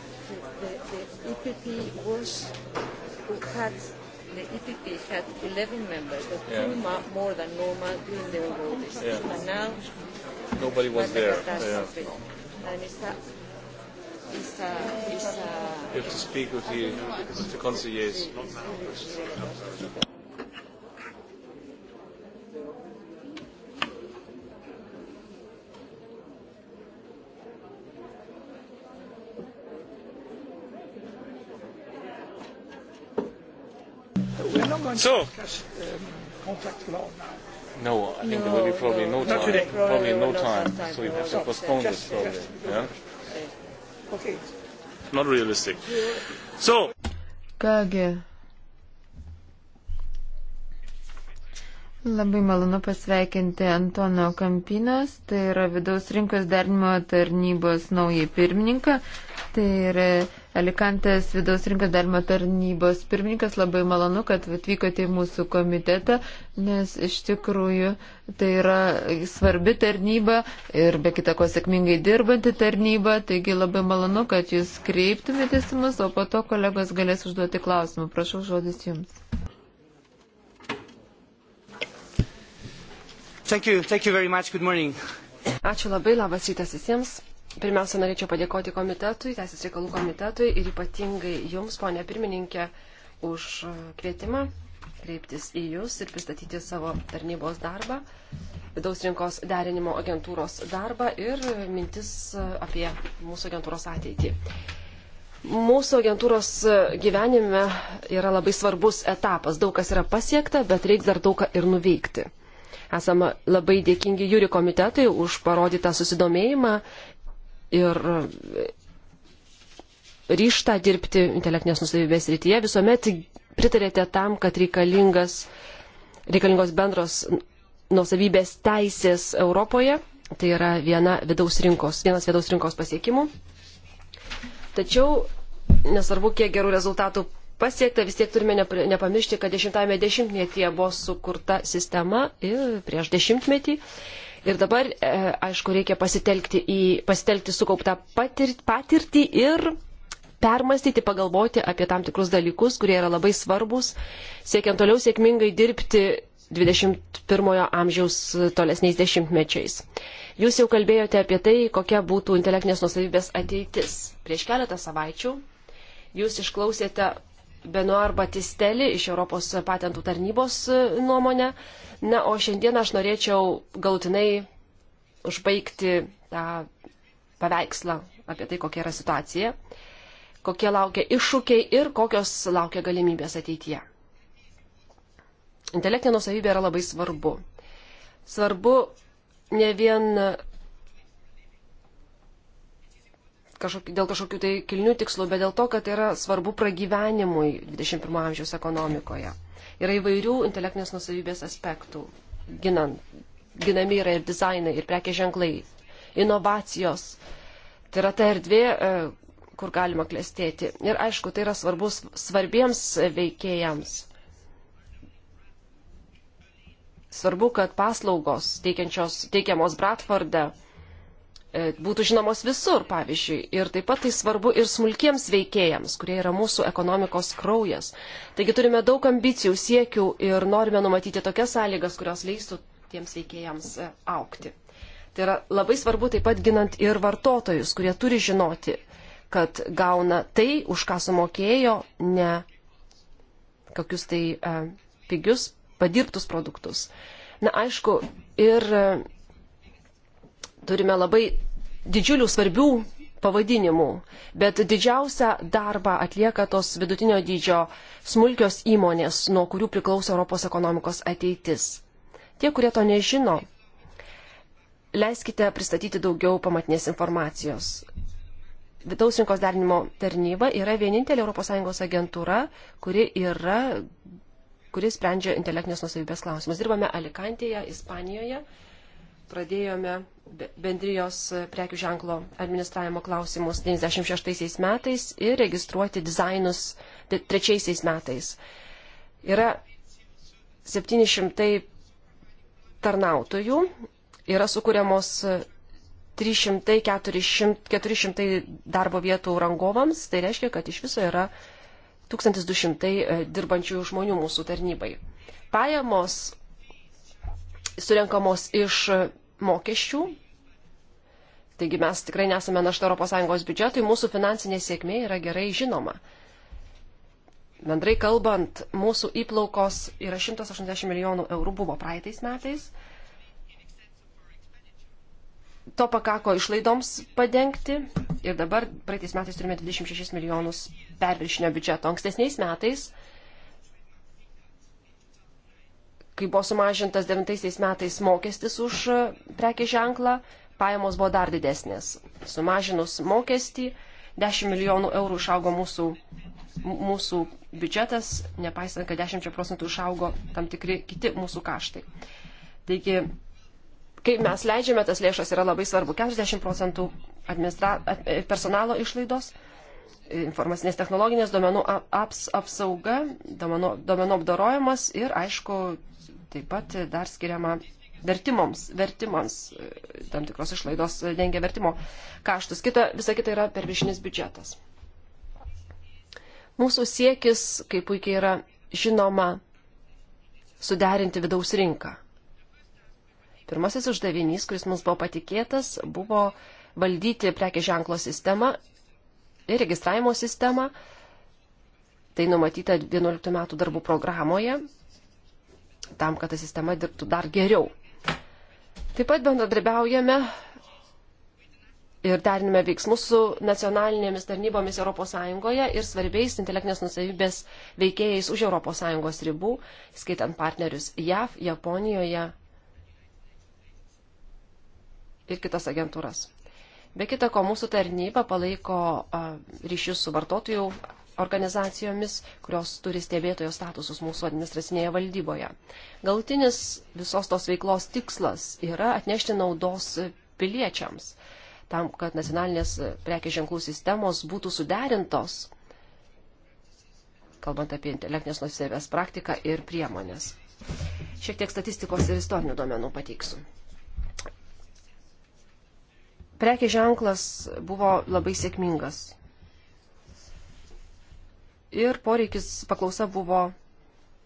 the, the EPP e was had the EPP had 11 members, a few yeah. ma- more than normal during the overall list. Yeah. And now nobody was there. Yeah. And it's a, it's a, it's a, you have to speak with the, with the conciliers. Yes. So. Contact law now. No, I think no, there will be probably no, no time. Today. Probably no, no, no time. time. So you have to postpone just, this problem. Just, yeah? Okay. Not realistic. So. Kągi. Labai malonu pasveikinti Antono Kampinos, tai yra vidaus rinkos darnimo tarnybos naujai pirmininką. Tai yra Alikantės vidaus rinkos darimo tarnybos pirmininkas. Labai malonu, kad atvykote į mūsų komitetą, nes iš tikrųjų tai yra svarbi tarnyba ir be kita ko sėkmingai dirbanti tarnyba. Taigi labai malonu, kad jūs kreiptumėtės į mus, o po to kolegos galės užduoti klausimų. Prašau, žodis jums. Thank you. Thank you very much. Good morning. Ačiū labai, labas rytas visiems. Pirmiausia, norėčiau padėkoti komitetui, Teisės reikalų komitetui ir ypatingai Jums, ponė pirmininkė, už kvietimą kreiptis į Jūs ir pristatyti savo tarnybos darbą, vidaus rinkos derinimo agentūros darbą ir mintis apie mūsų agentūros ateitį. Mūsų agentūros gyvenime yra labai svarbus etapas. Daug kas yra pasiekta, bet reiks dar daug ką ir nuveikti. Esame labai dėkingi Jūri komitetui už parodytą susidomėjimą ir ryštą dirbti intelektinės nusavybės rytyje, visuomet pritarėte tam, kad reikalingas, reikalingos bendros nusavybės teisės Europoje. Tai yra viena vidaus rinkos, vienas vidaus rinkos pasiekimų. Tačiau, nesvarbu, kiek gerų rezultatų pasiekta, vis tiek turime nepamiršti, kad dešimtame dešimtmetyje buvo sukurta sistema ir prieš dešimtmetį Ir dabar, e, aišku, reikia pasitelkti, į, pasitelkti sukauptą patirtį ir permastyti, pagalvoti apie tam tikrus dalykus, kurie yra labai svarbus, siekiant toliau sėkmingai dirbti 21 amžiaus tolesniais dešimtmečiais. Jūs jau kalbėjote apie tai, kokia būtų intelektinės nusavybės ateitis. Prieš keletą savaičių jūs išklausėte Benoar Batisteli iš Europos patentų tarnybos e, nuomonę. Na, o šiandien aš norėčiau galutinai užbaigti tą paveikslą apie tai, kokia yra situacija, kokie laukia iššūkiai ir kokios laukia galimybės ateityje. Intelektinė nusavybė yra labai svarbu. Svarbu ne vien kažkok, dėl kažkokių tai kilnių tikslų, bet dėl to, kad yra svarbu pragyvenimui 21 amžiaus ekonomikoje. Yra įvairių intelektinės nusavybės aspektų. Ginant, ginami yra ir dizainai, ir prekė ženklai, inovacijos. Tai yra ta erdvė, e, kur galima klestėti. Ir aišku, tai yra svarbus svarbiems veikėjams. Svarbu, kad paslaugos teikiamos Bratforde e E, būtų žinomos visur, pavyzdžiui. Ir taip pat tai svarbu ir smulkiems veikėjams, kurie yra mūsų ekonomikos kraujas. Taigi turime daug ambicijų, siekių ir norime numatyti tokias sąlygas, kurios leistų tiems veikėjams e, aukti. Tai yra labai svarbu taip pat ginant ir vartotojus, kurie turi žinoti, kad gauna tai, už ką sumokėjo, ne kokius tai e, pigius padirbtus produktus. Na, aišku, ir turime labai didžiulių svarbių pavadinimų, bet didžiausią darbą atlieka tos vidutinio dydžio smulkios įmonės, nuo kurių priklauso Europos ekonomikos ateitis. Tie, kurie to nežino, leiskite pristatyti daugiau pamatinės informacijos. Vidaus rinkos derinimo tarnyba yra vienintelė ES agentūra, kuri yra kuris sprendžia intelektinės nusavybės klausimus. Dirbame Alikantėje, Ispanijoje pradėjome bendrijos prekių ženklo administravimo klausimus 96 metais ir registruoti dizainus trečiaisiais metais. Yra 700 tarnautojų, yra sukūriamos 300-400 darbo vietų rangovams, tai reiškia, kad iš viso yra 1200 e, dirbančių žmonių mūsų tarnybai. Pajamos surinkamos iš mokesčių. Taigi mes tikrai nesame našta ES biudžetui, mūsų finansinė sėkmė yra gerai žinoma. Bendrai kalbant, mūsų įplaukos yra 180 milijonų eurų buvo praeitais metais. To pakako išlaidoms padengti ir dabar praeitais metais turime 26 milijonus perviršinio biudžeto. Ankstesniais metais kai buvo sumažintas 9 metais mokestis už e, prekį ženklą, pajamos buvo dar didesnės. Sumažinus mokestį, 10 milijonų eurų išaugo mūsų, mūsų biudžetas, nepaisant, kad 10 procentų išaugo tam tikri kiti mūsų kaštai. Taigi, kaip mes leidžiame tas lėšas yra labai svarbu. 40 procentų administra... E, personalo išlaidos, e, informacinės technologinės, duomenų aps, apsauga, duomenų, duomenų apdorojimas ir, aišku, Taip pat dar skiriama vertimoms, vertimams, e, tam tikros išlaidos dengia vertimo kaštus. Kita, visa kita yra pervišinis biudžetas. Mūsų siekis, kaip puikiai yra žinoma, suderinti vidaus rinką. Pirmasis uždavinys, kuris mums buvo patikėtas, buvo valdyti prekės ženklo sistemą ir registravimo sistemą. Tai numatyta 11 metų darbų programoje tam, kad ta sistema dirbtų dar geriau. Taip pat bendradarbiaujame ir deriname veiksmus su nacionalinėmis tarnybomis ES ir svarbiais intelektinės nusavybės veikėjais už ES ribų, skaitant partnerius JAV, Japonijoje ir kitas agentūras. Be kita ko, mūsų tarnyba palaiko ryšius su vartotojų organizacijomis, kurios turi stebėtojo statusus mūsų administracinėje valdyboje. Galtinis visos tos veiklos tikslas yra atnešti naudos piliečiams, tam, kad nacionalinės prekės ženklų sistemos būtų suderintos, kalbant apie intelektinės nusivės praktiką ir priemonės. Šiek tiek statistikos ir istorinių duomenų pateiksiu. Prekė ženklas buvo labai sėkmingas ir poreikis paklausa buvo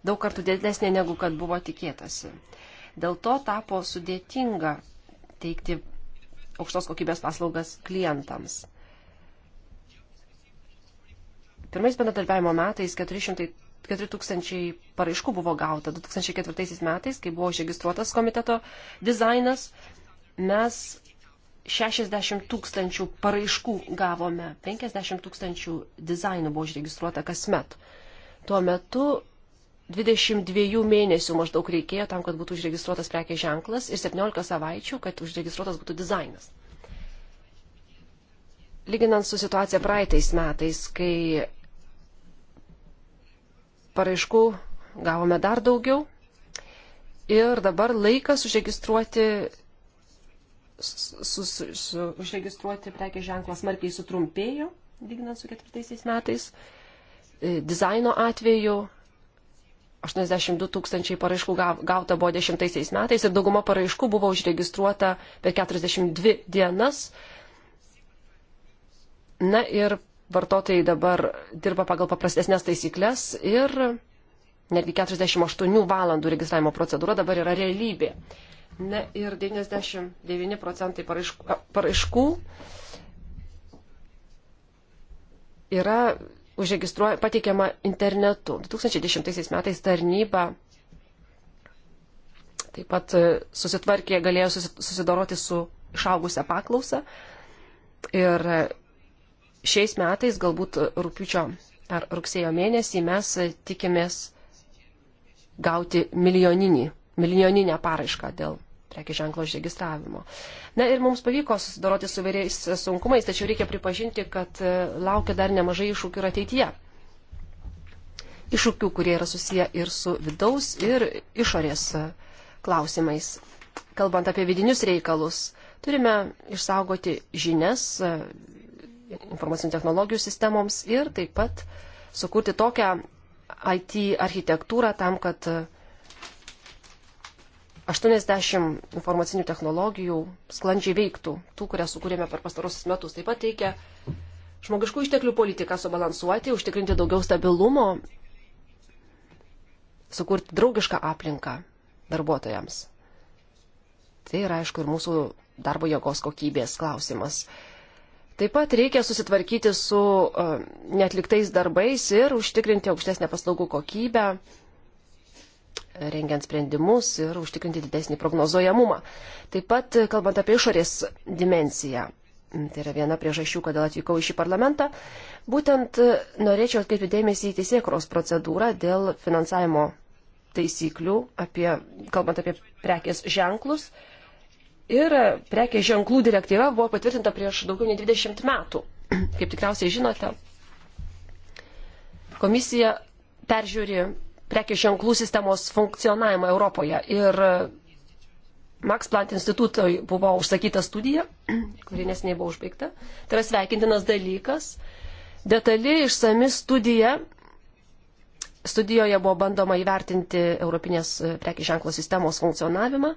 daug kartų didesnė negu kad buvo tikėtasi. Dėl to tapo sudėtinga teikti aukštos kokybės paslaugas klientams. Pirmais bendradarbiavimo metais 400 4000 paraiškų buvo gauta. 2004 metais, kai buvo užregistruotas komiteto dizainas, mes 60 tūkstančių paraiškų gavome, 50 tūkstančių dizainų buvo užregistruota kasmet. Tuo metu 22 mėnesių maždaug reikėjo tam, kad būtų užregistruotas prekės ženklas ir 17 savaičių, kad užregistruotas būtų dizainas. Lyginant su situacija praeitais metais, kai paraiškų gavome dar daugiau ir dabar laikas užregistruoti užregistruoti prekės ženklą smarkiai sutrumpėjo, lyginant su ketvirtaisiais metais. E, dizaino atveju 82 tūkstančiai paraiškų gauta buvo 10 metais ir dauguma paraiškų buvo užregistruota per 42 dienas. Na ir vartotojai dabar dirba pagal paprastesnės taisyklės ir netgi 48 valandų registravimo procedūra dabar yra realybė. Na ir 99 procentai paraiškų, paraiškų yra pateikiama internetu. 2010 metais tarnyba taip pat e, susitvarkė, galėjo susidoroti su išaugusią paklausą. Ir e, šiais metais, galbūt rūpiučio ar rugsėjo mėnesį, mes e, tikimės gauti milijoninį, milijoninę paraišką dėl prekių ženklo užregistravimo. Na ir mums pavyko susidoroti su vairiais sunkumais, tačiau reikia pripažinti, kad e, laukia dar nemažai iššūkių ir ateityje. Iššūkių, kurie yra susiję ir su vidaus, ir išorės e, klausimais. Kalbant apie vidinius reikalus, turime išsaugoti žinias e, informacinių technologijų sistemoms ir taip pat sukurti tokią IT architektūrą tam, kad uh, 80 informacinių technologijų sklandžiai veiktų, tų, kurias sukūrėme per pastarosius metus. Taip pat reikia žmogiškų išteklių politiką subalansuoti, užtikrinti daugiau stabilumo, sukurti draugišką aplinką darbuotojams. Tai yra, aišku, ir mūsų darbo jėgos kokybės klausimas. Taip pat reikia susitvarkyti su uh, e, netliktais darbais ir užtikrinti aukštesnę paslaugų kokybę, uh, rengiant sprendimus ir užtikrinti didesnį prognozojamumą. Taip pat, kalbant apie išorės dimenciją, tai yra viena priežasčių, kodėl atvykau į šį parlamentą, būtent e, norėčiau atkreipti dėmesį į teisėkros procedūrą dėl finansavimo taisyklių, apie, kalbant apie prekės ženklus. Ir prekės ženklų direktyva buvo patvirtinta prieš daugiau nei 20 metų. Kaip tikriausiai žinote, komisija peržiūri prekių ženklų sistemos funkcionavimą Europoje. Ir Max Planck institutui buvo užsakyta studija, kuri nesiniai buvo užbaigta. Tai yra sveikintinas dalykas. Detali išsami studija. Studijoje buvo bandoma įvertinti Europinės prekių ženklo sistemos funkcionavimą.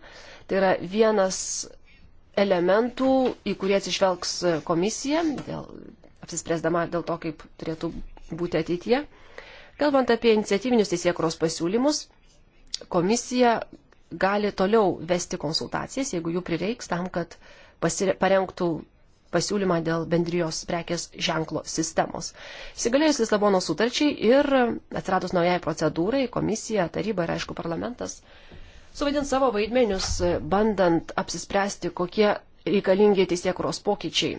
Tai yra vienas elementų, į kurį atsižvelgs komisija, dėl, apsispręsdama dėl to, kaip turėtų būti ateityje. Kalbant apie iniciatyvinius teisėkros pasiūlymus, komisija gali toliau vesti konsultacijas, jeigu jų prireiks, tam, kad parengtų pasiūlymą dėl bendrijos prekės ženklo sistemos. Įsigalėjus Lisabono sutarčiai ir atsiradus naujai procedūrai, komisija, taryba ir aišku parlamentas suvaidins savo vaidmenius, bandant apsispręsti, kokie reikalingi teisėkuros pokyčiai.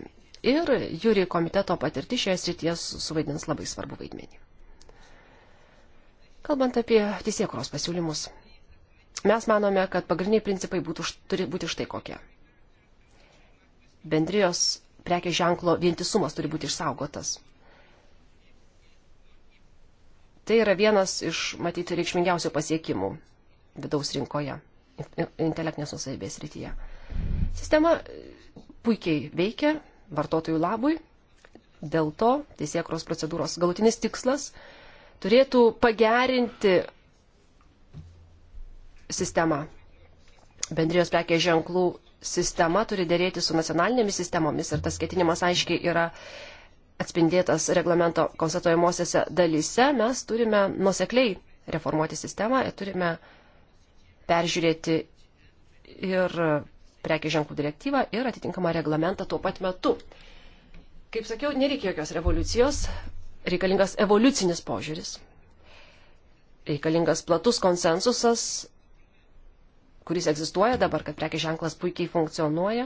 Ir jūri komiteto patirti šioje srityje suvaidins labai svarbu vaidmenį. Kalbant apie teisėkuros pasiūlymus, mes manome, kad pagrindiniai principai būtų, turi būti štai kokie. Bendrijos prekės ženklo vientisumas turi būti išsaugotas. Tai yra vienas iš, matyti, reikšmingiausių pasiekimų vidaus rinkoje, intelektinės nusavybės rytyje. Sistema puikiai veikia vartotojų labui, dėl to teisėkros procedūros galutinis tikslas turėtų pagerinti sistemą. Bendrijos prekės ženklų sistema turi dėrėti su nacionalinėmis sistemomis ir tas ketinimas aiškiai yra atspindėtas reglamento konstatuojamosiose dalyse. Mes turime nusekliai reformuoti sistemą ir turime peržiūrėti ir prekės ženklų direktyvą ir atitinkamą reglamentą tuo pat metu. Kaip sakiau, nereikia jokios revoliucijos, reikalingas evoliucinis požiūris. Reikalingas platus konsensusas, kuris egzistuoja dabar, kad prekė ženklas puikiai funkcionuoja.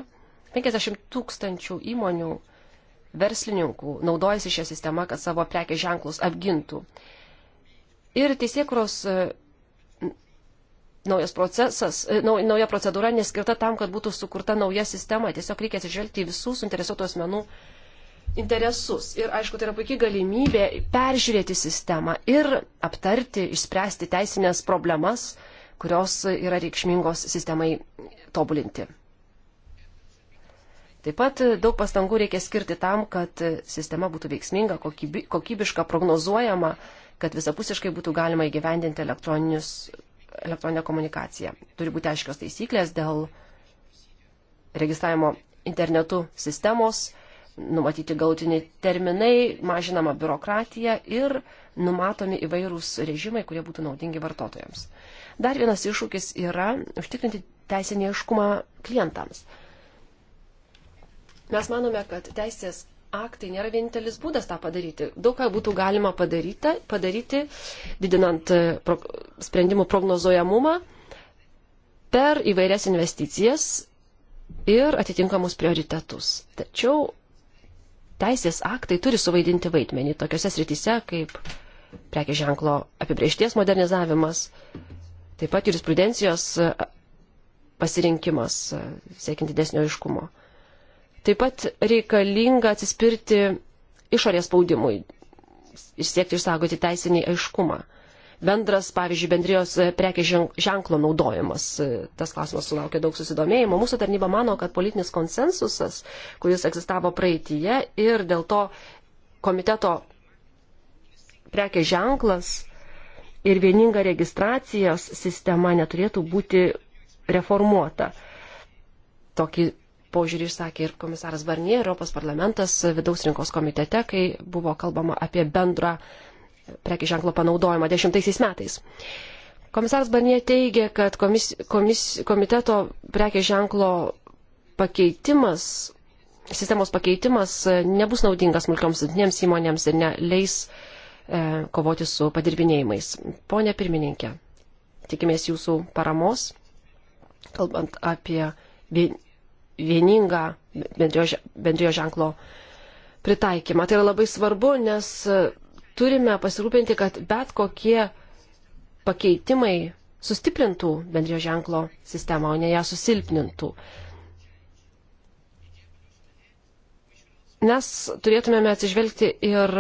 50 tūkstančių įmonių verslininkų naudojasi šią sistemą, kad savo prekė ženklus apgintų. Ir teisėkros e, naujas procesas, e, nauja procedūra neskirta tam, kad būtų sukurta nauja sistema. Tiesiog reikia atsižvelgti į visų suinteresuotų asmenų interesus. Ir aišku, tai yra puikiai galimybė peržiūrėti sistemą ir aptarti, išspręsti teisinės problemas, kurios yra reikšmingos sistemai tobulinti. Taip pat daug pastangų reikia skirti tam, kad sistema būtų veiksminga, kokybi, kokybiška, prognozuojama, kad visapusiškai būtų galima įgyvendinti elektroninę komunikaciją. Turi būti aiškios taisyklės dėl registravimo internetu sistemos, numatyti gautiniai terminai, mažinama biurokratija ir numatomi įvairūs režimai, kurie būtų naudingi vartotojams. Dar vienas iššūkis yra užtikrinti teisinį aiškumą klientams. Mes manome, kad teisės aktai nėra vienintelis būdas tą padaryti. Daug ką būtų galima padaryti, padaryti didinant e, pro, sprendimų prognozuojamumą per įvairias investicijas ir atitinkamus prioritetus. Tačiau teisės aktai turi suvaidinti vaidmenį tokiuose srityse kaip prekės ženklo apibriešties modernizavimas, taip pat jurisprudencijos e, pasirinkimas e, siekiant didesnio iškumo. Taip pat reikalinga atsispirti išorės spaudimui ir siekti išsaugoti teisinį aiškumą bendras, pavyzdžiui, bendrijos e, prekės ženklo naudojimas. E, tas klausimas sulaukė daug susidomėjimo. Mūsų tarnyba mano, kad politinis konsensusas, kuris egzistavo praeitie ir dėl to komiteto prekės ženklas ir vieninga registracijos sistema neturėtų būti reformuota. Tokį požiūrį išsakė ir komisaras Barnier, Europos parlamentas vidaus rinkos komitete, kai buvo kalbama apie bendrą prekių ženklo panaudojimą dešimtaisiais metais. Komisaras Barnie teigia, kad komis, komis, komiteto prekių ženklo pakeitimas, sistemos pakeitimas e, nebus naudingas smulkioms didinėms įmonėms ir neleis e, kovoti su padirbinėjimais. Pone pirmininkė, tikimės jūsų paramos, kalbant apie vieningą bendrijo ženklo pritaikymą. Tai yra labai svarbu, nes e, turime pasirūpinti, kad bet kokie pakeitimai sustiprintų bendrio ženklo sistemą, o ne ją susilpnintų. Mes turėtumėme atsižvelgti ir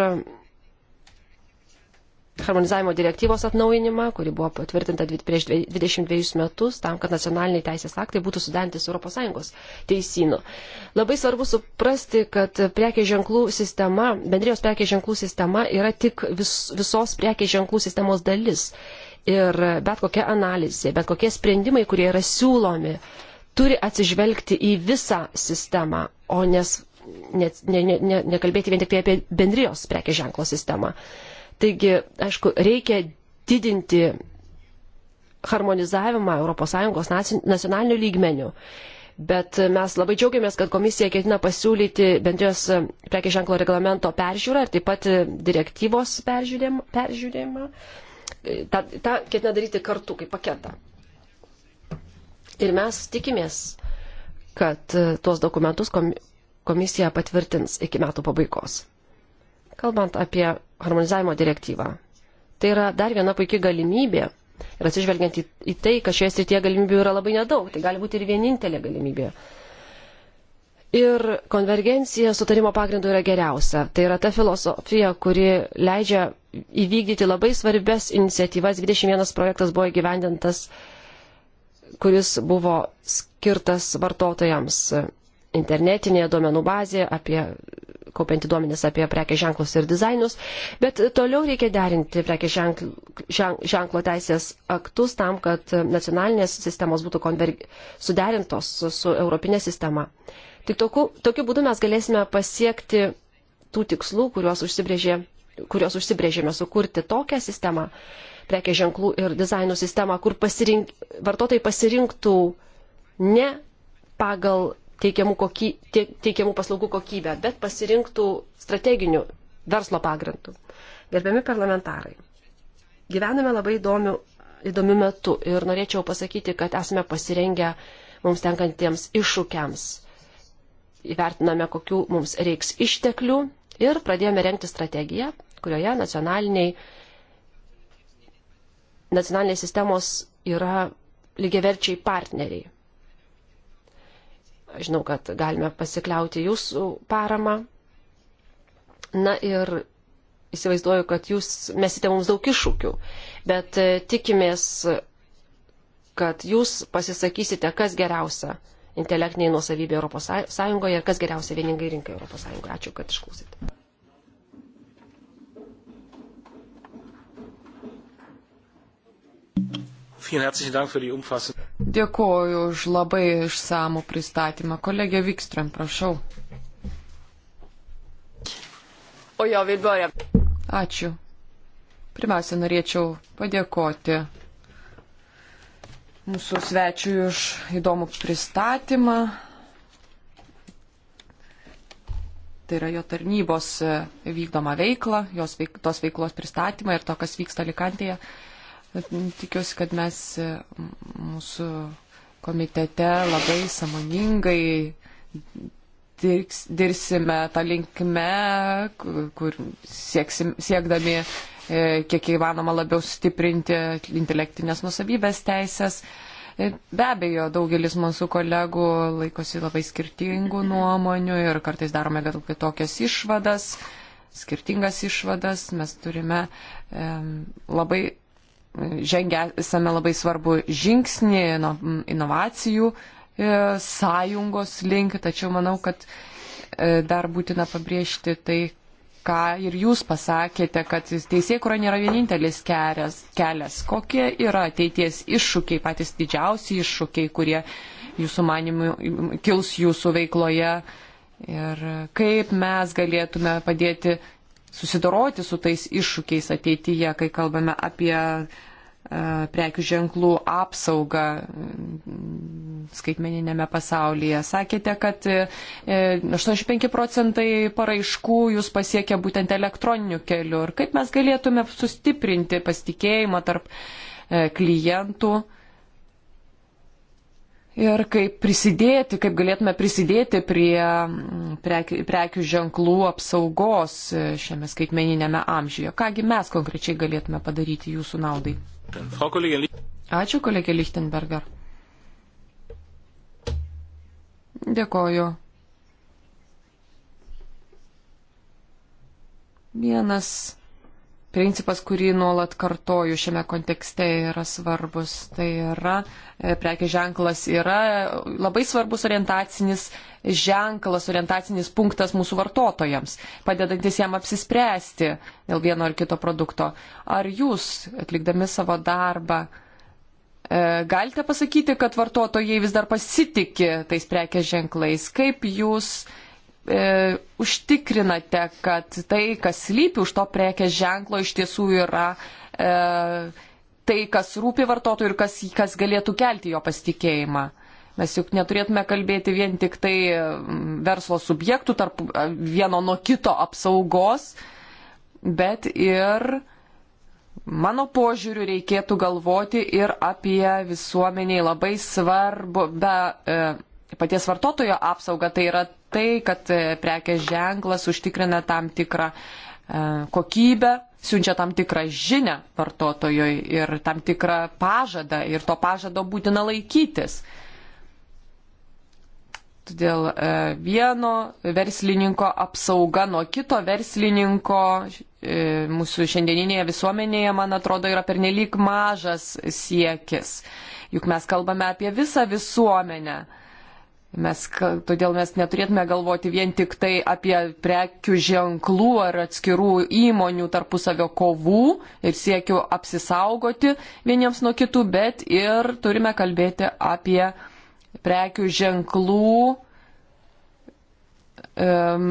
harmonizavimo direktyvos atnaujinimą, kuri buvo patvirtinta prieš 22 metus, tam, kad nacionaliniai teisės aktai būtų sudanti su ES teisynu. Labai svarbu suprasti, kad prekės ženklų sistema, bendrijos prekės ženklų sistema yra tik vis, visos prekės ženklų sistemos dalis. Ir bet kokia analizė, bet kokie sprendimai, kurie yra siūlomi, turi atsižvelgti į visą sistemą, o nes, ne, ne, ne, nekalbėti vien tik tai apie bendrijos prekės ženklo sistemą. Uh, Taigi, aišku, reikia didinti harmonizavimą ES nacionalinių lygmenių. Bet mes labai džiaugiamės, kad komisija ketina pasiūlyti bendrijos prekės ženklo reglamento peržiūrą ir taip pat direktyvos peržiūrėjimą. Ta, ta ketina daryti kartu kaip paketą. Ir mes tikimės, kad tuos dokumentus komisija patvirtins iki metų pabaigos. Kalbant apie harmonizavimo direktyvą, tai yra dar viena puikia galimybė ir atsižvelgiant į, į tai, kad šioje srityje galimybių yra labai nedaug, tai gali būti ir vienintelė galimybė. Ir konvergencija sutarimo pagrindu yra geriausia. Tai yra ta filosofija, kuri leidžia įvykdyti labai svarbės iniciatyvas. 21 projektas buvo įgyvendintas, kuris buvo skirtas vartotojams internetinėje duomenų bazėje apie kaupianti duomenis apie prekės ženklus ir dizainus, bet toliau reikia derinti prekės ženkl, ženk, ženklo teisės aktus tam, kad nacionalinės sistemos būtų konverg, suderintos su, su europinė sistema. Tik tokiu, tokiu būdu mes galėsime pasiekti tų tikslų, kuriuos, užsibrėžė, kuriuos užsibrėžėme sukurti tokią sistemą, prekės ženklų ir dizainų sistemą, kur pasirink, vartotojai pasirinktų ne pagal teikiamų, koky, teikiamų paslaugų kokybę, bet pasirinktų strateginių verslo pagrindų. Gerbiami parlamentarai, gyvename labai įdomių, įdomių metų ir norėčiau pasakyti, kad esame pasirengę mums tenkantiems iššūkiams. Įvertiname, kokiu mums reiks išteklių ir pradėjome renkti strategiją, kurioje nacionaliniai, nacionalinės sistemos yra lygiaverčiai partneriai. Žinau, kad galime pasikliauti jūsų parama. Na ir įsivaizduoju, kad jūs mesite mums daug iššūkių, bet e, tikimės, kad jūs pasisakysite, kas geriausia intelektiniai nuosavybė ES ir kas geriausia vieningai rinkai ES. Ačiū, kad išklausėte. Dėkuoju už labai išsamų pristatymą. Kolegė Vikström, prašau. Ačiū. Pirmiausia, norėčiau padėkoti mūsų svečiui už įdomų pristatymą. tai yra jo tarnybos vykdoma veikla, jos veik, tos veiklos pristatymą ir to, kas vyksta Likantėje. Tikiuosi, kad mes e, mūsų komitete labai samoningai dirks, dirsime tą linkme, kur sieksim, siekdami e, kiek įmanoma labiau stiprinti intelektinės nusavybės teisės. E, be abejo, daugelis mūsų kolegų laikosi labai skirtingų nuomonių ir kartais darome gal kitokias išvadas, skirtingas išvadas. Mes turime um, labai žengėsime labai svarbu žingsnį inovacijų e, sąjungos link, tačiau manau, kad e, dar būtina pabrėžti tai, ką ir jūs pasakėte, kad teisėkura nėra vienintelis kelias, kelias. Kokie yra ateities iššūkiai, patys didžiausi iššūkiai, kurie jūsų manimų kils jūsų veikloje ir kaip mes galėtume padėti susidoroti su tais iššūkiais ateityje, kai kalbame apie e, prekių ženklų apsaugą mm, skaitmeninėme pasaulyje. Sakėte, kad 85 e, procentai paraiškų jūs pasiekia būtent elektroniniu keliu. Ir kaip mes galėtume sustiprinti pasitikėjimą tarp e, klientų ir kaip prisidėti, kaip galėtume prisidėti prie mm, prekių, prekių ženklų apsaugos šiame skaitmeninėme amžiuje. Kągi mes konkrečiai galėtume padaryti jūsų naudai. Ačiū, kolegė Lichtenberger. Dėkoju. Vienas principas, kurį nuolat kartoju šiame kontekste yra svarbus. Tai yra, e, prekė ženklas yra labai svarbus orientacinis ženklas, orientacinis punktas mūsų vartotojams, padedantis jam apsispręsti dėl vieno ar kito produkto. Ar jūs, atlikdami savo darbą, e, galite pasakyti, kad vartotojai vis dar pasitikė tais prekės ženklais? Kaip jūs e, užtikrinate, kad tai, kas lypi už to prekės ženklo, iš tiesų yra e, tai, kas rūpi vartotojui ir kas, kas galėtų kelti jo pasitikėjimą. Mes juk neturėtume kalbėti vien tik tai verslo subjektų tarp vieno nuo kito apsaugos, bet ir mano požiūriu reikėtų galvoti ir apie visuomeniai labai svarbu, be e, paties vartotojo apsaugą, tai yra tai, kad e, prekės ženklas užtikrina tam tikrą e, kokybę, siunčia tam tikrą žinę vartotojui ir tam tikrą pažadą ir to pažado būtina laikytis. Todėl e, vieno verslininko apsauga nuo kito verslininko mūsų šiandieninėje visuomenėje, man atrodo, yra pernelyg mažas siekis. Juk mes kalbame apie visą visuomenę. Mes, todėl mes neturėtume galvoti vien tik tai apie prekių ženklų ar atskirų įmonių tarpusavio kovų ir siekių apsisaugoti vieniems nuo kitų, bet ir turime kalbėti apie prekių ženklų um,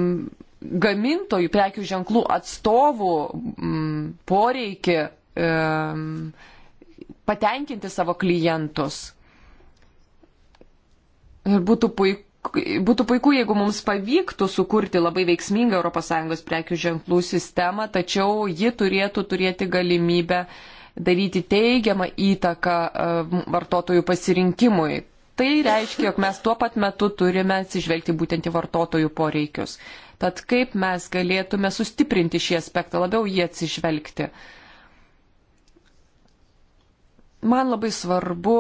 gamintojų, prekių ženklų atstovų um, poreikį um, patenkinti savo klientus. Būtų puiku. Būtų puiku, jeigu mums pavyktų sukurti labai veiksmingą ES prekių ženklų sistemą, tačiau ji turėtų turėti galimybę daryti teigiamą įtaką e, vartotojų pasirinkimui. Tai reiškia, jog mes tuo pat metu turime atsižvelgti būtent į vartotojų poreikius. Tad kaip mes galėtume sustiprinti šį aspektą, labiau jį atsižvelgti. Man labai svarbu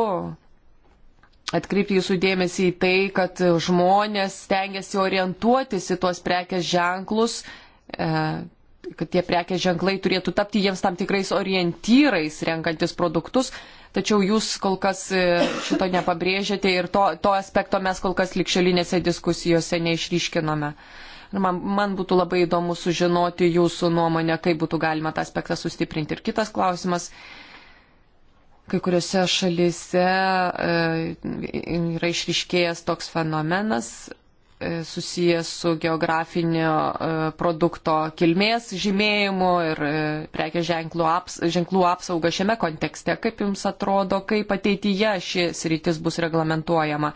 atkreipti jūsų dėmesį į tai, kad žmonės stengiasi orientuotis į tuos prekės ženklus, e, kad tie prekės ženklai turėtų tapti jiems tam tikrais orientyrais renkantis produktus, tačiau jūs kol kas e, šito nepabrėžėte ir to, to aspekto mes kol kas likšelinėse diskusijose neišryškinome. Ir man, man būtų labai įdomu sužinoti jūsų nuomonę, kaip būtų galima tą aspektą sustiprinti. Ir kitas klausimas. Uh, Kai kuriuose šalise e, yra išriškėjęs toks fenomenas e, susijęs su geografinio e, produkto kilmės žymėjimu ir prekės ženklų, aps, ženklų apsauga šiame kontekste. Kaip Jums atrodo, kaip ateityje šis rytis bus reglamentuojama?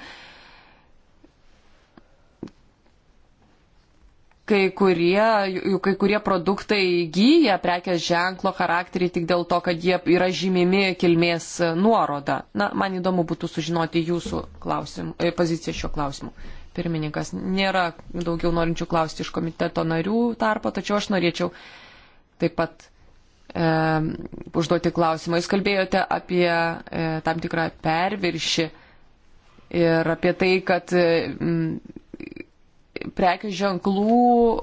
kai kurie, kai kurie produktai įgyja prekės ženklo charakterį tik dėl to, kad jie yra žymimi kilmės nuoroda. Na, man įdomu būtų sužinoti jūsų klausim, e, poziciją šiuo klausimu. Pirmininkas, nėra daugiau norinčių klausti iš komiteto narių tarpo, tačiau aš norėčiau taip pat e, užduoti klausimą. Jūs kalbėjote apie e, tam tikrą perviršį ir apie tai, kad e, m, prekių ženklų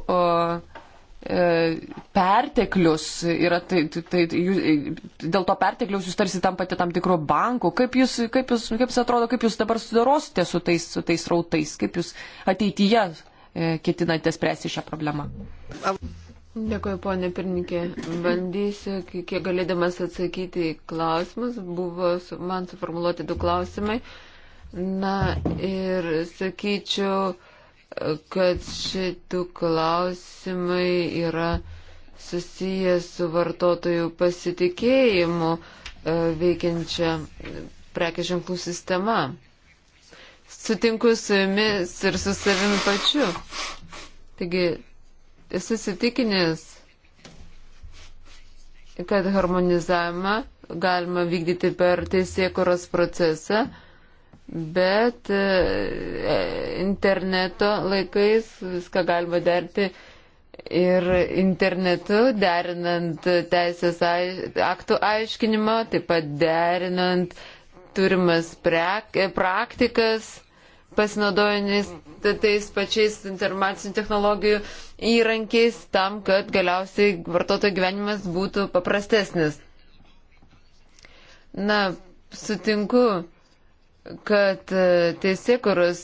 e, perteklius yra, tai, tai, tai, tai jūs, e, dėl to pertekliaus jūs tarsi tampate tam tikrų bankų. Kaip jūs, kaip jūs, kaip jūs atrodo, kaip jūs dabar sudarosite su tais, su tais rautais, kaip jūs ateityje e, ketinate spręsti šią problemą? Dėkuoju, ponė pirmininkė. Bandysiu, kiek galėdamas atsakyti į klausimus. Buvo man suformuoluoti du klausimai. Na ir sakyčiau, kad šitų klausimai yra susijęs su vartotojų pasitikėjimu e, veikiančia prekės ženklų sistema. Sutinku su jumis ir su savimi pačiu. Taigi, esu sitikinęs, kad harmonizavimą galima vykdyti per teisėkuros procesą bet e, e, interneto laikais viską galima derti ir internetu, derinant teisės aktų aiškinimą, taip pat derinant turimas prek, e, praktikas, pasinaudojant tais pačiais informacinių technologijų įrankiais tam, kad galiausiai vartotojo gyvenimas būtų paprastesnis. Na, sutinku kad e, teisėkuros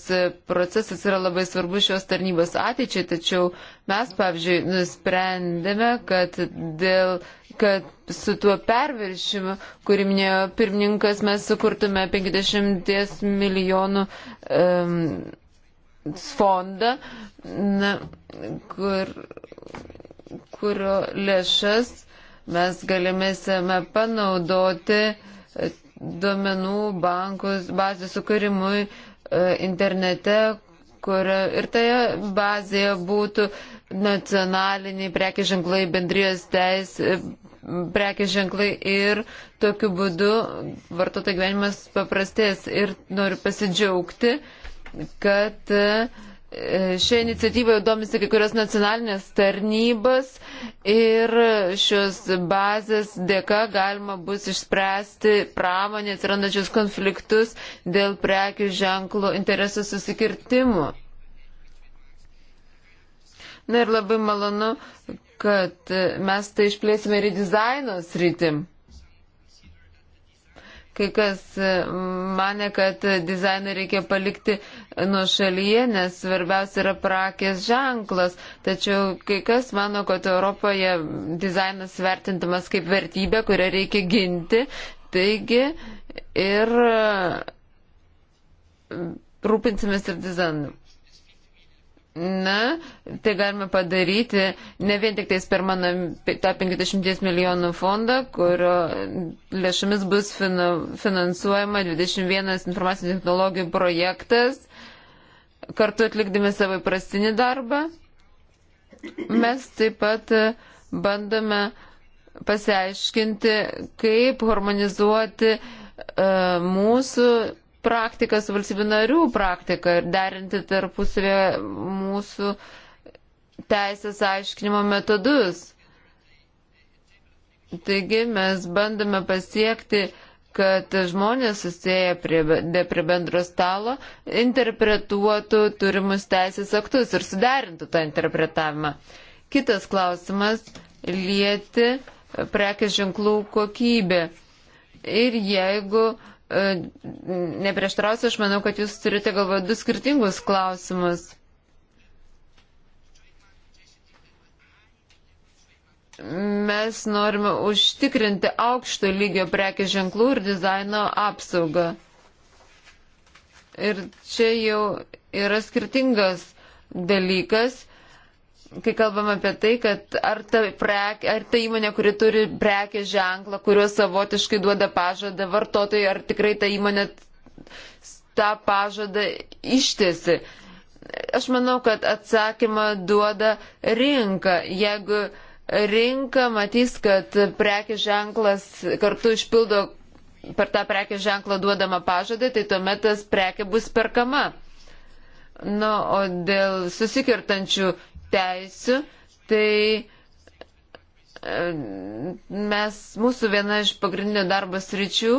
procesas yra labai svarbus šios tarnybos ateičiai, tačiau mes, pavyzdžiui, nusprendėme, kad, dėl, kad su tuo perviršimu, kurį minėjo pirmininkas, mes sukurtume 50 milijonų um, fondą, na, kur, kurio lėšas mes galėsime panaudoti duomenų bankus, bazės sukūrimui e, internete, kur ir toje bazėje būtų nacionaliniai prekių ženklai, bendrijos teis, e, prekių ženklai ir tokiu būdu vartotojų gyvenimas paprastės. Ir noriu pasidžiaugti, kad uh, Šią iniciatyvą domisi kai kurios nacionalinės tarnybas ir šios bazės dėka galima bus išspręsti pramonės atsirandančius konfliktus dėl prekių ženklo interesų susikirtimų. Na ir labai malonu, kad mes tai išplėsime ir į dizaino sritim. Kai kas mane, kad dizainą reikia palikti nuo šalyje, nes svarbiausia yra prakės ženklas. Tačiau kai kas mano, kad Europoje dizainas vertintamas kaip vertybė, kurią reikia ginti. Taigi ir e, rūpinsimės ir dizainu. Na, tai galime padaryti ne vien tik tais per mano tą 50 milijonų fondą, kurio lėšomis bus finansuojama 21 informacinių technologijų projektas kartu atlikdami savo prastinį darbą, mes taip pat e, bandome pasiaiškinti, kaip harmonizuoti e, mūsų praktiką su valstybių narių praktika ir derinti tarpusavę mūsų teisės aiškinimo metodus. Taigi mes bandome pasiekti uh, kad žmonės susėję prie, prie bendro stalo interpretuotų turimus teisės aktus ir suderintų tą interpretavimą. Kitas klausimas lieti prekės ženklų kokybė. Ir jeigu e, neprieštrausiu, aš manau, kad jūs turite galvoje du skirtingus klausimus. mes norime užtikrinti aukšto lygio prekės ženklų ir dizaino apsaugą. Ir čia jau yra skirtingas dalykas, kai kalbam apie tai, kad ar ta, prek, ar ta įmonė, kuri turi prekės ženklą, kuriuo savotiškai duoda pažadą vartotojai, ar tikrai ta įmonė tą pažadą ištėsi. Aš manau, kad atsakymą duoda rinka. Jeigu uh, rinka matys, kad prekės ženklas kartu išpildo per tą prekės ženklą duodamą pažadą, tai tuomet tas prekė bus perkama. Na, nu, o dėl susikirtančių teisių, tai mes, mūsų viena iš pagrindinių darbo sričių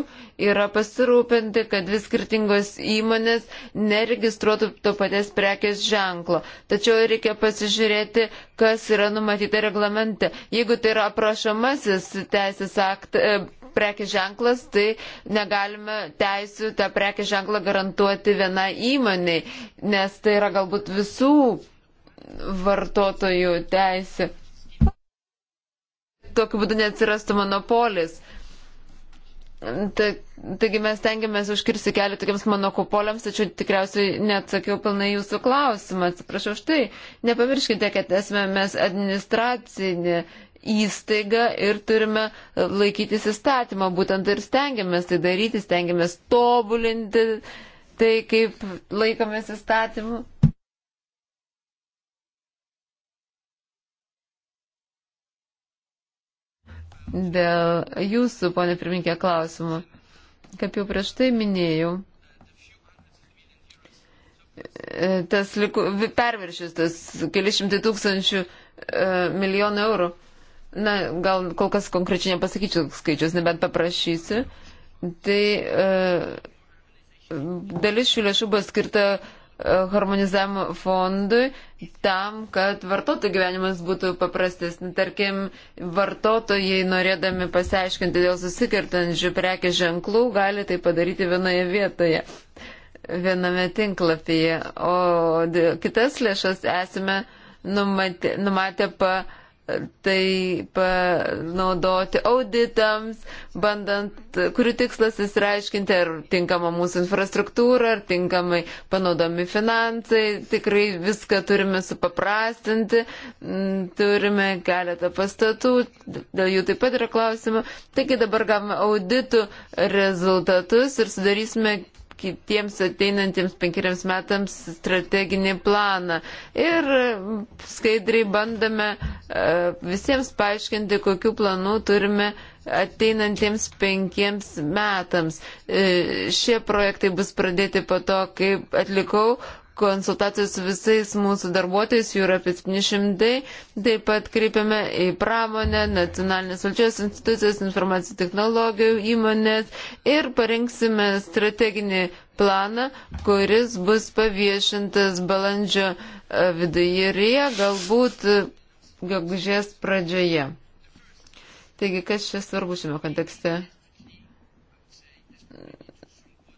yra pasirūpinti, kad vis skirtingos įmonės neregistruotų to paties prekės ženklo. Tačiau reikia pasižiūrėti, kas yra numatyta reglamente. Jeigu tai yra aprašomasis teisės akt, e, prekės ženklas, tai negalime teisų tą prekės ženklą garantuoti vienai įmoniai, nes tai yra galbūt visų vartotojų teisė tokiu būdu neatsirastų monopolis. Ta, taigi mes tengiamės užkirsti kelią tokiems monokopoliams, tačiau tikriausiai neatsakiau pilnai jūsų klausimą. Atsiprašau už tai. Nepamirškite, kad esame mes administracinė įstaiga ir turime laikytis įstatymą. Būtent ir stengiamės tai daryti, stengiamės tobulinti tai, kaip laikomės įstatymų. dėl jūsų, ponė pirminkė, klausimų. Kaip jau prieš tai minėjau, e, tas liku, perviršis, tas kelišimtai tūkstančių e, milijonų eurų. Na, gal kol kas konkrečiai nepasakyčiau skaičius, nebent paprašysiu. Tai e, dalis šių lėšų buvo skirta e, harmonizavimo fondui tam, kad vartotojų gyvenimas būtų paprastesnis. Tarkim, vartotojai norėdami pasiaiškinti dėl susikirtančių prekės ženklų gali tai padaryti vienoje vietoje viename tinklapyje, o kitas lėšas esame numatę, numatę pa tai panaudoti e, auditams, bandant, kurių tikslas įsiaiškinti, ar tinkama mūsų infrastruktūra, ar tinkamai panaudomi finansai. Tikrai viską turime supaprastinti, turime keletą pastatų, dėl jų taip pat yra klausimų. Taigi dabar gavome auditų rezultatus ir sudarysime kitiems ateinantiems penkeriams metams strateginį planą. Ir skaidriai bandome e, visiems paaiškinti, kokiu planu turime ateinantiems penkiems metams. E, šie projektai bus pradėti po to, kai atlikau konsultacijos su visais mūsų darbuotojais, jų yra apie 700. Taip pat kreipiame į pramonę, nacionalinės valdžios institucijas, informacijų technologijų įmonės ir parengsime strateginį planą, kuris bus paviešintas balandžio e, viduryje, galbūt e, gegužės pradžioje. Taigi, kas čia svarbu šiame kontekste?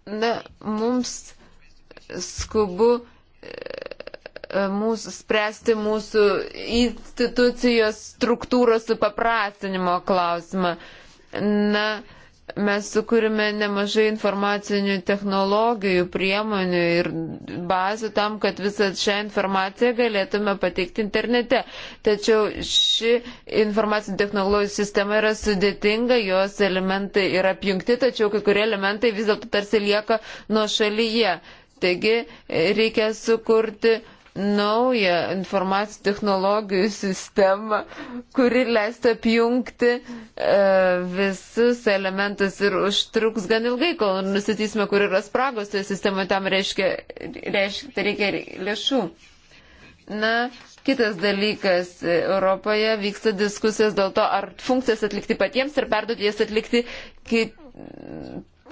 Na, mums skubu e, mūsų, spręsti mūsų institucijos struktūros supaprastinimo klausimą. Na, mes sukūrime nemažai informacinių technologijų, priemonių ir bazių tam, kad visą šią informaciją galėtume pateikti internete. Tačiau ši informacinių technologijų sistema yra sudėtinga, jos elementai yra apjungti, tačiau kai kurie elementai vis dėlto tarsi lieka nuo šalyje. Taigi reikia sukurti naują informacijų technologijų sistemą, kuri leistų apjungti e, visus elementus ir užtruks gan ilgai, kol nusitysime, kur yra spragos toje sistemoje, tam reiškia, reiškia, tai reikia lėšų. Na, kitas dalykas, Europoje vyksta diskusijos dėl to, ar funkcijas atlikti patiems ir perduoti jas atlikti kit,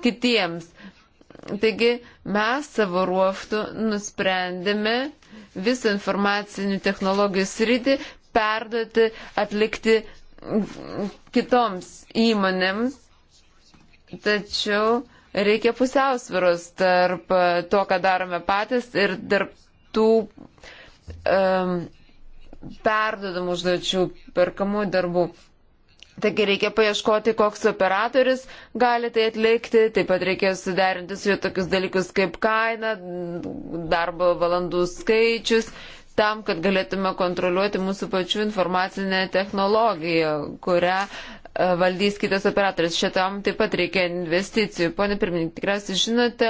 kitiems. Taigi mes savo ruoštų nusprendėme visą informacinių technologijų sritį perduoti, atlikti kitoms įmonėms, tačiau reikia pusiausviros tarp to, ką darome patys ir tarp tų um, perdodamų užduočių, perkamų darbų. Taigi reikia paieškoti, koks operatorius gali tai atlikti, taip pat reikia suderinti su juo tokius dalykus kaip kaina, darbo valandų skaičius, tam, kad galėtume kontroliuoti mūsų pačių informacinę technologiją, kurią E, valdys kitas operatorius. Šitam taip pat reikia investicijų. Pone pirmininkai, tikriausiai žinote,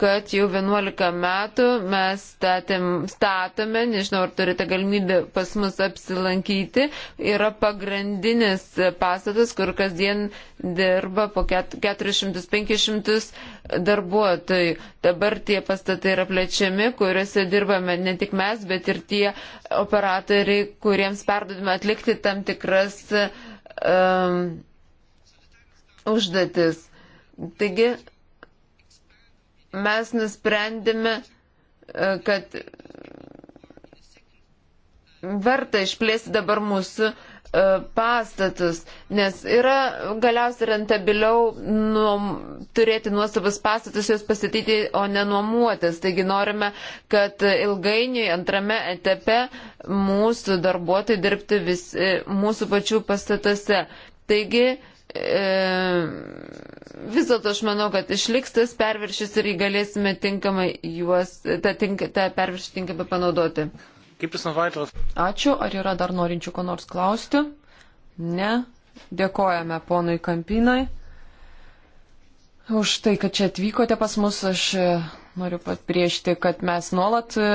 kad jau 11 metų mes statėm, statome, nežinau, ar turite galimybę pas mus apsilankyti, yra pagrindinis pastatas, kur kasdien dirba po 400-500 darbuotojų. Dabar tie pastatai yra plečiami, kuriuose dirbame ne tik mes, bet ir tie operatoriai, kuriems perdodame atlikti tam tikras uh, um, užduotis. Taigi mes nusprendėme, e, kad verta išplėsti dabar mūsų uh, E, pastatus, nes yra galiausiai rentabiliau nuom, turėti nuostabus pastatus, juos pastatyti, o ne nuomuotis. Taigi norime, kad ilgainiui antrame etape mūsų darbuotojai dirbti vis, e, mūsų pačių pastatuose. Taigi e, vis dėlto aš manau, kad išliks tas perviršis ir jį galėsime tinkamai juos, tą, tink, tą perviršį tinkamai panaudoti. Ačiū. Ar yra dar norinčių ko nors klausti? Ne. Dėkojame ponui Kampinai už tai, kad čia atvykote pas mus. Aš e, noriu papriešti, kad mes nuolat e,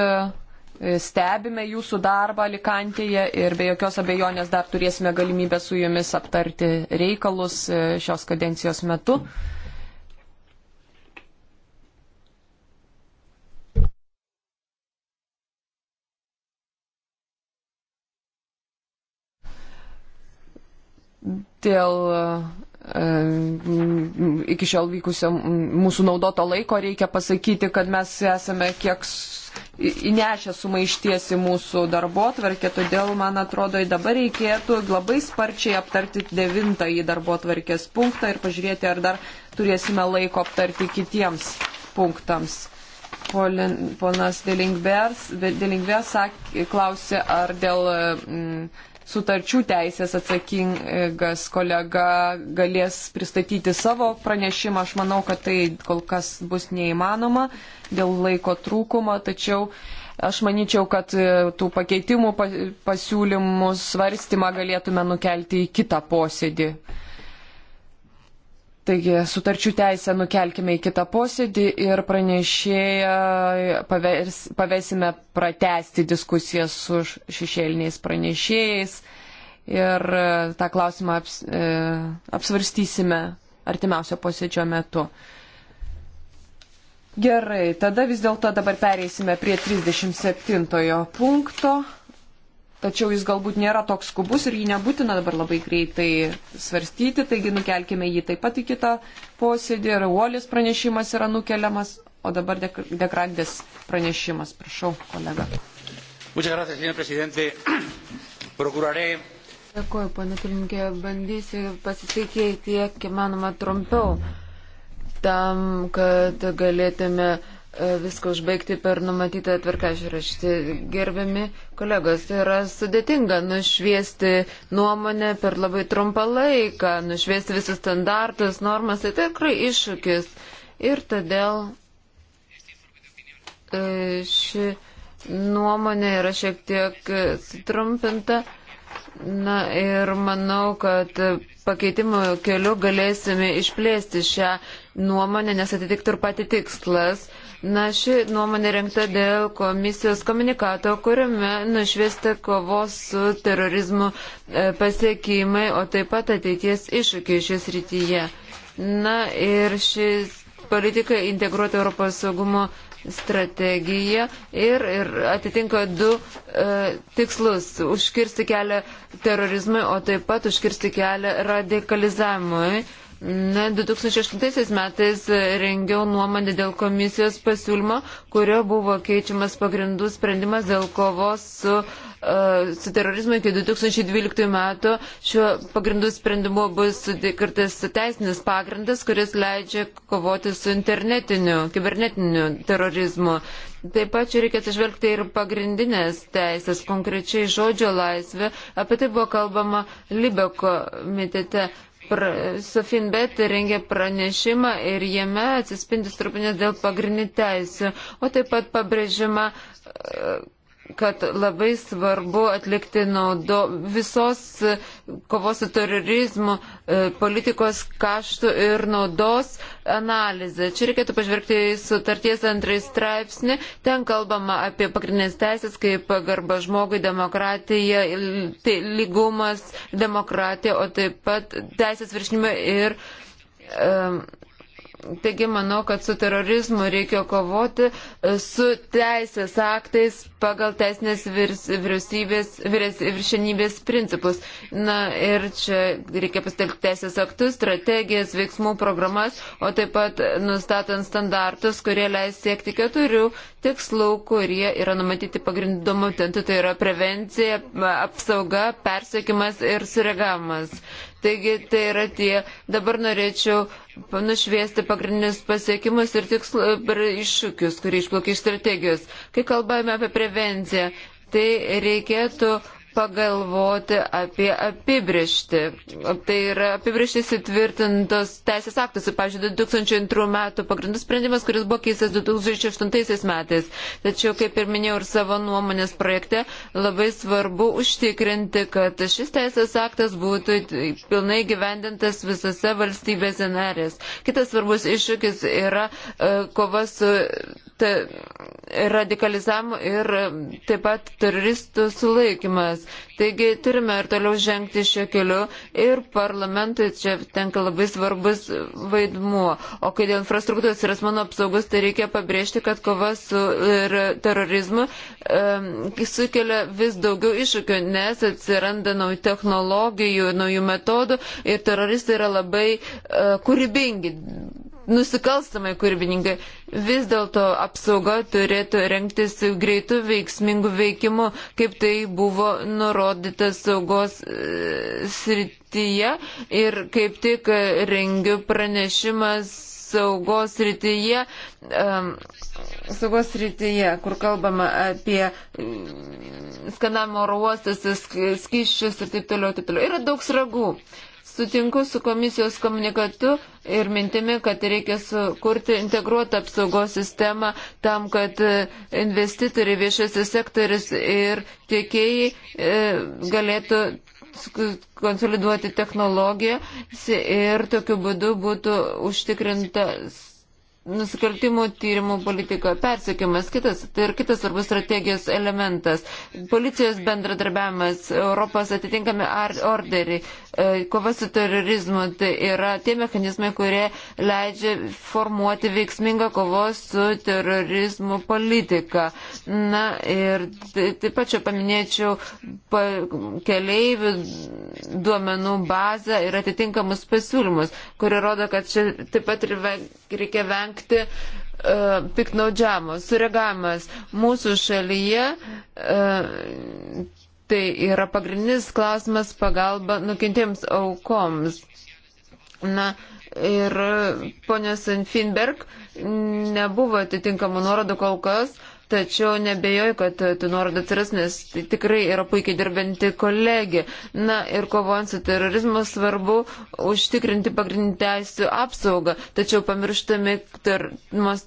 e, stebime jūsų darbą Alikantėje ir be jokios abejonės dar turėsime galimybę su jumis aptarti reikalus šios kadencijos metu. Mm. dėl e, iki šiol vykusio mūsų naudoto laiko reikia pasakyti, kad mes esame kiek įnešę sumaišties į mūsų darbo tvarkę, todėl, man atrodo, dabar reikėtų labai sparčiai aptarti devintąjį darbo tvarkės punktą ir pažiūrėti, ar dar turėsime laiko aptarti kitiems punktams. Ponas Delingver klausė, ar dėl. Mm, sutarčių teisės atsakingas kolega galės pristatyti savo pranešimą. Aš manau, kad tai kol kas bus neįmanoma dėl laiko trūkumo, tačiau aš manyčiau, kad e, tų pakeitimų pasiūlymų svarstymą galėtume nukelti į kitą posėdį. Taigi sutarčių teisę nukelkime į kitą posėdį ir pranešėją pavers, pavesime pratesti diskusijas su šešėliniais pranešėjais ir e, tą klausimą aps, e, apsvarstysime artimiausio posėdžio metu. Gerai, tada vis dėlto dabar pereisime prie 37 punkto tačiau jis galbūt nėra toks skubus ir jį nebūtina dabar labai greitai svarstyti, taigi nukelkime jį taip pat į kitą posėdį ir Uolis pranešimas yra nukeliamas, o dabar Dekradės pranešimas, prašau, kolega. Dėkuoju, pane pirmininkė, bandysiu pasitikėti kiek įmanoma trumpiau tam, kad galėtume uh, E, viską užbaigti per numatytą tvarką išrašyti. Gerbiami kolegos, tai yra sudėtinga nušviesti nuomonę per labai trumpą laiką, nušviesti visus standartus, normas, tai tikrai iššūkis. Ir todėl e, ši nuomonė yra šiek tiek sutrumpinta. Na ir manau, kad pakeitimo keliu galėsime išplėsti šią nuomonę, nes atitiktų ir pati tikslas Na, ši nuomonė renkta dėl komisijos komunikato, kuriame nušviesti kovos su terorizmu e, pasiekimai, o taip pat ateities iššūkiai šis rytyje. Na ir šis politika integruota Europos saugumo strategija ir, ir atitinka du e, tikslus - užkirsti kelią terorizmui, o taip pat užkirsti kelią radikalizavimui. E, Na, 2008 metais rengiau nuomonę dėl komisijos pasiūlymo, kurio buvo keičiamas pagrindų sprendimas dėl kovos su, uh, su terorizmu iki 2012 metų. Šiuo pagrindų sprendimu bus kartais teisinis pagrindas, kuris leidžia kovoti su internetiniu, kibernetiniu terorizmu. Taip pat čia reikia atsižvelgti ir pagrindinės teisės, konkrečiai žodžio laisvė. Apie tai buvo kalbama Libeko mitete pra, Sofinbet rengė pranešimą ir jame atsispindi strupinės dėl pagrindinių teisų, o taip pat pabrėžima, kad labai svarbu atlikti naudo visos e, kovos su terorizmu e, politikos kaštų ir naudos analizę. Čia reikėtų pažvelgti į sutarties antrąjį straipsnį. Ten kalbama apie pagrindinės teisės, kaip pagarba žmogui, demokratija, tai lygumas, demokratija, o taip pat teisės viršinimą ir um, Taigi manau, kad su terorizmu reikia kovoti e, su teisės aktais pagal teisinės vyriausybės viršenybės principus. Na ir čia reikia pasitelkti teisės aktus, strategijas, veiksmų programas, o taip pat nustatant standartus, kurie leis siekti keturių tikslų, kurie yra numatyti pagrindomu tentu, tai yra prevencija, apsauga, persiekimas ir sureagavimas. Taigi tai yra tie. Dabar norėčiau nušviesti pagrindinius pasiekimus ir, tikslo, ir iššūkius, kurie išplaukia iš strategijos. Kai kalbame apie prevenciją, tai reikėtų pagalvoti apie apibrišti. Tai yra apibrištis įtvirtintos teisės aktuose, pavyzdžiui, 2002 metų pagrindus sprendimas, kuris buvo keistas 2008 metais. Tačiau, kaip ir minėjau ir savo nuomonės projekte, labai svarbu užtikrinti, kad šis teisės aktas būtų pilnai gyvendintas visose valstybėse narės. Kitas svarbus iššūkis yra e, kova su radikalizavimu ir e, taip pat teroristų sulaikimas šalis. Taigi turime ir toliau žengti šiuo keliu ir parlamentui čia tenka labai svarbus vaidmuo. O kai dėl infrastruktūros ir asmenų apsaugos, tai reikia pabrėžti, kad kova su terorizmu um, sukelia vis daugiau iššūkių, nes atsiranda naujų technologijų, naujų metodų ir teroristai yra labai uh, kūrybingi nusikalstamai kūrybininkai. Vis dėlto apsauga turėtų renktis greitų veiksmingų veikimų, kaip tai buvo nurodyta saugos e, srityje ir kaip tik rengiu pranešimas saugos rytyje, um, saugos rytyje, kur kalbama apie mm, skanavimo oro uostas, skyščius ir taip toliau, taip toliau. Yra daug sragų. Uh, Sutinku su komisijos komunikatu ir mintimi, kad reikia sukurti integruotą apsaugos sistemą tam, kad e, investitoriai, viešasis sektoris ir tiekėjai e, galėtų konsoliduoti technologiją ir tokiu būdu būtų užtikrintas nusikaltimų tyrimų politika, persiekimas, kitas, tai ir kitas svarbus strategijos elementas, policijos bendradarbiavimas, Europos atitinkami orderiai, e, kova su terorizmu, tai yra tie mechanizmai, kurie leidžia formuoti veiksmingą kovos su terorizmu politiką. Na ir taip pat čia paminėčiau pa, keleivių duomenų bazę ir atitinkamus pasiūlymus, kurie rodo, kad čia taip pat reikia vengti vengti e, piknaudžiamo. Sureagavimas mūsų šalyje. E, Tai yra pagrindinis klausimas pagalba nukentėjams aukoms. Na, ir e, ponios Finberg nebuvo atitinkamų nuorodų kol kas, uh, tačiau nebejoju, kad tu nuorodą atsiras, nes tai tikrai yra puikiai dirbanti kolegė. Na ir kovojant su terorizmu svarbu užtikrinti pagrindinį teisų apsaugą, tačiau pamirštami ter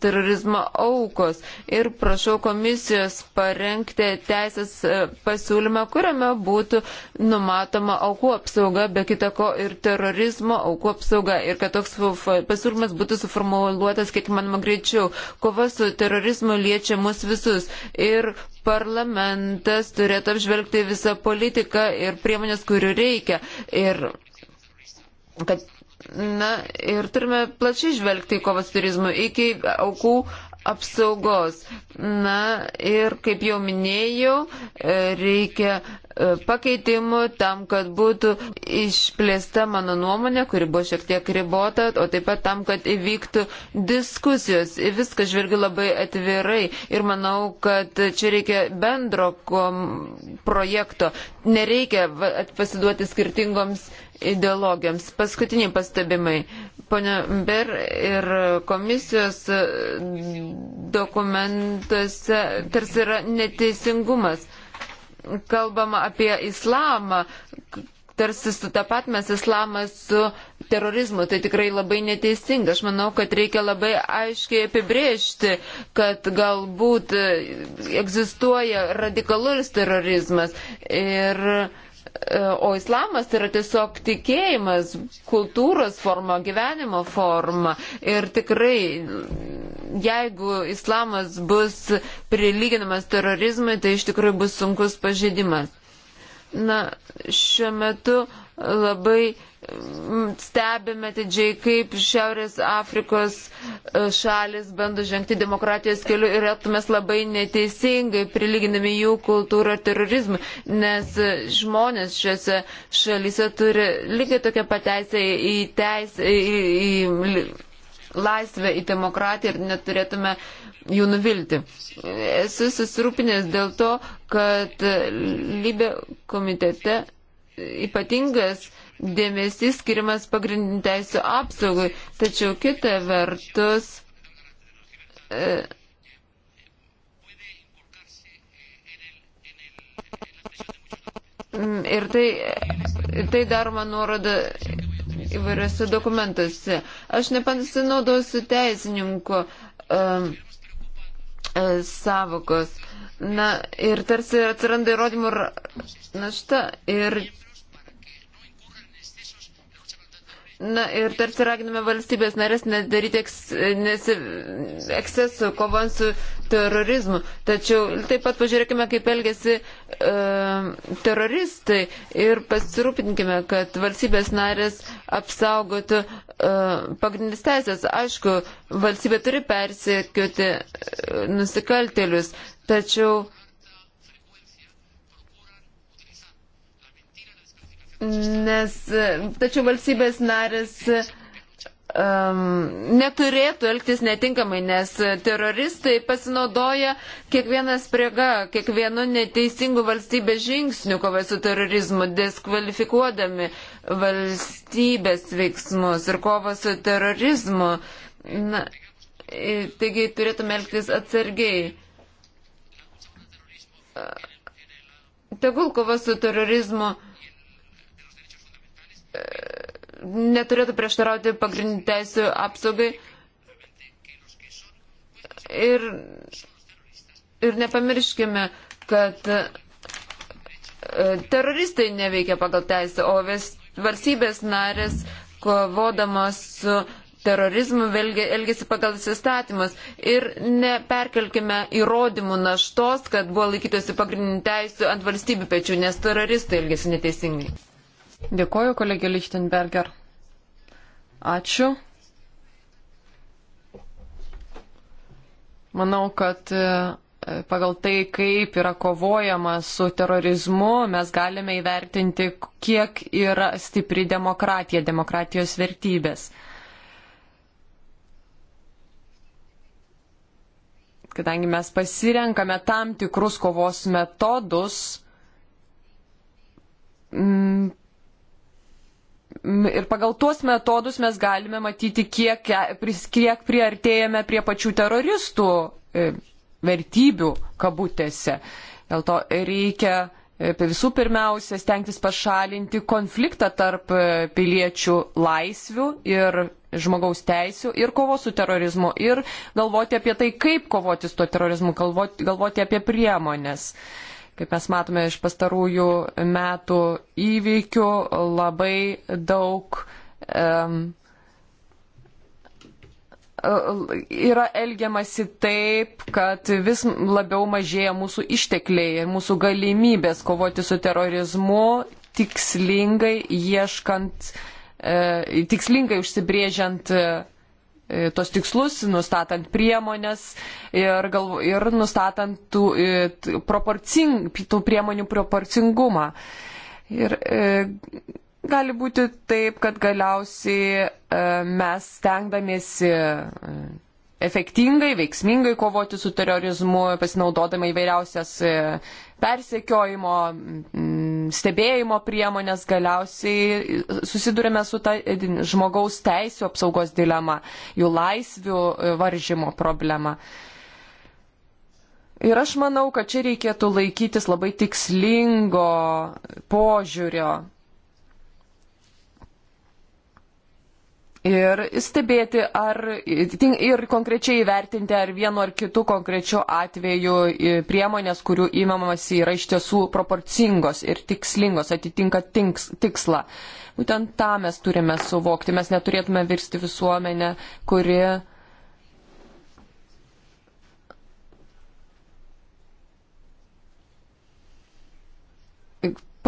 terorizmo aukos. Ir prašau komisijos parengti teisės e, pasiūlymą, kuriame būtų numatoma aukų apsauga, be kitako ir terorizmo aukų apsauga. Ir kad toks pasiūlymas būtų suformuoluotas kiek manoma greičiau. Kova su terorizmu liečia mus visus. Ir parlamentas turėtų apžvelgti visą politiką ir priemonės, kurių reikia. Ir kad, na, ir turime plačiai žvelgti į kovas turizmų iki aukų apsaugos. Na ir, kaip jau minėjau, reikia pakeitimų tam, kad būtų išplėsta mano nuomonė, kuri buvo šiek tiek ribota, o taip pat tam, kad įvyktų diskusijos. Į viską žvelgiu labai atvirai ir manau, kad čia reikia bendro projekto. Nereikia pasiduoti skirtingoms ideologijoms. Paskutiniai pastebimai. Pone Ber ir komisijos e, dokumentuose tarsi yra neteisingumas kalbama apie islamą, tarsi sutapatmės islamą su terorizmu. Tai tikrai labai neteisinga. Aš manau, kad reikia labai aiškiai apibriežti, kad galbūt e, egzistuoja radikalus terorizmas. Ir E, o islamas yra tiesiog tikėjimas, kultūros forma, gyvenimo forma. Ir tikrai, jeigu islamas bus prilyginamas terorizmui, tai iš tikrųjų bus sunkus pažeidimas. Na, šiuo metu uh, labai mm, stebime didžiai, kaip Šiaurės Afrikos e, šalis bando žengti demokratijos keliu ir elgtumės labai neteisingai, prilyginami jų kultūrą terorizmui, nes e, žmonės šiuose šalyse turi lygiai tokią pateisę į, teis, į, į, į laisvę, į demokratiją ir neturėtume jų nuvilti. Esu susirūpinęs dėl to, kad Libė komitete ypatingas dėmesys skiriamas pagrindinių teisų apsaugai, tačiau kita vertus. E, Ir tai, tai daroma nuoroda įvairiose dokumentuose. Aš nepasinaudosiu teisininko um, savokos. Na ir tarsi atsiranda įrodymų našta. Ir Na ir tarsi raginame valstybės narės nedaryti eks, nes, ekscesų kovant su terorizmu. Tačiau taip pat pažiūrėkime, kaip elgesi e, teroristai ir pasirūpinkime, kad valstybės narės apsaugotų e, pagrindinės teisės. Aišku, valstybė turi persekioti e, nusikaltelius, tačiau Nes, tačiau valstybės narės um, neturėtų elgtis netinkamai, nes teroristai pasinaudoja kiekvienas priega, kiekvienu neteisingu valstybės žingsniu kovai su terorizmu, diskvalifikuodami valstybės veiksmus ir kovą su terorizmu. Na, taigi turėtume elgtis atsargiai. Tegul kova su terorizmu neturėtų prieštarauti pagrindinių teisų apsaugai. Ir, ir nepamirškime, kad e, teroristai neveikia pagal teisę, o vis, valstybės narės kovodamos su terorizmu elgesi pagal įstatymus ir neperkelkime įrodymų naštos, kad buvo laikytosi pagrindinių teisų ant valstybių pečių, nes teroristai elgesi neteisingai. Dėkoju, kolegė Lichtenberger. Ačiū. Manau, kad e, pagal tai, kaip yra kovojama su terorizmu, mes galime įvertinti, kiek yra stipri demokratija, demokratijos vertybės. Kadangi mes pasirenkame tam tikrus kovos metodus, Ir pagal tuos metodus mes galime matyti, kiek, kiek priartėjame prie pačių teroristų e, vertybių kabutėse. Dėl to reikia e, visų pirmiausia stengtis pašalinti konfliktą tarp e, piliečių laisvių ir žmogaus teisų ir kovos su terorizmu ir galvoti apie tai, kaip kovoti su tuo terorizmu, galvoti, galvoti apie priemonės. Uh, Kaip mes matome iš pastarųjų metų įvykių, labai daug um, yra elgiamasi taip, kad vis labiau mažėja mūsų ištekliai ir mūsų galimybės kovoti su terorizmu tikslingai ieškant, e, tikslingai užsibrėžiant E, tos tikslus, nustatant priemonės ir, galvo, ir nustatant tų, e, proporcing, tų priemonių proporcingumą. Ir e, gali būti taip, kad galiausiai e, mes stengdamiesi. E, efektingai, veiksmingai kovoti su terorizmu, pasinaudodama įvairiausias e, persekiojimo, mm, stebėjimo priemonės, galiausiai e, susidurime su ta e, žmogaus teisų apsaugos dilema, jų laisvių varžymo problema. Ir aš manau, kad čia reikėtų laikytis labai tikslingo požiūrio ir stebėti ar, ir konkrečiai įvertinti, ar vienu ar kitu konkrečiu atveju priemonės, kurių įmamasi, yra iš tiesų proporcingos ir tikslingos, atitinka tinks, tikslą. Būtent tą mes turime suvokti. Mes neturėtume virsti visuomenę, kuri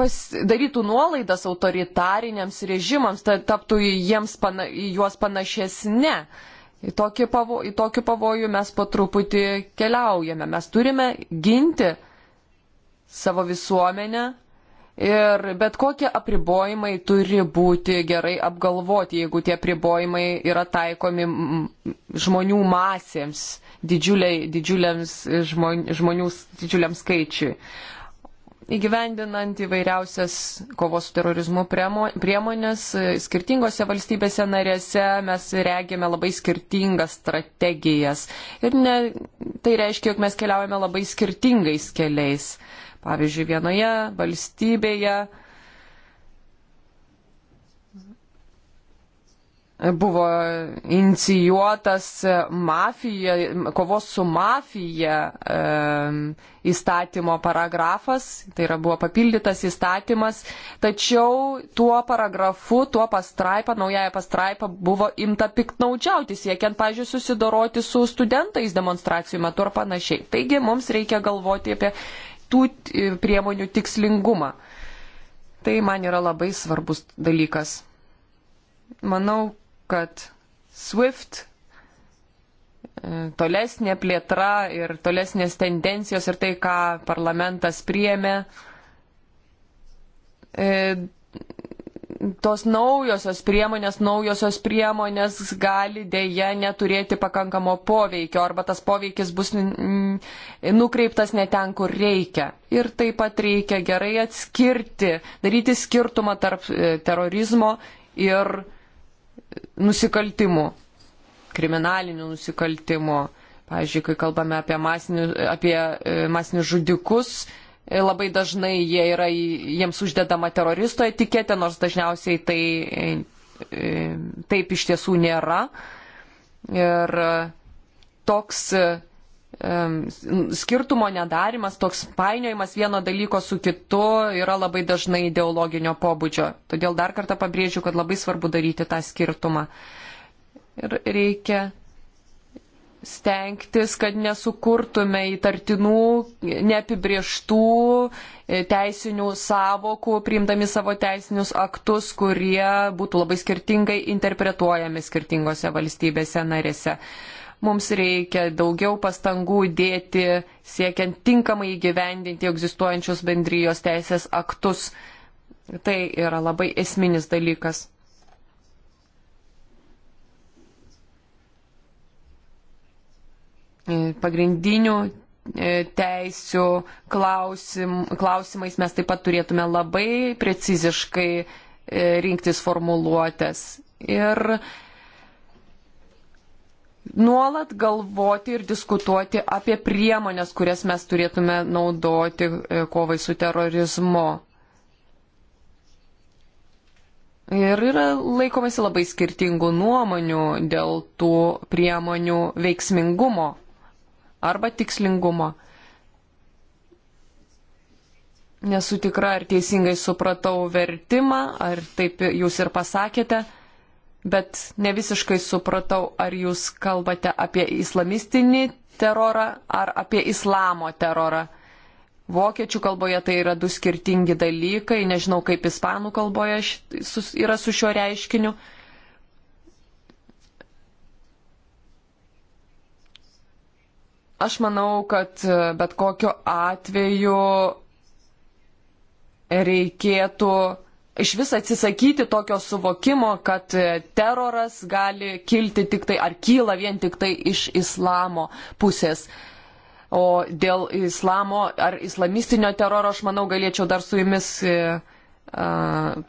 pas, darytų nuolaidas autoritariniams režimams, ta, taptų į, jiems pana, į juos panašesne. Į tokį, pavo, į tokį pavojų mes po truputį keliaujame. Mes turime ginti savo visuomenę ir bet kokie apribojimai turi būti gerai apgalvoti, jeigu tie apribojimai yra taikomi žmonių masėms, didžiuliai, didžiuliams, žmon, žmonių, didžiuliam skaičiui įgyvendinant įvairiausias kovos su terorizmu priemonės e, skirtingose valstybėse narėse mes regime labai skirtingas strategijas. Ir ne, tai reiškia, jog mes keliaujame labai skirtingais keliais. Pavyzdžiui, vienoje valstybėje buvo inicijuotas mafija, kovos su mafija e, įstatymo paragrafas, tai yra buvo papildytas įstatymas, tačiau tuo paragrafu, tuo pastraipą, naująją pastraipą buvo imta piknaudžiauti, siekiant, pažiūrėjau, susidoroti su studentais demonstracijų metu ar panašiai. Taigi mums reikia galvoti apie tų priemonių tikslingumą. Tai man yra labai svarbus dalykas. Manau, kad SWIFT e, tolesnė plėtra ir tolesnės tendencijos ir tai, ką parlamentas priėmė, e, tos naujosios priemonės, naujosios priemonės gali dėje neturėti pakankamo poveikio arba tas poveikis bus nukreiptas ne ten, kur reikia. Ir taip pat reikia gerai atskirti, daryti skirtumą tarp e, terorizmo ir nusikaltimų, kriminalinių nusikaltimų. Pavyzdžiui, kai kalbame apie masinius, apie e, masinius žudikus, e, labai dažnai jie yra, jiems uždedama teroristo etiketė, nors dažniausiai tai e, taip iš tiesų nėra. Ir toks skirtumo nedarimas, toks painiojimas vieno dalyko su kitu yra labai dažnai ideologinio pobūdžio. Todėl dar kartą pabrėžiu, kad labai svarbu daryti tą skirtumą. Ir reikia stengtis, kad nesukurtume įtartinų, neapibrieštų e, teisinių savokų, priimdami savo teisinius aktus, kurie būtų labai skirtingai interpretuojami skirtingose valstybėse narėse. Uh, Mums reikia daugiau pastangų dėti, siekiant tinkamai įgyvendinti egzistuojančius bendrijos teisės aktus. Tai yra labai esminis dalykas. E, pagrindinių e, teisių klausim, klausimais mes taip pat turėtume labai preciziškai e, rinktis formuluotės. Ir nuolat galvoti ir diskutuoti apie priemonės, kurias mes turėtume naudoti e, kovai su terorizmu. Ir yra laikomasi labai skirtingų nuomonių dėl tų priemonių veiksmingumo arba tikslingumo. Nesu tikra, ar teisingai supratau vertimą, ar taip jūs ir pasakėte bet ne visiškai supratau, ar jūs kalbate apie islamistinį terorą ar apie islamo terorą. Vokiečių kalboje tai yra du skirtingi dalykai, nežinau kaip ispanų kalboje yra su šiuo reiškiniu. Aš manau, kad e, bet kokiu atveju reikėtų iš vis atsisakyti tokio suvokimo, kad e, teroras gali kilti tik tai ar kyla vien tik tai iš islamo pusės. O dėl islamo ar islamistinio teroro aš manau galėčiau dar su jumis e,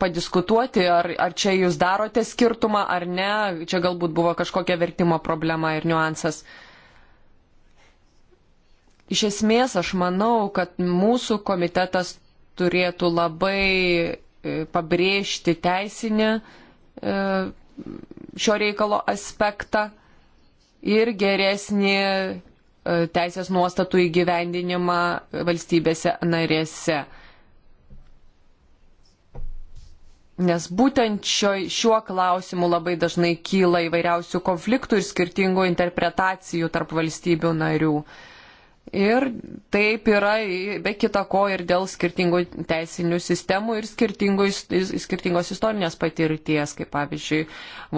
padiskutuoti, ar, ar čia jūs darote skirtumą ar ne. Čia galbūt buvo kažkokia vertimo problema ir niuansas. Iš esmės aš manau, kad mūsų komitetas turėtų labai E, pabrėžti teisinį e, šio reikalo aspektą ir geresnį e, teisės nuostatų įgyvendinimą valstybėse narėse. Nes būtent šio, šiuo klausimu labai dažnai kyla įvairiausių konfliktų ir skirtingų interpretacijų tarp valstybių narių. Uh, Ir taip yra, be kita ko, ir dėl skirtingų teisinių sistemų ir skirtingos istorinės patirties, kaip pavyzdžiui,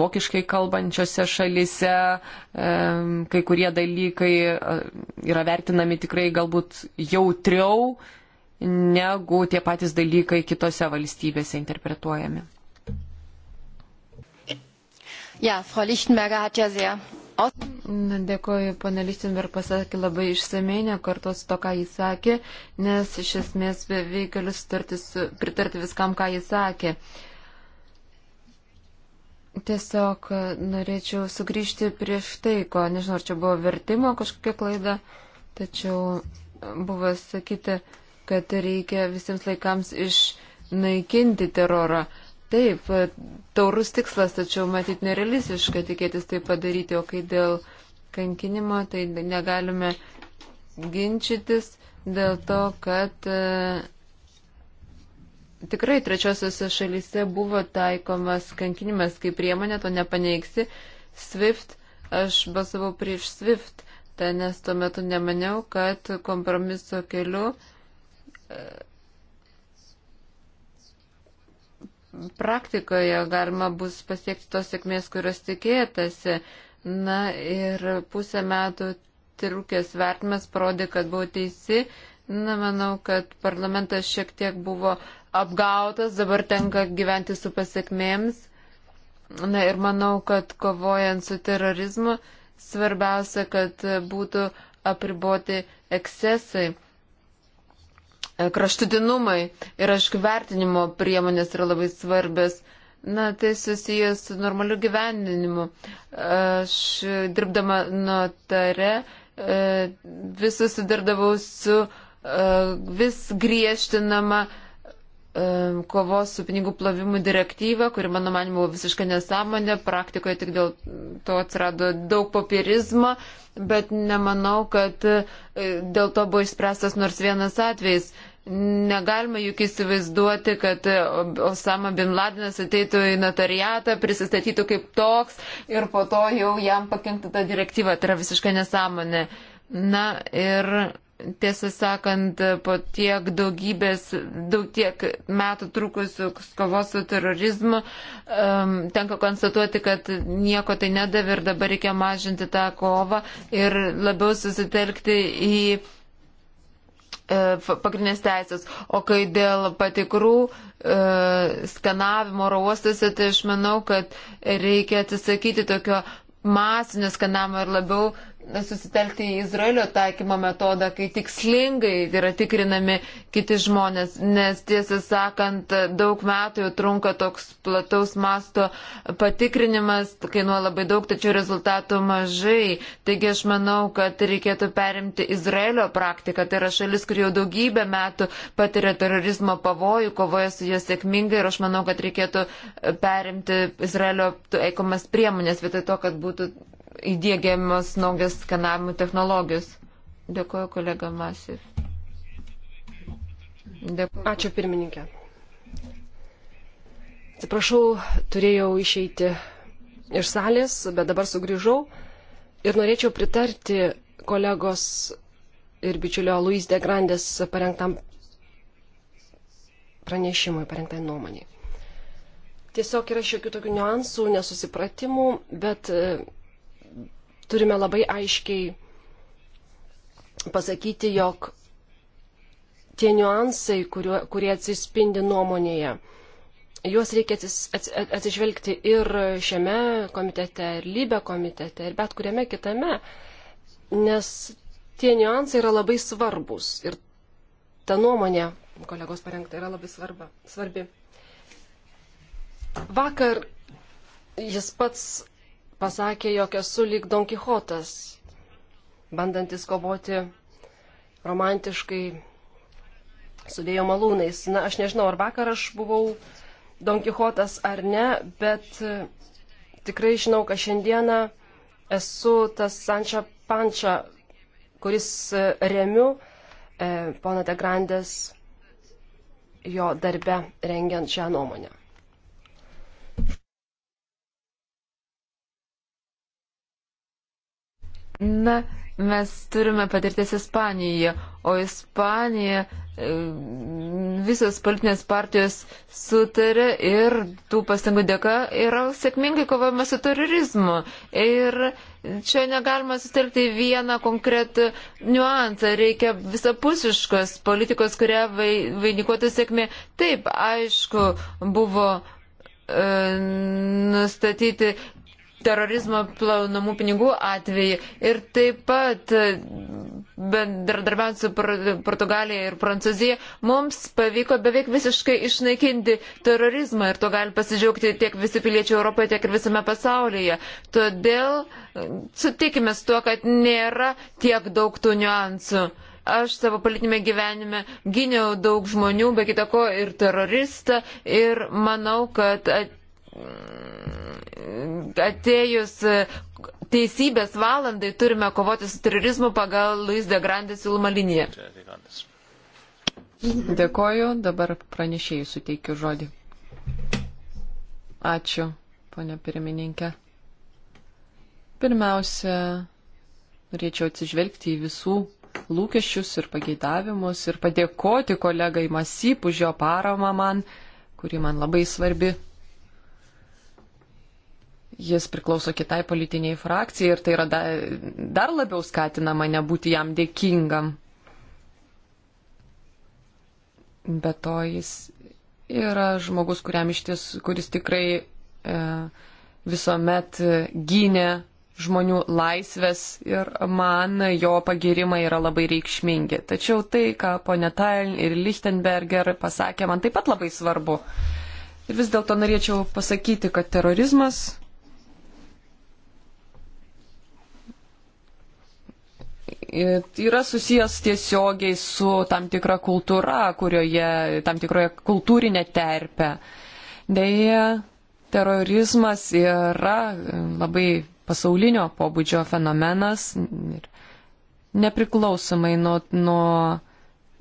vokiškai kalbančiose šalise kai kurie dalykai e, yra vertinami tikrai galbūt jautriau negu tie patys dalykai kitose valstybėse interpretuojami. Ja, Frau Lichtenberger hat ja sehr Dėkoju, pana Lichtenberg pasakė labai išsamei, nekartos to, ką jis sakė, nes iš esmės beveik galiu pritarti viskam, ką jis sakė. Tiesiog e, norėčiau sugrįžti prieš tai, ko, nežinau, ar čia buvo vertimo kažkokia klaida, tačiau e, buvo sakyti, kad reikia visiems laikams išnaikinti terorą. Taip, taurus tikslas, tačiau matyt nerealistiška tikėtis tai padaryti, o kai dėl kankinimo, tai negalime ginčytis dėl to, kad e, tikrai trečiosiuose šalyse buvo taikomas kankinimas kaip priemonė, to nepaneigsi. SWIFT, aš balsavau prieš SWIFT, ta, nes tuo metu nemaniau, kad kompromiso keliu. E, praktikoje galima bus pasiekti tos sėkmės, kurios tikėtasi. Na ir pusę metų trukęs vertimas parodė, kad buvau teisi. Na, manau, kad parlamentas šiek tiek buvo apgautas, dabar tenka gyventi su pasiekmėms. Na ir manau, kad kovojant su terorizmu, svarbiausia, kad būtų apriboti ekscesai. E, kraštutinumai ir, aišku, vertinimo priemonės yra labai svarbės. Na, tai susijęs su normaliu gyveninimu. Aš dirbdama notare e, vis susidardavau su e, vis griežtinama uh, kovos su pinigų plovimu direktyvą, kuri, mano manimu, buvo visiškai nesąmonė, praktikoje tik dėl to atsirado daug papirizmo, bet nemanau, kad e, dėl to buvo išspręstas nors vienas atvejs. Negalima juk įsivaizduoti, kad e, Osama Bin Ladinas ateitų į notariatą, prisistatytų kaip toks ir po to jau jam pakenktų tą direktyvą. Tai yra visiškai nesąmonė. Na ir tiesą sakant, po tiek daugybės, daug tiek metų trukusių kovos su terorizmu, um, tenka konstatuoti, kad nieko tai nedavė ir dabar reikia mažinti tą kovą ir labiau susitelkti į e, pagrindinės teisės. O kai dėl patikrų e, skanavimo oro uostose, tai aš manau, kad reikia atsisakyti tokio masinio skanavimo ir labiau susitelkti į Izraelio taikymo metodą, kai tikslingai yra tikrinami kiti žmonės, nes tiesą sakant, daug metų jau trunka toks plataus masto patikrinimas, kainuoja labai daug, tačiau rezultatų mažai. Taigi aš manau, kad reikėtų perimti Izraelio praktiką. Tai yra šalis, kur jau daugybę metų patiria terorizmo pavojų, kovoja su juo sėkmingai ir aš manau, kad reikėtų perimti Izraelio eikomas priemonės vietoj to, kad būtų įdėgiamas naujas skanavimo technologijos. Dėkuoju, kolega Masif. Dėkuoju. Ačiū pirmininkė. Atsiprašau, turėjau išeiti iš salės, bet dabar sugrįžau ir norėčiau pritarti kolegos ir bičiulio Luis de Grandes parengtam pranešimui, parengtai nuomonį. Tiesiog yra šiokių tokių niuansų, nesusipratimų, bet turime labai aiškiai pasakyti, jog tie niuansai, kurio, kurie atsispindi nuomonėje, juos reikia atsižvelgti ir šiame komitete, ir lybe komitete, ir bet kuriame kitame, nes tie niuansai yra labai svarbus ir ta nuomonė kolegos parengta yra labai svarba, svarbi. Vakar jis pats pasakė, jog esu lyg Don Kichotas, bandantis kovoti romantiškai su vėjo malūnais. Na, aš nežinau, ar vakar aš buvau Don Kichotas ar ne, bet e, tikrai žinau, kad šiandieną esu tas Sančia Pančia, kuris e, remiu e, poną Degrandės jo darbe rengiant šią nuomonę. Na, mes turime patirties Ispanijoje, o Ispanija e, visos politinės partijos sutarė ir tų pastangų dėka yra sėkmingai kovojama su terorizmu. Ir čia negalima sustelkti vieną konkretų niuansą, reikia visapusiškos politikos, kurią vainikuotų sėkmė. Taip, aišku, buvo e, nustatyti terorizmo plaunamų pinigų atvejį ir taip pat e, bendradarbiant su Portugalija ir Prancūzija mums pavyko beveik visiškai išnaikinti terorizmą ir to gali pasidžiaugti tiek visi piliečiai Europoje, tiek ir visame pasaulyje. Todėl e, sutikime su tuo, kad nėra tiek daug tų niuansų aš savo politinėme gyvenime gyniau daug žmonių, be kitako ir teroristą, ir manau, kad at atėjus e, teisybės valandai turime kovoti su terorizmu pagal Luis de Grandes siūlomą liniją. Dėkoju, dabar pranešėjai suteikiu žodį. Ačiū, ponia pirmininkė. Pirmiausia, norėčiau atsižvelgti į visų lūkesčius ir pageidavimus ir padėkoti kolegai Masyp už jo paramą man, kuri man labai svarbi jis priklauso kitai politiniai frakcijai ir tai yra dar, dar labiau skatinama nebūti jam dėkingam. Be to jis yra žmogus, kuriam iš ties, kuris tikrai e, visuomet gynė žmonių laisvės ir man jo pagirimai yra labai reikšmingi. Tačiau tai, ką ponė Tail ir Lichtenberger pasakė, man taip pat labai svarbu. Ir vis dėlto norėčiau pasakyti, kad terorizmas yra susijęs tiesiogiai su tam tikra kultūra, kurioje, tam tikroje kultūrinė terpė. Deja, terorizmas yra labai pasaulinio pobūdžio fenomenas ir nepriklausomai nuo, nuo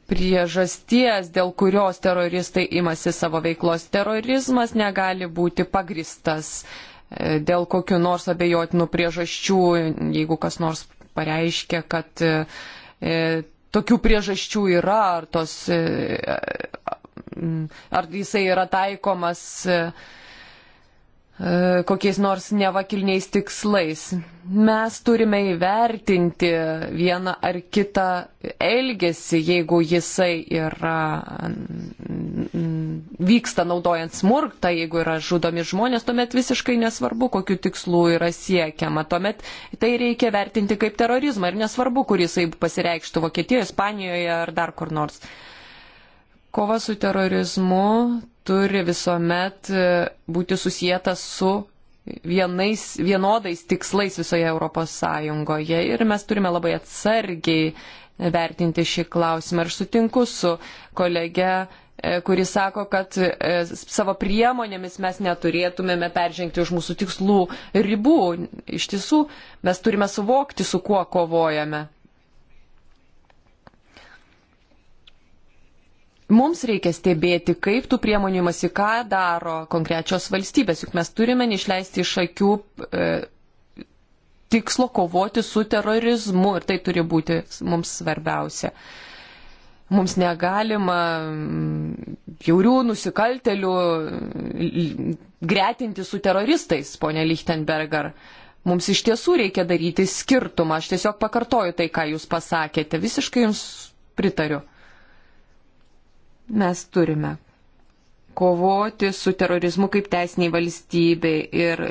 priežasties, dėl kurios teroristai imasi savo veiklos. Terorizmas negali būti pagristas e, dėl kokiu nors abejotinų priežasčių, jeigu kas nors pareiškia, kad e, e, tokių priežasčių yra, ar, tos, e, ar jisai yra taikomas E, kokiais nors nevakilniais tikslais. Mes turime įvertinti vieną ar kitą elgesį, jeigu jisai yra, vyksta naudojant smurtą, jeigu yra žudomi žmonės, tuomet visiškai nesvarbu, kokiu tikslu yra siekiama. Tuomet tai reikia vertinti kaip terorizmą ir nesvarbu, kur jisai pasireikštų Vokietijoje, Ispanijoje ar dar kur nors. Uh, Kova su terorizmu turi visuomet e, būti susijęta su vienais, vienodais tikslais visoje Europos Sąjungoje ir mes turime labai atsargiai vertinti šį klausimą. Aš sutinku su kolege e, kuris sako, kad e, savo priemonėmis mes neturėtumėme peržengti už mūsų tikslų ribų. Iš tiesų, mes turime suvokti, su kuo kovojame. mums reikia stebėti, kaip tų priemonių imasi, ką daro konkrečios valstybės, juk mes turime neišleisti iš akių e, tikslo kovoti su terorizmu ir tai turi būti mums svarbiausia. Mums negalima mm, jaurių nusikaltelių mm, gretinti su teroristais, ponia Lichtenberger. Mums iš tiesų reikia daryti skirtumą. Aš tiesiog pakartoju tai, ką jūs pasakėte. Visiškai jums pritariu. Mes turime kovoti su terorizmu kaip teisiniai valstybei ir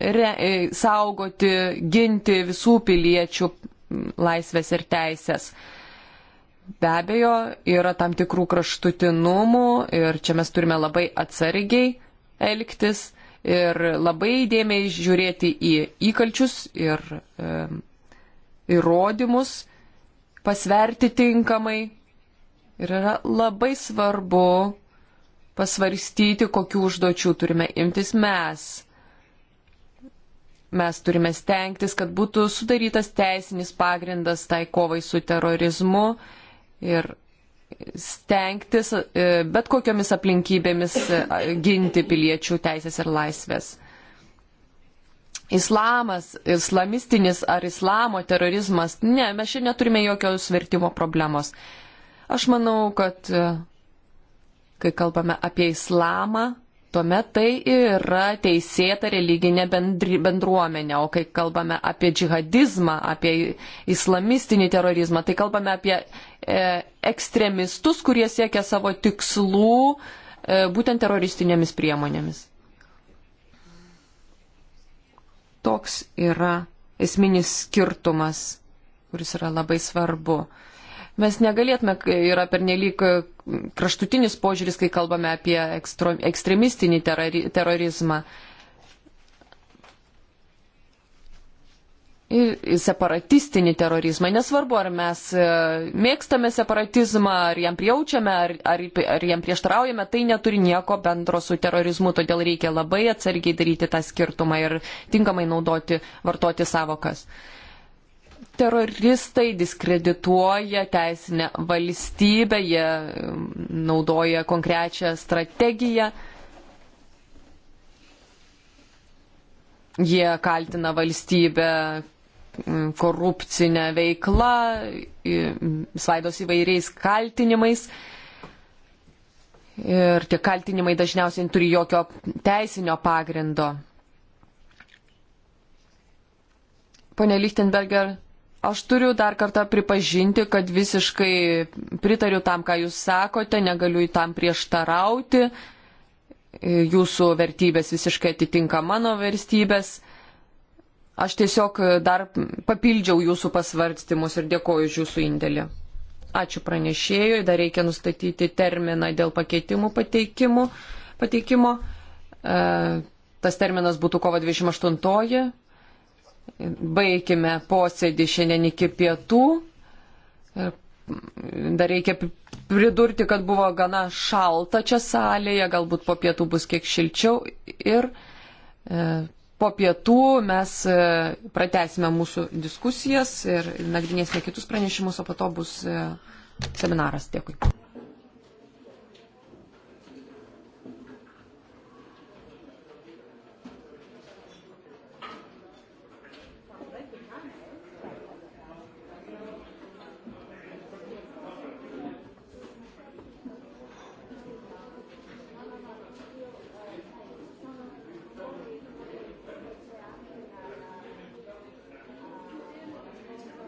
re, e, saugoti, ginti visų piliečių laisvės ir teisės. Be abejo, yra tam tikrų kraštutinumų ir čia mes turime labai atsargiai elgtis ir labai dėmiai žiūrėti į įkalčius ir e, įrodymus, pasverti tinkamai Ir yra labai svarbu pasvarstyti, kokiu užduočiu turime imtis mes. Mes turime stengtis, kad būtų sudarytas teisinis pagrindas tai kovai su terorizmu ir stengtis e, bet kokiomis aplinkybėmis e, ginti piliečių teisės ir laisvės. Islamas, islamistinis ar islamo terorizmas, ne, mes čia neturime jokios vertimo problemos. Aš manau, kad e, kai kalbame apie islamą, tuomet tai yra teisėta religinė bendri, bendruomenė, o kai kalbame apie džihadizmą, apie islamistinį terorizmą, tai kalbame apie e, ekstremistus, kurie siekia savo tikslų e, būtent teroristinėmis priemonėmis. Toks yra esminis skirtumas, kuris yra labai svarbu. Mes negalėtume, yra pernelyg e, kraštutinis požiūris, kai kalbame apie ekstro, ekstremistinį terorizmą. ir separatistinį terorizmą. Nesvarbu, ar mes e, mėgstame separatizmą, ar jam prijaučiame, ar, ar, ar jam prieštraujame, tai neturi nieko bendro su terorizmu, todėl reikia labai atsargiai daryti tą skirtumą ir tinkamai naudoti, vartoti savokas. Uh, teroristai diskredituoja teisinę valstybę, jie um, naudoja konkrečią strategiją. Jie kaltina valstybę um, korupcinę veiklą, um, svaidos įvairiais kaltinimais. Ir tie kaltinimai dažniausiai turi jokio teisinio pagrindo. Pone Lichtenberger, Aš turiu dar kartą pripažinti, kad visiškai pritariu tam, ką jūs sakote, negaliu į tam prieštarauti. Jūsų vertybės visiškai atitinka mano vertybės. Aš tiesiog dar papildžiau jūsų pasvarstymus ir dėkoju už jūsų indėlį. Ačiū pranešėjui, dar reikia nustatyti terminą dėl pakeitimų pateikimo. pateikimo. Tas terminas būtų kovo 28 baigime posėdį šiandien iki pietų. Ir dar reikia pridurti, kad buvo gana šalta čia salėje, galbūt po pietų bus kiek šilčiau. Ir e, po pietų mes e, pratesime mūsų diskusijas ir nagrinėsime kitus pranešimus, o po to bus e, seminaras. Dėkui.